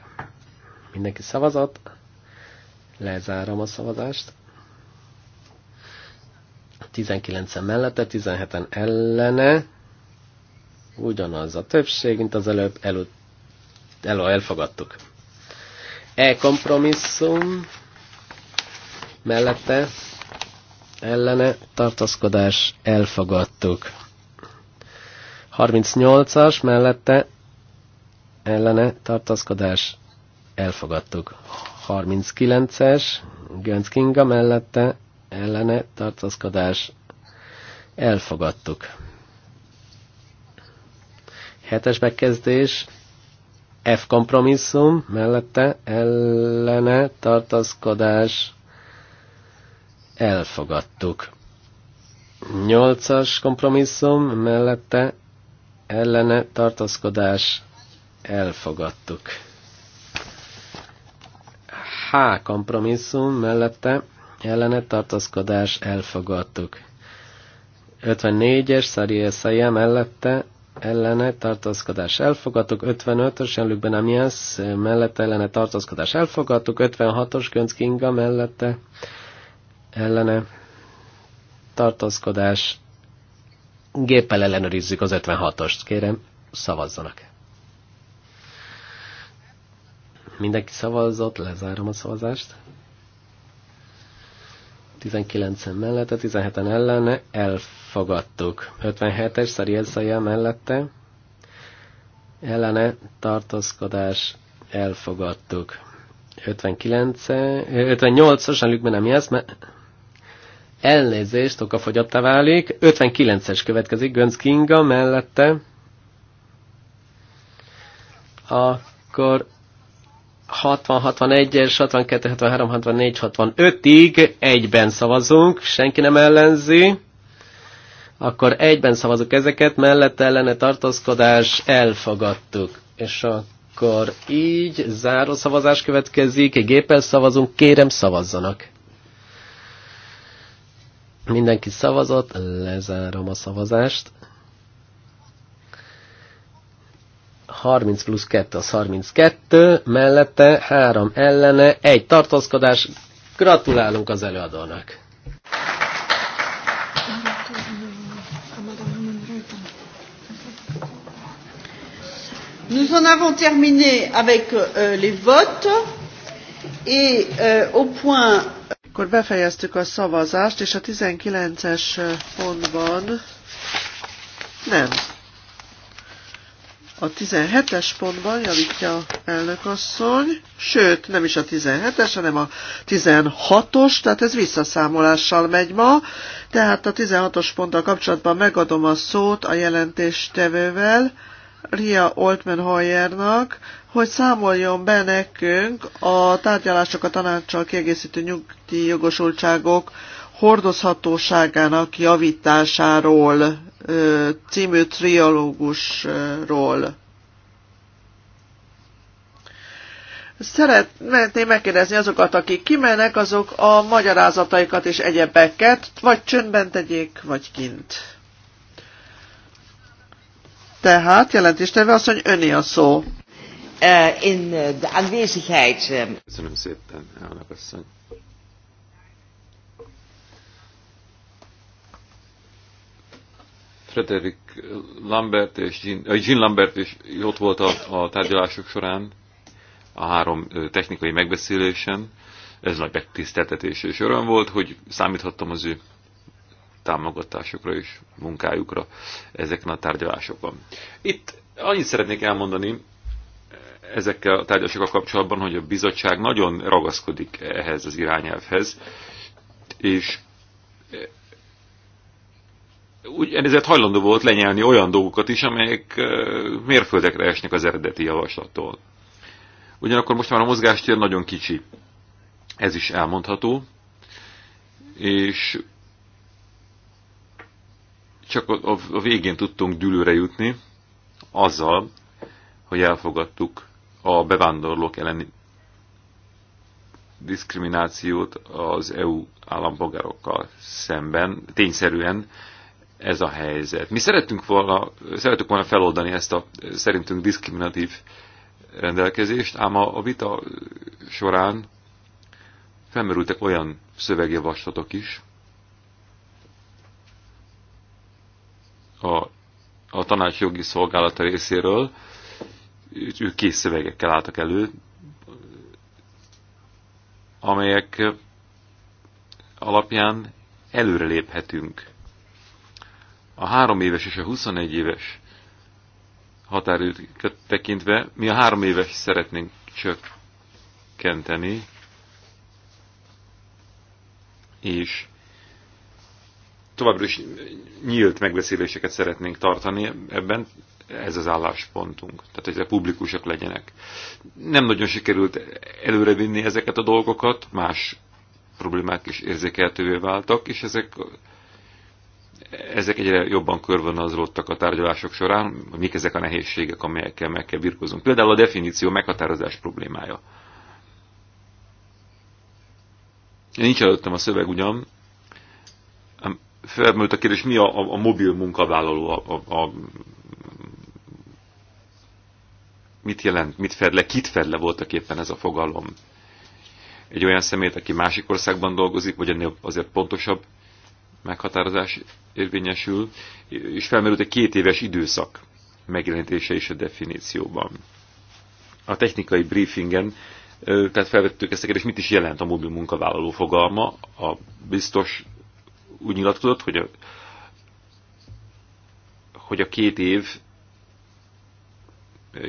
S3: Mindenki szavazat. Lezárom a szavazást. 19-en mellette, 17-en ellene. Ugyanaz a többség, mint az előbb elő, elő elfogadtuk. E kompromisszum mellette ellene tartózkodás elfogadtuk. 38-as mellette ellene tartózkodás elfogadtuk. 39-es Gönc Kinga mellette ellene tartózkodás elfogadtuk. Hetes bekezdés, F kompromisszum, mellette ellene tartaszkodás elfogadtuk. Nyolcas kompromisszum, mellette ellene tartaszkodás elfogadtuk. H kompromisszum, mellette ellene tartaszkodás elfogadtuk. 54-es Szariel Szaja mellette ellene tartózkodás elfogadtuk, 55-ös Jean-Luc Benamias mellette ellene tartózkodás elfogadtuk, 56-os Gönc Kinga mellette ellene tartózkodás. Géppel ellenőrizzük az 56-ost, kérem, szavazzanak. Mindenki szavazott, lezárom a szavazást. 19-en mellette, 17-en ellene, elfogadtuk. 57-es Szarielszaja mellette, ellene, tartózkodás, elfogadtuk. 58-os, Luke mert elnézést, okafogyattá válik. 59-es következik, Gönc Kinga mellette. Akkor 60-61-es, 62-73-64-65-ig egyben szavazunk, senki nem ellenzi. Akkor egyben szavazok ezeket, mellett ellene tartózkodás elfogadtuk. És akkor így záró szavazás következik, géppel szavazunk, kérem szavazzanak. Mindenki szavazott, lezárom a szavazást. 30 plusz 2 az 32, mellette 3 ellene, Egy tartózkodás. Gratulálunk az előadónak!
S2: Nous en avons terminé avec euh, les votes et euh, au point. Akkor befejeztük a szavazást, és a 19-es pontban nem, a 17-es pontban javítja elnökasszony, sőt, nem is a 17-es, hanem a 16-os, tehát ez visszaszámolással megy ma. Tehát a 16-os ponttal kapcsolatban megadom a szót a jelentéstevővel, Ria Oltmanhoyernak, hogy számoljon be nekünk a tárgyalások a tanácssal kiegészítő nyugdíjjogosultságok hordozhatóságának javításáról című triológusról. Szeretném megkérdezni azokat, akik kimennek, azok a magyarázataikat és egyebeket, vagy csöndben tegyék, vagy kint. Tehát jelentéstevő hogy öné a szó. Uh, in uh, aanwezigheid. Eh,
S4: Köszönöm szépen, elnök asszony. Frederick Lambert és Jean, Jean Lambert is ott volt a, a tárgyalások során, a három technikai megbeszélésen. Ez nagy megtiszteltetés és öröm volt, hogy számíthattam az ő támogatásokra és munkájukra ezeken a tárgyalásokban. Itt annyit szeretnék elmondani ezekkel a tárgyalásokkal kapcsolatban, hogy a bizottság nagyon ragaszkodik ehhez az irányelvhez, és úgy ezért hajlandó volt lenyelni olyan dolgokat is, amelyek mérföldekre esnek az eredeti javaslattól. Ugyanakkor most már a mozgástér nagyon kicsi. Ez is elmondható. És csak a, végén tudtunk dülőre jutni azzal, hogy elfogadtuk a bevándorlók elleni diszkriminációt az EU állampolgárokkal szemben, tényszerűen ez a helyzet. Mi szerettünk volna, szerettük volna feloldani ezt a szerintünk diszkriminatív rendelkezést, ám a, a vita során felmerültek olyan szövegjavaslatok is, a, a tanács jogi szolgálata részéről, ők kész szövegekkel álltak elő, amelyek alapján előreléphetünk a három éves és a 21 éves határidőket tekintve, mi a három éves szeretnénk csökkenteni, és továbbra is nyílt megbeszéléseket szeretnénk tartani ebben, ez az álláspontunk, tehát hogy ezek publikusak legyenek. Nem nagyon sikerült előrevinni ezeket a dolgokat, más problémák is érzékeltővé váltak, és ezek ezek egyre jobban körvonalazódtak a tárgyalások során, mik ezek a nehézségek, amelyekkel meg kell birkozunk. Például a definíció meghatározás problémája. Én nincs előttem a szöveg ugyan, felmerült a kérdés, mi a, a, a mobil munkavállaló, a, a, a, mit jelent, mit fed le, kit fed le voltak éppen ez a fogalom. Egy olyan szemét, aki másik országban dolgozik, vagy ennél azért pontosabb, meghatározás érvényesül, és felmerült egy két éves időszak megjelenítése is a definícióban. A technikai briefingen tehát felvettük ezt a kérdést, mit is jelent a mobil munkavállaló fogalma. A biztos úgy nyilatkozott, hogy a, hogy a két év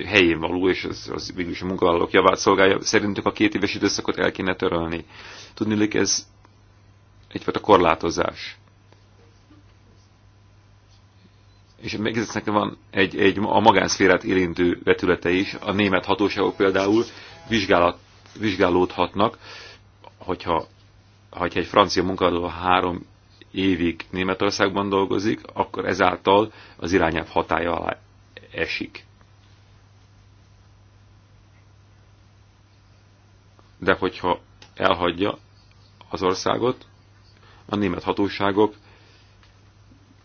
S4: helyén való, és az, az is a munkavállalók javát szolgálja, szerintük a két éves időszakot el kéne törölni. Tudni, hogy ez egyfajta korlátozás és még nekem van egy, egy a magánszférát érintő vetülete is, a német hatóságok például vizsgálat, vizsgálódhatnak, hogyha, hogyha egy francia munkadó három évig Németországban dolgozik, akkor ezáltal az irányelv hatája alá esik. De hogyha elhagyja az országot, a német hatóságok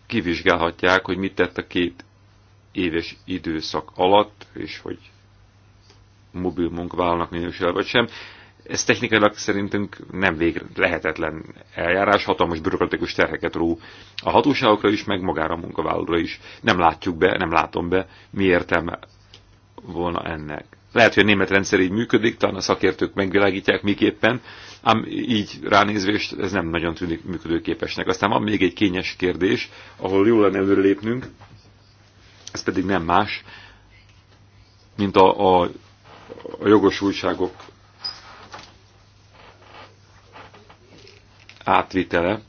S4: kivizsgálhatják, hogy mit tett a két éves időszak alatt, és hogy mobil munkavállalnak minősül vagy sem. Ez technikailag szerintünk nem végre lehetetlen eljárás, hatalmas bürokratikus terheket ró a hatóságokra is, meg magára a munkavállalóra is. Nem látjuk be, nem látom be, mi értelme volna ennek. Lehet, hogy a német rendszer így működik, talán a szakértők megvilágítják miképpen, ám így ránézvést ez nem nagyon tűnik működőképesnek. Aztán van még egy kényes kérdés, ahol jól lenne előrelépnünk, ez pedig nem más, mint a, a, a jogosultságok átvitele,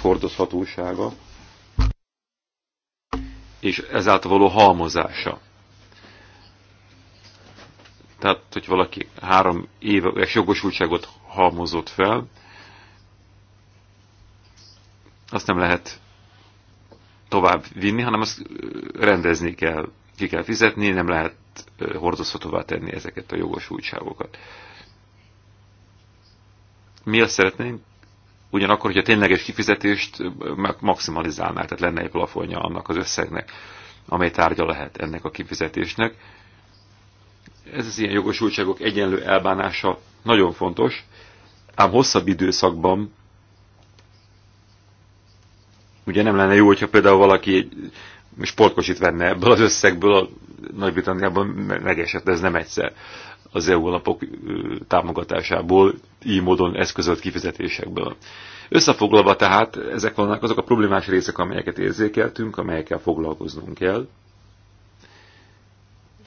S4: hordozhatósága, és ezáltal való halmozása. Tehát, hogy valaki három éves jogosultságot halmozott fel, azt nem lehet tovább vinni, hanem azt rendezni kell, ki kell fizetni, nem lehet hordozhatóvá tenni ezeket a jogosultságokat. Mi azt szeretnénk, ugyanakkor, hogy tényleges kifizetést maximalizálnák, tehát lenne egy plafonja annak az összegnek, amely tárgya lehet ennek a kifizetésnek ez az ilyen jogosultságok egyenlő elbánása nagyon fontos, ám hosszabb időszakban ugye nem lenne jó, hogyha például valaki egy sportkocsit venne ebből az összegből, a Nagy-Britanniában megesett, ez nem egyszer az EU alapok támogatásából, így módon eszközölt kifizetésekből. Összefoglalva tehát ezek vannak azok a problémás részek, amelyeket érzékeltünk, amelyekkel foglalkoznunk kell,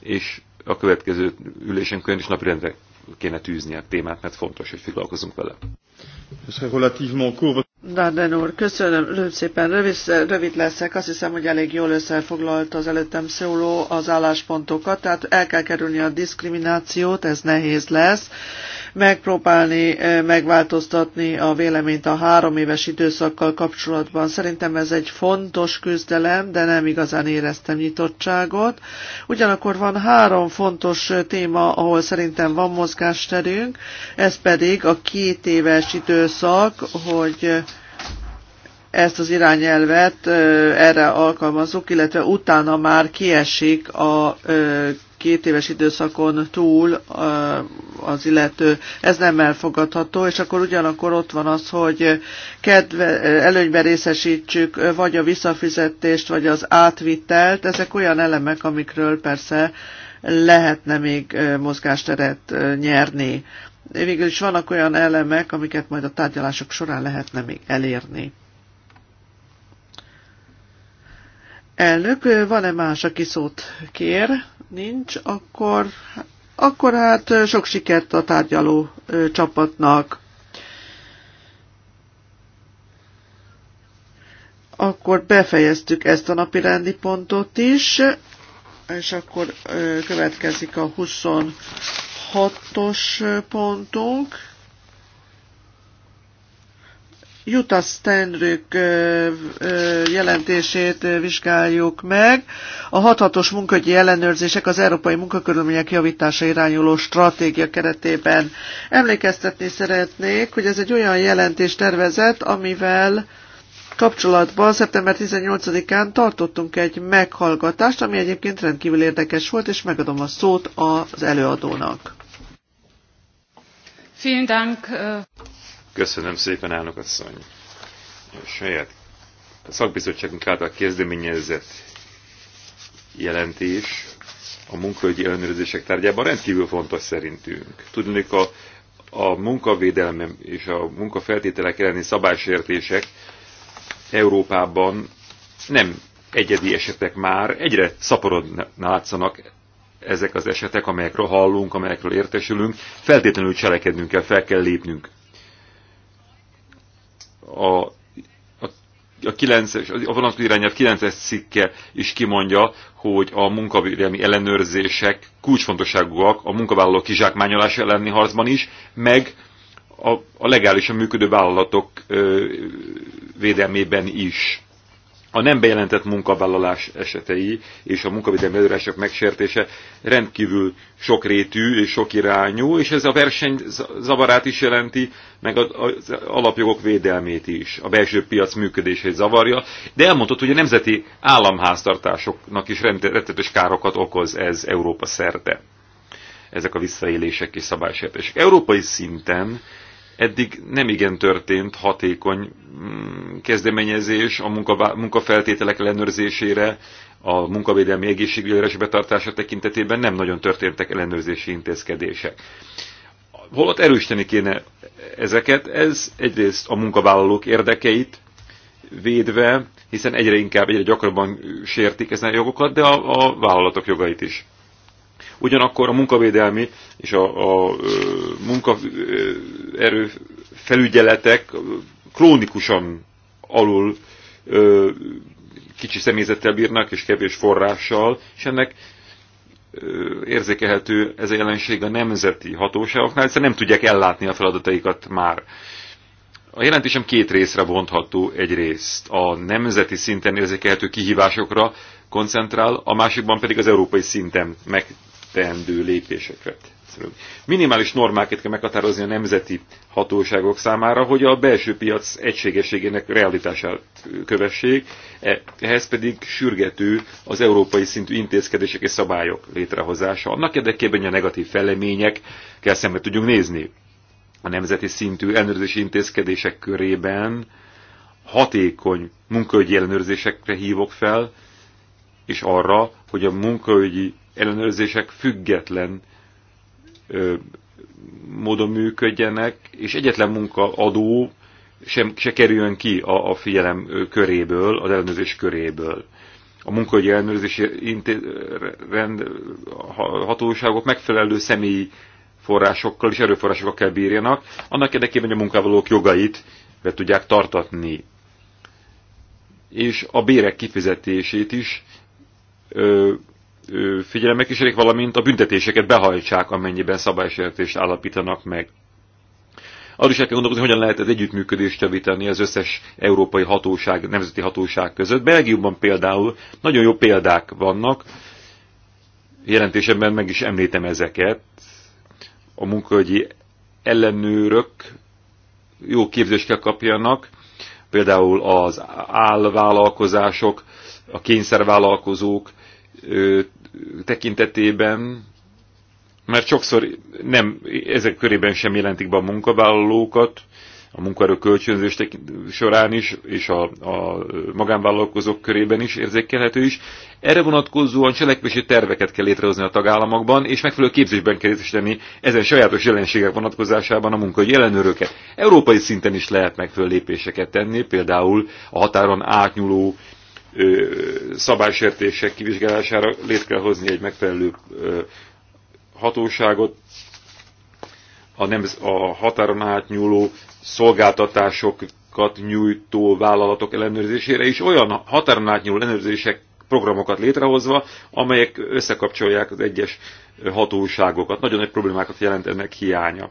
S4: és a következő ülésen könyv is napirendre kéne tűzni a témát, mert fontos, hogy foglalkozunk vele.
S2: Darden úr, köszönöm szépen, rövid, rövid leszek. Azt hiszem, hogy elég jól összefoglalt az előttem szóló az álláspontokat, tehát el kell kerülni a diszkriminációt, ez nehéz lesz. Megpróbálni megváltoztatni a véleményt a három éves időszakkal kapcsolatban. Szerintem ez egy fontos küzdelem, de nem igazán éreztem nyitottságot. Ugyanakkor van három fontos téma, ahol szerintem van mozgásterünk, ez pedig a két éves időszak, hogy ezt az irányelvet erre alkalmazzuk, illetve utána már kiesik a két éves időszakon túl az illető, ez nem elfogadható, és akkor ugyanakkor ott van az, hogy kedve, előnyben részesítsük vagy a visszafizetést, vagy az átvitelt. ezek olyan elemek, amikről persze lehetne még mozgásteret nyerni. Végül is vannak olyan elemek, amiket majd a tárgyalások során lehetne még elérni. Elnök, van-e más, aki szót kér? Nincs, akkor, akkor hát sok sikert a tárgyaló csapatnak. Akkor befejeztük ezt a napi rendi pontot is, és akkor következik a 26-os pontunk. Jutta Stenrük jelentését vizsgáljuk meg. A hathatos munkagyi ellenőrzések az európai munkakörülmények javítása irányuló stratégia keretében. Emlékeztetni szeretnék, hogy ez egy olyan jelentés tervezet, amivel kapcsolatban szeptember 18-án tartottunk egy meghallgatást, ami egyébként rendkívül érdekes volt, és megadom a szót az előadónak.
S4: Köszönöm szépen, elnök asszony. A saját a szakbizottságunk által kezdeményezett jelentés a munkaügyi ellenőrzések tárgyában rendkívül fontos szerintünk. Tudnék a, a munkavédelem és a munkafeltételek elleni szabálysértések Európában nem egyedi esetek már, egyre szaporodnak látszanak ezek az esetek, amelyekről hallunk, amelyekről értesülünk, feltétlenül cselekednünk kell, fel kell lépnünk a, a, a, 9-es, a vonatkozó irányelv 9-es cikke is kimondja, hogy a munkavédelmi ellenőrzések kulcsfontosságúak a munkavállalók kizsákmányolása elleni harcban is, meg a, a legálisan működő vállalatok ö, védelmében is a nem bejelentett munkavállalás esetei és a munkavédelmi előírások megsértése rendkívül sokrétű és sokirányú, és ez a verseny zavarát is jelenti, meg az alapjogok védelmét is, a belső piac működését zavarja, de elmondott, hogy a nemzeti államháztartásoknak is rettetes károkat okoz ez Európa szerte ezek a visszaélések és szabálysértések. Európai szinten eddig nem igen történt hatékony mm, kezdeményezés a munka, munkafeltételek ellenőrzésére, a munkavédelmi egészségügyelőres betartása tekintetében nem nagyon történtek ellenőrzési intézkedések. Holott erősíteni kéne ezeket, ez egyrészt a munkavállalók érdekeit védve, hiszen egyre inkább, egyre gyakrabban sértik ezen a jogokat, de a, a vállalatok jogait is ugyanakkor a munkavédelmi és a, a munkaerő felügyeletek krónikusan alul kicsi személyzettel bírnak és kevés forrással, és ennek érzékelhető ez a jelenség a nemzeti hatóságoknál, egyszerűen nem tudják ellátni a feladataikat már. A jelentésem két részre vontható egyrészt. A nemzeti szinten érzékelhető kihívásokra koncentrál, a másikban pedig az európai szinten meg teendő lépésekre. Minimális normákat kell meghatározni a nemzeti hatóságok számára, hogy a belső piac egységességének realitását kövessék, ehhez pedig sürgető az európai szintű intézkedések és szabályok létrehozása. Annak érdekében, hogy a negatív kell szembe tudjunk nézni. A nemzeti szintű ellenőrzési intézkedések körében hatékony munkaügyi ellenőrzésekre hívok fel, és arra, hogy a munkaügyi ellenőrzések független ö, módon működjenek, és egyetlen munkaadó sem, se kerüljön ki a, a figyelem köréből, az ellenőrzés köréből. A munkahogyi ellenőrzési rend, hatóságok megfelelő személyi forrásokkal és erőforrásokkal kell bírjanak, annak érdekében, hogy a munkavállalók jogait be tudják tartatni. És a bérek kifizetését is ö, figyelemmel kísérik, valamint a büntetéseket behajtsák, amennyiben szabálysértést állapítanak meg. Arra is el kell gondolkodni, hogyan lehet az együttműködést javítani az összes európai hatóság, nemzeti hatóság között. Belgiumban például nagyon jó példák vannak, jelentésemben meg is említem ezeket. A munkahogyi ellenőrök jó képzést kell kapjanak, például az állvállalkozások, a kényszervállalkozók tekintetében, mert sokszor nem, ezek körében sem jelentik be a munkavállalókat, a munkaerő kölcsönzés során is, és a, a magánvállalkozók körében is érzékelhető is. Erre vonatkozóan cselekvési terveket kell létrehozni a tagállamokban, és megfelelő képzésben kell részesíteni ezen sajátos jelenségek vonatkozásában a munkai jelenőröket. Európai szinten is lehet megfelelő lépéseket tenni, például a határon átnyúló szabálysértések kivizsgálására létre kell hozni egy megfelelő hatóságot, a, nem, a határon átnyúló szolgáltatásokat nyújtó vállalatok ellenőrzésére is olyan határon átnyúló ellenőrzések programokat létrehozva, amelyek összekapcsolják az egyes hatóságokat. Nagyon nagy problémákat jelent ennek hiánya.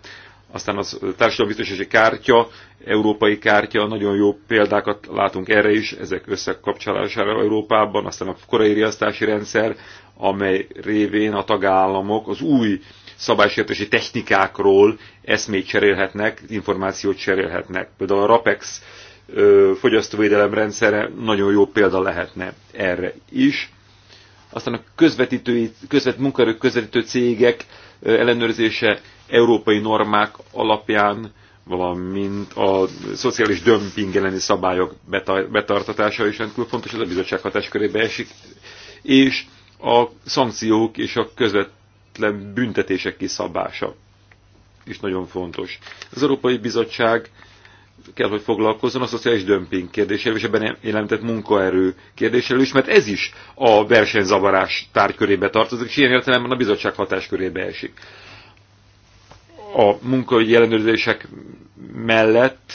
S4: Aztán az társadalmi társadalombiztosítási kártya, európai kártya, nagyon jó példákat látunk erre is, ezek összekapcsolására Európában. Aztán a korai riasztási rendszer, amely révén a tagállamok az új szabálysértési technikákról eszmét cserélhetnek, információt cserélhetnek. Például a RAPEX fogyasztóvédelem rendszere nagyon jó példa lehetne erre is. Aztán a közvetítői, közvet, munkaerő közvetítő cégek ellenőrzése európai normák alapján, valamint a szociális dömping elleni szabályok betartatása is rendkívül fontos, ez a bizottság hatáskörébe esik, és a szankciók és a közvetlen büntetések kiszabása is nagyon fontos. Az Európai Bizottság kell, hogy foglalkozzon a szociális dömping kérdésével, és ebben jelentett munkaerő kérdésével is, mert ez is a versenyzavarás tárgykörébe tartozik, és ilyen értelemben a bizottság hatáskörébe esik a munkai ellenőrzések mellett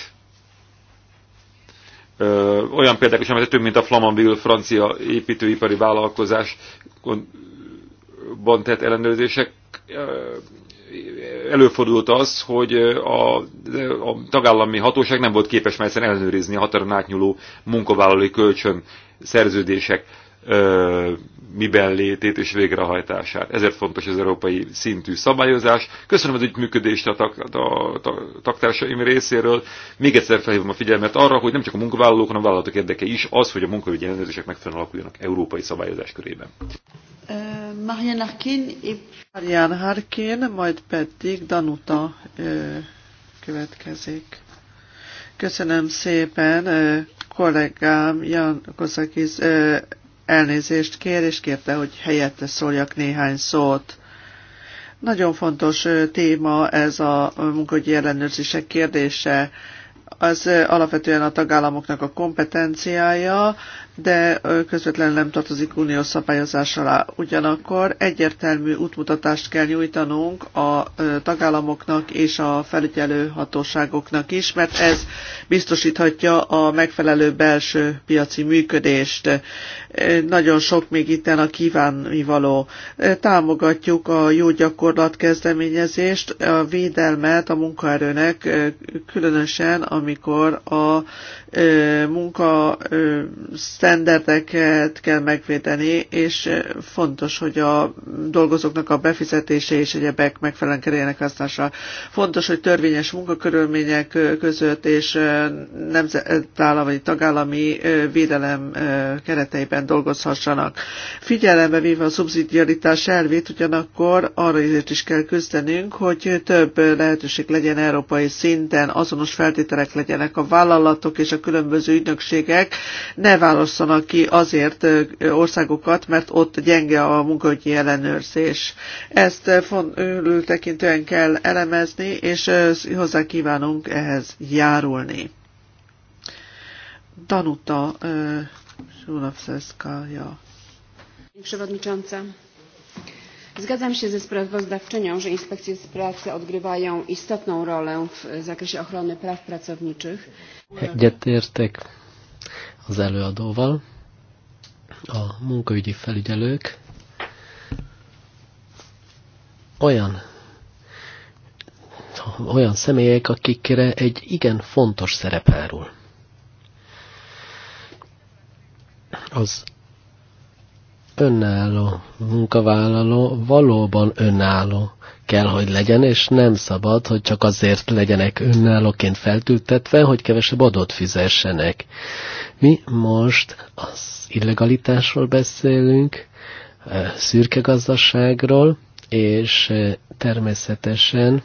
S4: ö, olyan példák is említettünk, mint a Flamanville francia építőipari vállalkozásban tett ellenőrzések. Ö, előfordult az, hogy a, a tagállami hatóság nem volt képes már ellenőrizni a határon átnyúló munkavállalói kölcsön szerződések miben létét és végrehajtását. Ezért fontos az európai szintű szabályozás. Köszönöm az ügyműködést a, tak, a, a taktársaim részéről. Még egyszer felhívom a figyelmet arra, hogy nem csak a munkavállalók, hanem a vállalatok érdeke is az, hogy a munkavégi ellenőrzések megfelelően alakuljanak európai szabályozás körében. Uh,
S2: Marian Harkin, Marian Harkin, majd pedig Danuta következik. Köszönöm szépen. kollégám Jan Kozakis, elnézést kér, és kérte, hogy helyette szóljak néhány szót. Nagyon fontos téma ez a munkahogyi ellenőrzések kérdése az alapvetően a tagállamoknak a kompetenciája, de közvetlenül nem tartozik uniós szabályozás alá. Ugyanakkor egyértelmű útmutatást kell nyújtanunk a tagállamoknak és a felügyelő hatóságoknak is, mert ez biztosíthatja a megfelelő belső piaci működést. Nagyon sok még itten a kívánnivaló. Támogatjuk a jó gyakorlat kezdeményezést, a védelmet a munkaerőnek, különösen ami amikor a ö, munka ö, sztenderdeket kell megvédeni, és fontos, hogy a dolgozóknak a befizetése és egyebek megfelelően kerüljenek használásra. Fontos, hogy törvényes munkakörülmények között és nemzetállami, tagállami védelem kereteiben dolgozhassanak. Figyelembe véve a szubszidiaritás elvét, ugyanakkor arra is kell küzdenünk, hogy több lehetőség legyen európai szinten azonos feltételek legyenek a vállalatok és a különböző ügynökségek, ne válasszanak ki azért országokat, mert ott gyenge a munkahogyi ellenőrzés. Ezt tekintően kell elemezni, és hozzá kívánunk ehhez járulni. Danuta Szulawszewskaja.
S1: Przewodnicząca. Zgadzam się ze sprawozdawczynią, że inspekcje pracy odgrywają istotną rolę w e, zakresie ochrony praw pracowniczych.
S3: Egyetértek az előadóval. A munkaügyi felügyelők olyan olyan személyek, akikre egy igen fontos szerep árul. Az önálló munkavállaló valóban önálló kell, hogy legyen, és nem szabad, hogy csak azért legyenek önállóként feltültetve, hogy kevesebb adót fizessenek. Mi most az illegalitásról beszélünk, eh, szürke gazdaságról, és eh, természetesen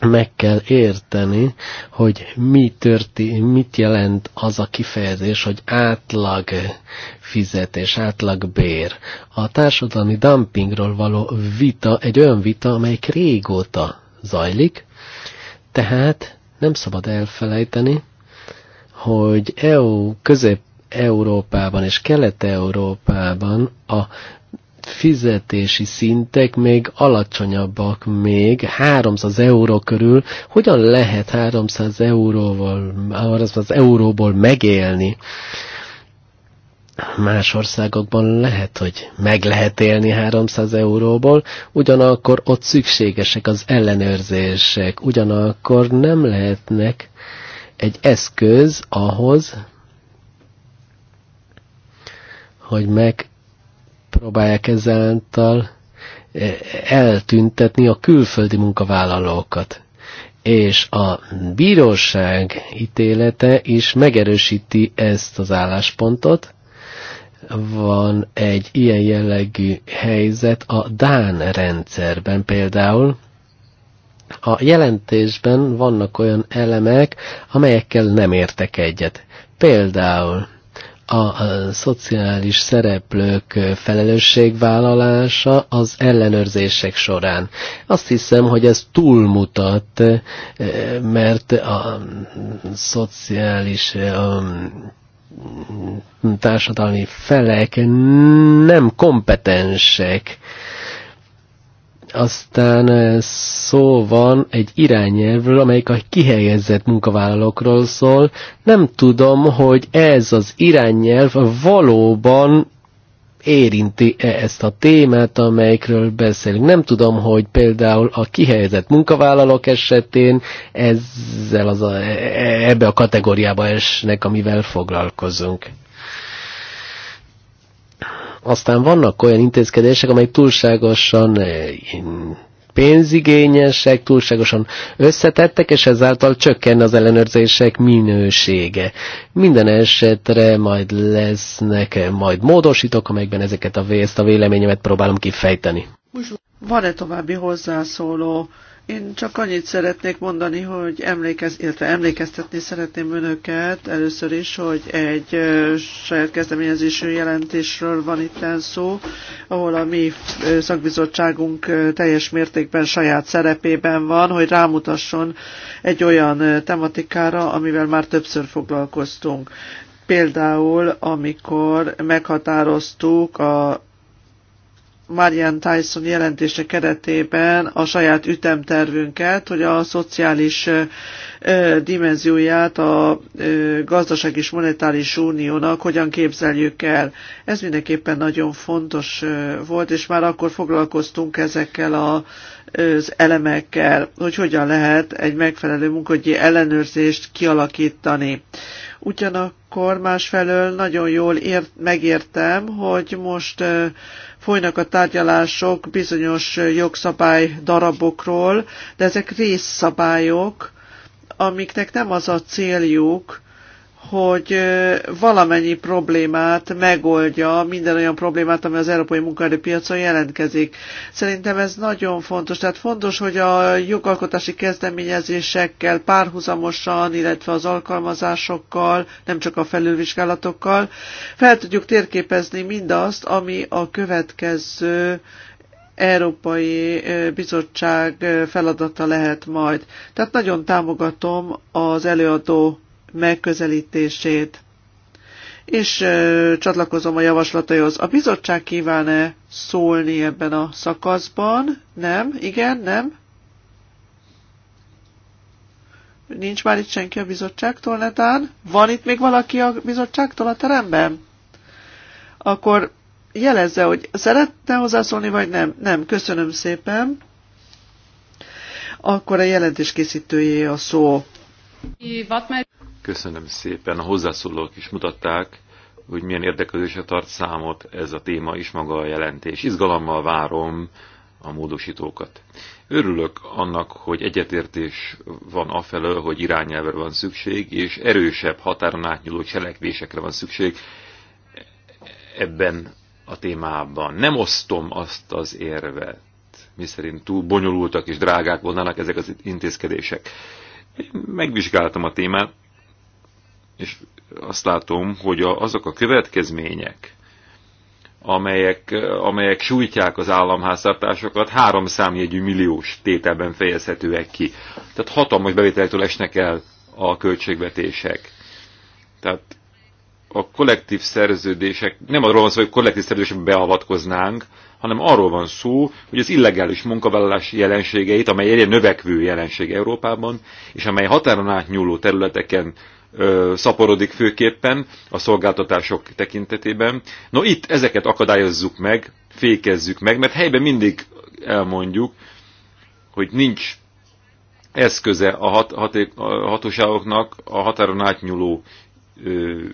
S3: meg kell érteni, hogy mi történ, mit jelent az a kifejezés, hogy átlag fizetés, átlag bér. A társadalmi dumpingról való vita egy olyan vita, amelyik régóta zajlik, tehát nem szabad elfelejteni, hogy EU közép Európában és Kelet-Európában a fizetési szintek még alacsonyabbak, még 300 euró körül. Hogyan lehet 300 euróval, 300 euróból megélni? Más országokban lehet, hogy meg lehet élni 300 euróból, ugyanakkor ott szükségesek az ellenőrzések, ugyanakkor nem lehetnek egy eszköz ahhoz, hogy meg Próbálják ezáltal e, eltüntetni a külföldi munkavállalókat. És a bíróság ítélete is megerősíti ezt az álláspontot. Van egy ilyen jellegű helyzet a Dán rendszerben például. A jelentésben vannak olyan elemek, amelyekkel nem értek egyet. Például a szociális szereplők felelősségvállalása az ellenőrzések során. Azt hiszem, hogy ez túlmutat, mert a szociális a társadalmi felek nem kompetensek aztán eh, szó van egy irányelvről, amelyik a kihelyezett munkavállalókról szól. Nem tudom, hogy ez az irányelv valóban érinti -e ezt a témát, amelyikről beszélünk. Nem tudom, hogy például a kihelyezett munkavállalók esetén ezzel az a, e, e, ebbe a kategóriába esnek, amivel foglalkozunk. Aztán vannak olyan intézkedések, amelyek túlságosan eh, pénzigényesek, túlságosan összetettek, és ezáltal csökken az ellenőrzések minősége. Minden esetre majd lesznek, eh, majd módosítok, amelyekben ezeket a, vészt, a véleményemet próbálom kifejteni.
S2: Van-e további hozzászóló? Én csak annyit szeretnék mondani, hogy emlékez, illetve emlékeztetni szeretném önöket először is, hogy egy saját kezdeményezésű jelentésről van itt szó, ahol a mi szakbizottságunk teljes mértékben saját szerepében van, hogy rámutasson egy olyan tematikára, amivel már többször foglalkoztunk. Például, amikor meghatároztuk a Marian Tyson jelentése keretében a saját ütemtervünket, hogy a szociális dimenzióját a gazdaság és monetáris uniónak hogyan képzeljük el. Ez mindenképpen nagyon fontos volt, és már akkor foglalkoztunk ezekkel a az elemekkel, hogy hogyan lehet egy megfelelő munkahogyi ellenőrzést kialakítani. Ugyanakkor másfelől nagyon jól ért, megértem, hogy most Folynak a tárgyalások bizonyos jogszabály darabokról, de ezek részszabályok, amiknek nem az a céljuk, hogy valamennyi problémát megoldja, minden olyan problémát, ami az európai munkaerőpiacon jelentkezik. Szerintem ez nagyon fontos. Tehát fontos, hogy a jogalkotási kezdeményezésekkel párhuzamosan, illetve az alkalmazásokkal, nem csak a felülvizsgálatokkal, fel tudjuk térképezni mindazt, ami a következő Európai Bizottság feladata lehet majd. Tehát nagyon támogatom az előadó megközelítését. És ö, csatlakozom a javaslataihoz. A bizottság kíván-e szólni ebben a szakaszban? Nem? Igen? Nem? Nincs már itt senki a bizottságtól, netán? Van itt még valaki a bizottságtól a teremben? Akkor jelezze, hogy szeretne hozzászólni, vagy nem. Nem, köszönöm szépen. Akkor a jelentés készítőjé a szó.
S4: Köszönöm szépen. A hozzászólók is mutatták, hogy milyen érdeklődésre tart számot ez a téma is maga a jelentés. Izgalommal várom a módosítókat. Örülök annak, hogy egyetértés van afelől, hogy irányelvre van szükség, és erősebb határon átnyúló cselekvésekre van szükség ebben a témában. Nem osztom azt az érvet, miszerint túl bonyolultak és drágák volnának ezek az intézkedések. Megvizsgáltam a témát, és azt látom, hogy azok a következmények, amelyek, amelyek sújtják az államháztartásokat, három számjegyű milliós tételben fejezhetőek ki. Tehát hatalmas bevételektől esnek el a költségvetések. Tehát a kollektív szerződések, nem arról van szó, hogy kollektív szerződésekbe beavatkoznánk, hanem arról van szó, hogy az illegális munkavállalás jelenségeit, amely egyre növekvő jelenség Európában, és amely határon átnyúló területeken szaporodik főképpen a szolgáltatások tekintetében. No itt ezeket akadályozzuk meg, fékezzük meg, mert helyben mindig elmondjuk, hogy nincs eszköze a, hat, hat, a hatóságoknak a határon átnyúló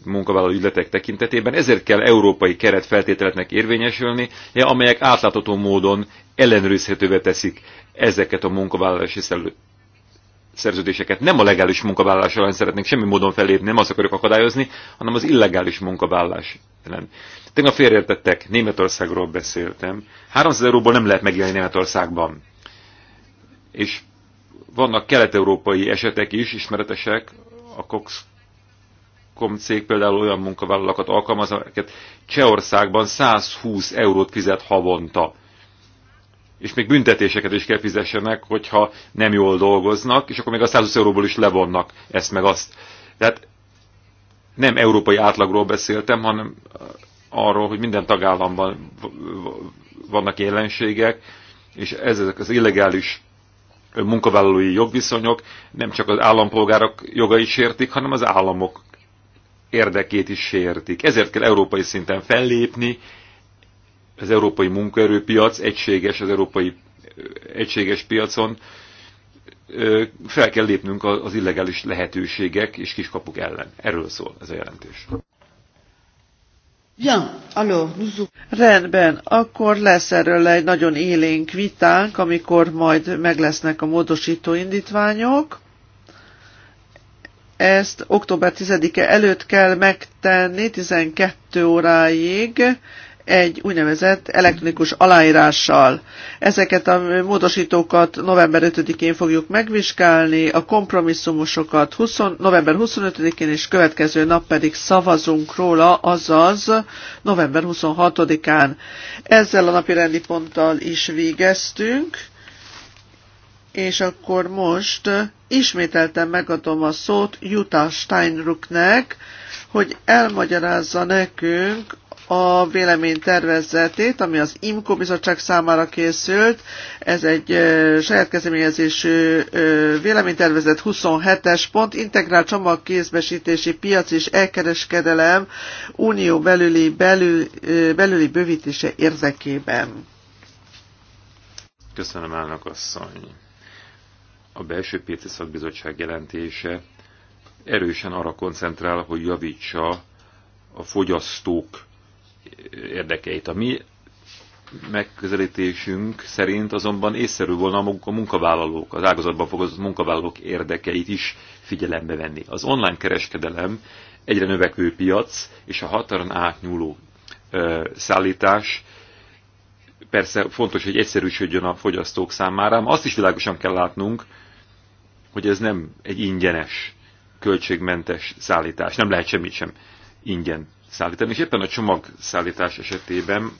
S4: munkavállaló ügyletek tekintetében, ezért kell európai keret keretfeltételeknek érvényesülni, amelyek átlátható módon ellenőrizhetővé teszik ezeket a munkavállalási szerződéseket. Nem a legális munkavállalás ellen szeretnénk semmi módon felépni, nem azt akarjuk akadályozni, hanem az illegális munkavállalás ellen. Tegnap félreértettek, Németországról beszéltem. 300 euróból nem lehet megélni Németországban. És vannak kelet-európai esetek is, ismeretesek, a Cox cég például olyan munkavállalókat alkalmaz, akiket Csehországban 120 eurót fizet havonta és még büntetéseket is kell fizessenek, hogyha nem jól dolgoznak, és akkor még a 120 euróból is levonnak ezt meg azt. Tehát nem európai átlagról beszéltem, hanem arról, hogy minden tagállamban vannak jelenségek, és ezek az illegális munkavállalói jogviszonyok nem csak az állampolgárok jogait sértik, hanem az államok érdekét is sértik. Ezért kell európai szinten fellépni, az európai munkaerőpiac egységes az európai egységes piacon, fel kell lépnünk az illegális lehetőségek és kiskapuk ellen. Erről szól ez a jelentés.
S2: Ja, alo, Rendben, akkor lesz erről egy nagyon élénk vitánk, amikor majd meglesznek a módosító indítványok. Ezt október 10-e előtt kell megtenni, 12 óráig, egy úgynevezett elektronikus aláírással. Ezeket a módosítókat november 5-én fogjuk megvizsgálni, a kompromisszumosokat 20, november 25-én és következő nap pedig szavazunk róla, azaz november 26-án. Ezzel a napi rendi ponttal is végeztünk, és akkor most ismételten megadom a szót Jutta Steinrucknek, hogy elmagyarázza nekünk a vélemény tervezetét, ami az IMCO bizottság számára készült. Ez egy ö, saját kezdeményezésű véleménytervezet 27-es pont, integrál csomagkézbesítési piac és elkereskedelem unió belüli, belül, ö, belüli bővítése érdekében.
S4: Köszönöm, Állnak asszony. A belső piaci szakbizottság jelentése erősen arra koncentrál, hogy javítsa a fogyasztók érdekeit. A mi megközelítésünk szerint azonban észszerű volna a munkavállalók, az ágazatban fogozott munkavállalók érdekeit is figyelembe venni. Az online kereskedelem egyre növekvő piac, és a határon átnyúló ö, szállítás persze fontos, hogy egyszerűsödjön a fogyasztók számára, de azt is világosan kell látnunk, hogy ez nem egy ingyenes, költségmentes szállítás. Nem lehet semmit sem ingyen szállítani, és éppen a csomagszállítás esetében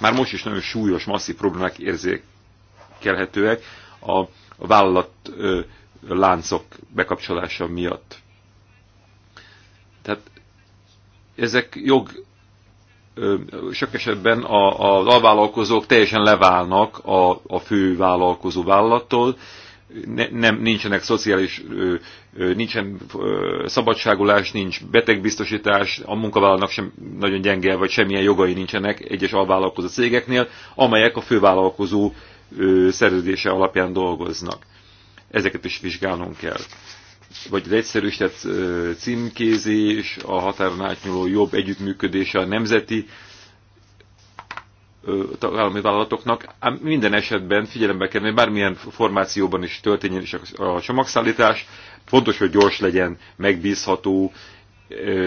S4: már most is nagyon súlyos, masszív problémák érzékelhetőek a vállalat ö, láncok bekapcsolása miatt. Tehát ezek jog, sok esetben a, a alvállalkozók teljesen leválnak a, a fő vállalkozó vállalattól, ne, nem, nincsenek szociális, nincsen szabadságolás, nincs betegbiztosítás, a munkavállalnak sem nagyon gyenge, vagy semmilyen jogai nincsenek egyes alvállalkozó cégeknél, amelyek a fővállalkozó szerződése alapján dolgoznak. Ezeket is vizsgálnunk kell. Vagy az egyszerűsített címkézés, a határon átnyúló jobb együttműködése a nemzeti állami vállalatoknak, ám minden esetben figyelembe kell, hogy bármilyen formációban is történjen is a csomagszállítás, fontos, hogy gyors legyen, megbízható,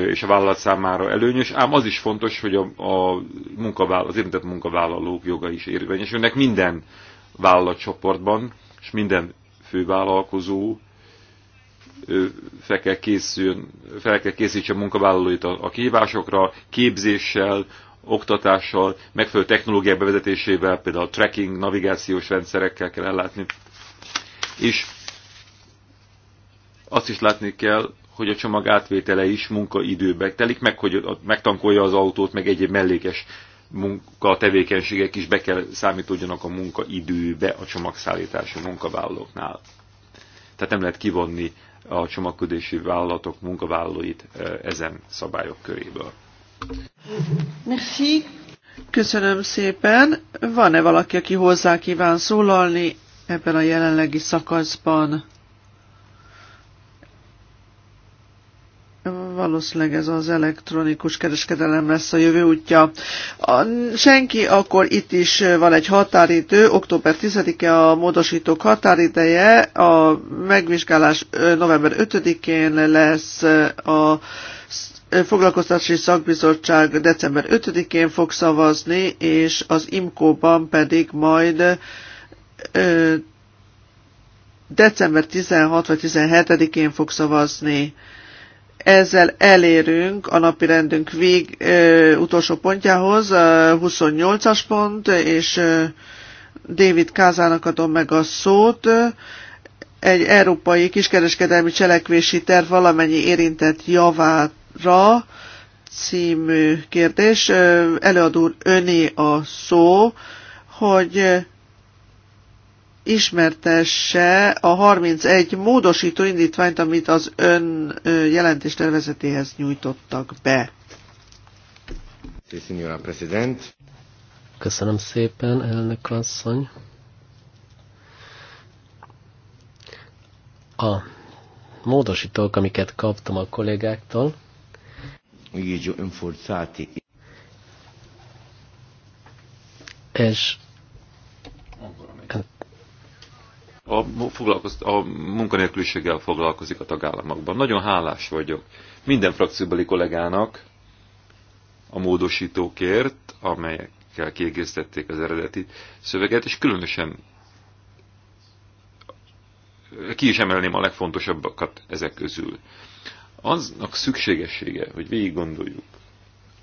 S4: és a vállalat számára előnyös, ám az is fontos, hogy a, a munkavállal, az érintett munkavállalók joga is érvényesülnek minden vállalatcsoportban, és minden fővállalkozó fel kell, készüljön, fel kell készítse a munkavállalóit a, a kihívásokra, képzéssel, oktatással, megfelelő technológiák bevezetésével, például a tracking, navigációs rendszerekkel kell ellátni. És azt is látni kell, hogy a csomag átvétele is munkaidőbe telik, meg hogy megtankolja az autót, meg egyéb mellékes munka tevékenységek is be kell számítódjanak a munkaidőbe a csomagszállítási munkavállalóknál. Tehát nem lehet kivonni a csomagködési vállalatok munkavállalóit eh, ezen szabályok köréből.
S2: Merci. Köszönöm szépen. Van-e valaki, aki hozzá kíván szólalni ebben a jelenlegi szakaszban? valószínűleg ez az elektronikus kereskedelem lesz a jövő útja. A, senki, akkor itt is van egy határidő, október 10-e a módosítók határideje, a megvizsgálás november 5-én lesz a foglalkoztatási szakbizottság december 5-én fog szavazni, és az IMKO-ban pedig majd december 16 vagy 17-én fog szavazni. Ezzel elérünk a napi rendünk vég ö, utolsó pontjához, 28-as pont, és ö, David Kázának adom meg a szót. Egy európai kiskereskedelmi cselekvési terv valamennyi érintett javát ra című kérdés. Előadó úr, öné a szó, hogy ismertesse a 31 módosító indítványt, amit az ön jelentés tervezetéhez nyújtottak be.
S3: Köszönöm szépen, elnök asszony. A módosítók, amiket kaptam a kollégáktól, jiġu infurzati. És
S4: a, foglalkoz, a munkanélküliséggel foglalkozik a tagállamokban. Nagyon hálás vagyok minden frakcióbeli kollégának a módosítókért, amelyekkel kiegészítették az eredeti szöveget, és különösen ki is emelném a legfontosabbakat ezek közül. Aznak szükségessége, hogy végig gondoljuk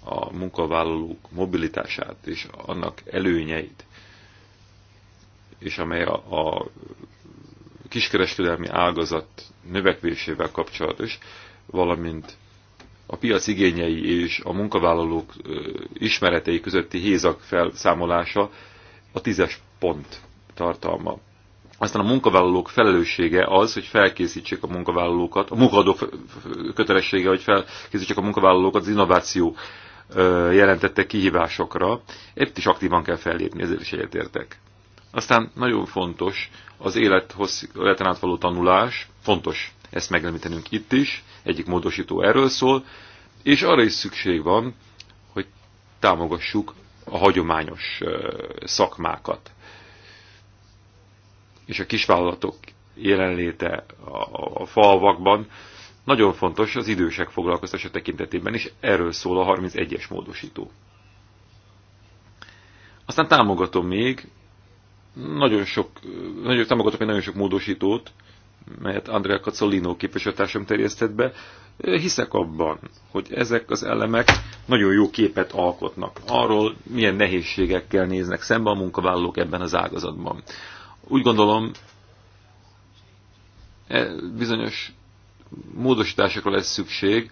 S4: a munkavállalók mobilitását és annak előnyeit, és amely a, a kiskereskedelmi ágazat növekvésével kapcsolatos, valamint a piac igényei és a munkavállalók ismeretei közötti hézak felszámolása a tízes pont tartalma. Aztán a munkavállalók felelőssége az, hogy felkészítsék a munkavállalókat, a munkadók kötelessége, hogy felkészítsék a munkavállalókat az innováció jelentette kihívásokra. Itt is aktívan kell fellépni, ezért is egyetértek. Aztán nagyon fontos az élethossz, életen át való tanulás, fontos ezt megemlítenünk itt is, egyik módosító erről szól, és arra is szükség van, hogy támogassuk a hagyományos szakmákat és a kisvállalatok jelenléte a, a falvakban nagyon fontos az idősek foglalkoztása tekintetében, és erről szól a 31-es módosító. Aztán támogatom még, nagyon sok, nagyon, támogatok még nagyon sok módosítót, melyet Andrea Cazzolino képviselőtársam terjesztett be, hiszek abban, hogy ezek az elemek nagyon jó képet alkotnak arról, milyen nehézségekkel néznek szembe a munkavállalók ebben az ágazatban. Úgy gondolom, e bizonyos módosításokra lesz szükség,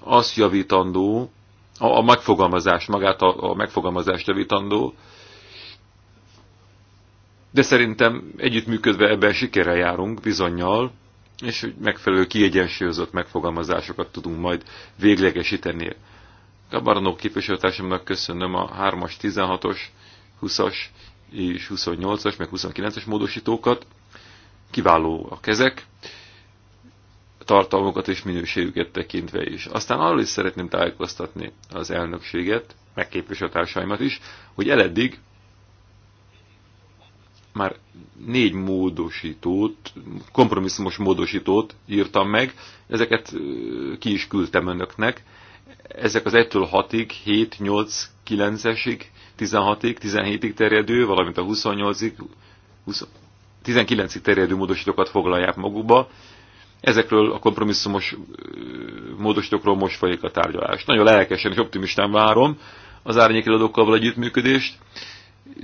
S4: az javítandó, a, megfogalmazás, magát a, megfogalmazást javítandó, de szerintem együttműködve ebben sikerrel járunk bizonyal, és hogy megfelelő kiegyensúlyozott megfogalmazásokat tudunk majd véglegesíteni. Gabarnó képviselőtársamnak köszönöm a 3-as, 16-os, 20-as és 28-as, meg 29-es módosítókat. a kezek tartalmokat és minőségüket tekintve is. Aztán arról is szeretném tájékoztatni az elnökséget, meg képviselőtársaimat is, hogy eleddig már négy módosítót, kompromisszumos módosítót írtam meg, ezeket ki is küldtem önöknek, ezek az 1-től 6-ig, 7, 8, 9-esig, 16-ig, 17-ig terjedő, valamint a 28-ig, 19-ig terjedő módosítókat foglalják magukba. Ezekről a kompromisszumos módosítókról most folyik a tárgyalás. Nagyon lelkesen és optimistán várom az árnyékiladókkal való együttműködést.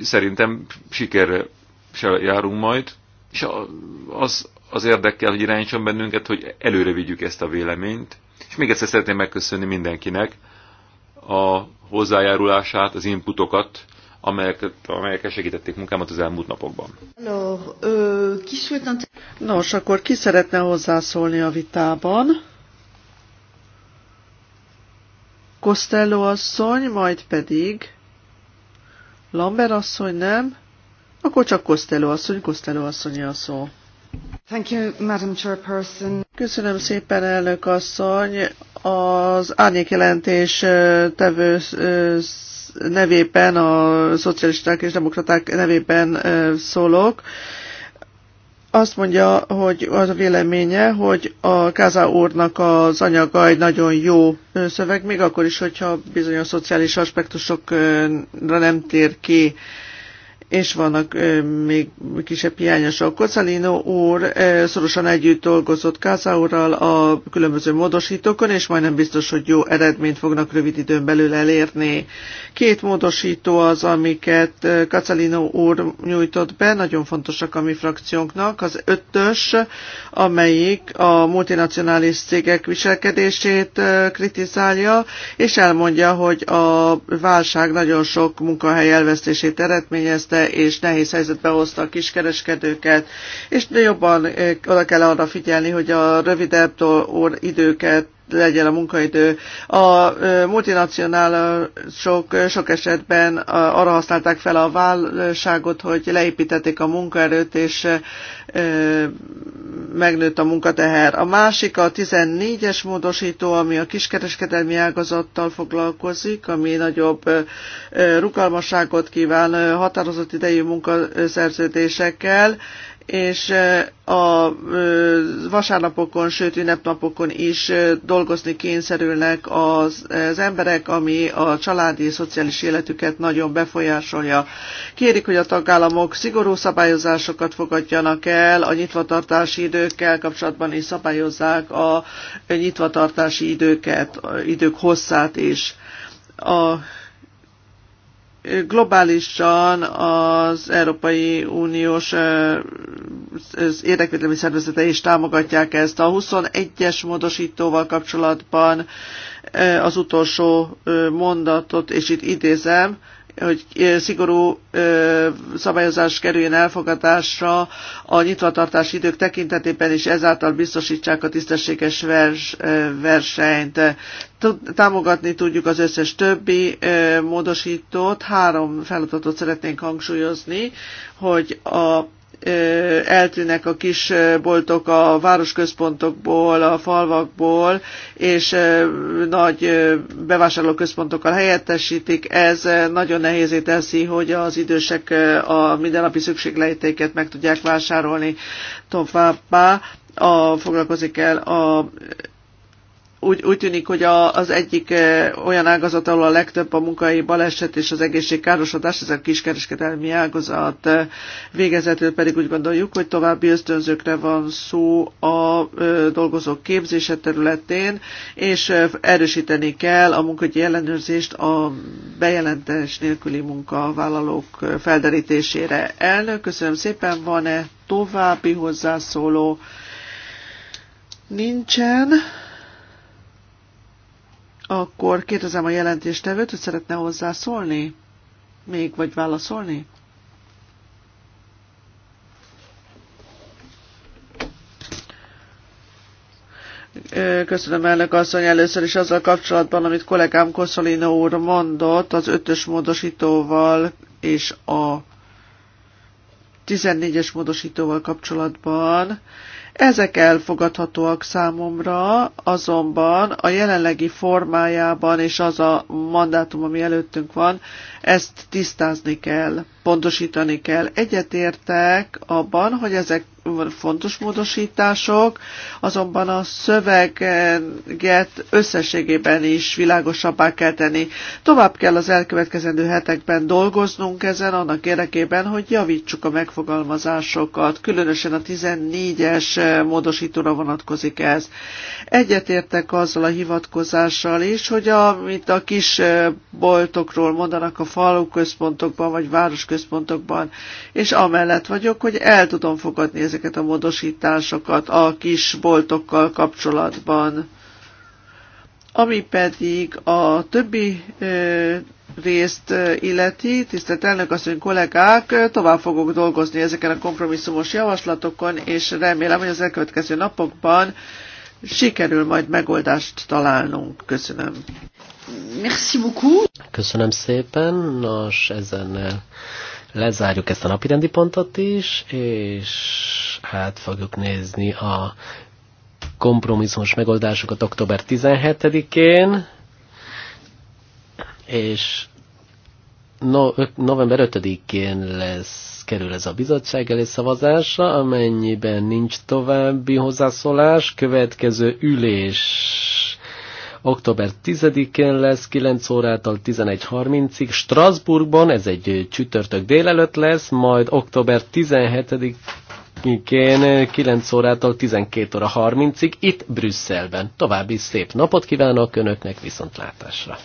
S4: Szerintem sikerre járunk majd és az, az érdekel, hogy irányítson bennünket, hogy előre vigyük ezt a véleményt. És még egyszer szeretném megköszönni mindenkinek a hozzájárulását, az inputokat, amelyeket, amelyeket segítették munkámat az elmúlt napokban.
S2: Euh, Nos, akkor ki szeretne hozzászólni a vitában? Costello asszony, majd pedig Lambert asszony, nem? Akkor csak Costello asszony, Costello asszony a szó. Thank you, Madam Chairperson. Köszönöm szépen, elnök asszony. Az árnyékjelentés tevő nevében, a szocialisták és demokraták nevében szólok azt mondja, hogy az a véleménye, hogy a Káza úrnak az anyaga egy nagyon jó szöveg, még akkor is, hogyha bizonyos szociális aspektusokra nem tér ki és vannak még kisebb hiányosok. Kocalino úr szorosan együtt dolgozott Kázaurral a különböző módosítókon, és majdnem biztos, hogy jó eredményt fognak rövid időn belül elérni. Két módosító az, amiket Kacolino úr nyújtott be, nagyon fontosak a mi frakciónknak. Az ötös, amelyik a multinacionális cégek viselkedését kritizálja, és elmondja, hogy a válság nagyon sok munkahely elvesztését eredményezte, helyzetbe, és nehéz helyzetbe hozta a kiskereskedőket, és jobban eh, oda kell arra figyelni, hogy a rövidebb időket legyen a munkaidő. A sok, sok esetben arra használták fel a válságot, hogy leépítették a munkaerőt, és megnőtt a munkateher. A másik a 14-es módosító, ami a kiskereskedelmi ágazattal foglalkozik, ami nagyobb rugalmasságot kíván határozott idejű munkaszerződésekkel, és a vasárnapokon, sőt ünnepnapokon is dolgozni kényszerülnek az, az emberek, ami a családi, szociális életüket nagyon befolyásolja. Kérik, hogy a tagállamok szigorú szabályozásokat fogadjanak el, a nyitvatartási időkkel kapcsolatban is szabályozzák a nyitvatartási időket, idők hosszát is. A globálisan az Európai Uniós érdekvédelmi szervezete is támogatják ezt. A 21-es módosítóval kapcsolatban az utolsó mondatot, és itt idézem, hogy szigorú szabályozás kerüljön elfogadásra a nyitvatartási idők tekintetében is ezáltal biztosítsák a tisztességes vers, versenyt. Támogatni tudjuk az összes többi módosítót. Három feladatot szeretnénk hangsúlyozni, hogy a eltűnnek a kis boltok a városközpontokból, a falvakból, és nagy bevásárlóközpontokkal helyettesítik. Ez nagyon nehézé teszi, hogy az idősek a mindennapi szükségleitéket meg tudják vásárolni továbbá. A, foglalkozik el a úgy, úgy tűnik, hogy a, az egyik olyan ágazat, ahol a legtöbb a munkai baleset és az egészségkárosodás, ez a kiskereskedelmi ágazat végezetül pedig úgy gondoljuk, hogy további ösztönzőkre van szó a dolgozók képzése területén, és erősíteni kell a munkagyi ellenőrzést a bejelentés nélküli munkavállalók felderítésére. Elnök, köszönöm szépen, van-e további hozzászóló? Nincsen. Akkor kérdezem a jelentéstevőt, hogy szeretne hozzászólni? Még, vagy válaszolni? Köszönöm elnök asszony először is azzal kapcsolatban, amit kollégám Koszolino úr mondott az ötös módosítóval és a 14-es módosítóval kapcsolatban. Ezek elfogadhatóak számomra, azonban a jelenlegi formájában és az a mandátum, ami előttünk van, ezt tisztázni kell, pontosítani kell. Egyetértek abban, hogy ezek fontos módosítások, azonban a szöveget összességében is világosabbá kell tenni. Tovább kell az elkövetkezendő hetekben dolgoznunk ezen annak érdekében, hogy javítsuk a megfogalmazásokat, különösen a 14-es módosítóra vonatkozik ez. Egyetértek azzal a hivatkozással is, hogy amit a kis boltokról mondanak a falu központokban vagy városközpontokban, és amellett vagyok, hogy el tudom fogadni ezeket ezeket a módosításokat a kis boltokkal kapcsolatban. Ami pedig a többi részt illeti, tisztelt elnök asszony kollégák, tovább fogok dolgozni ezeken a kompromisszumos javaslatokon, és remélem, hogy az elkövetkező napokban sikerül majd megoldást találnunk. Köszönöm.
S4: Merci beaucoup.
S3: Köszönöm szépen. Nos, ezen lezárjuk ezt a napirendi pontot is, és hát fogjuk nézni a kompromisszumos megoldásokat október 17-én, és no, november 5-én lesz, kerül ez a bizottság elé szavazása, amennyiben nincs további hozzászólás, következő ülés Október 10-én lesz, 9 órától 11.30-ig. Strasbourgban, ez egy csütörtök délelőtt lesz, majd október 17-én 9 órától 12 óra 30-ig itt Brüsszelben. További szép napot kívánok Önöknek viszontlátásra!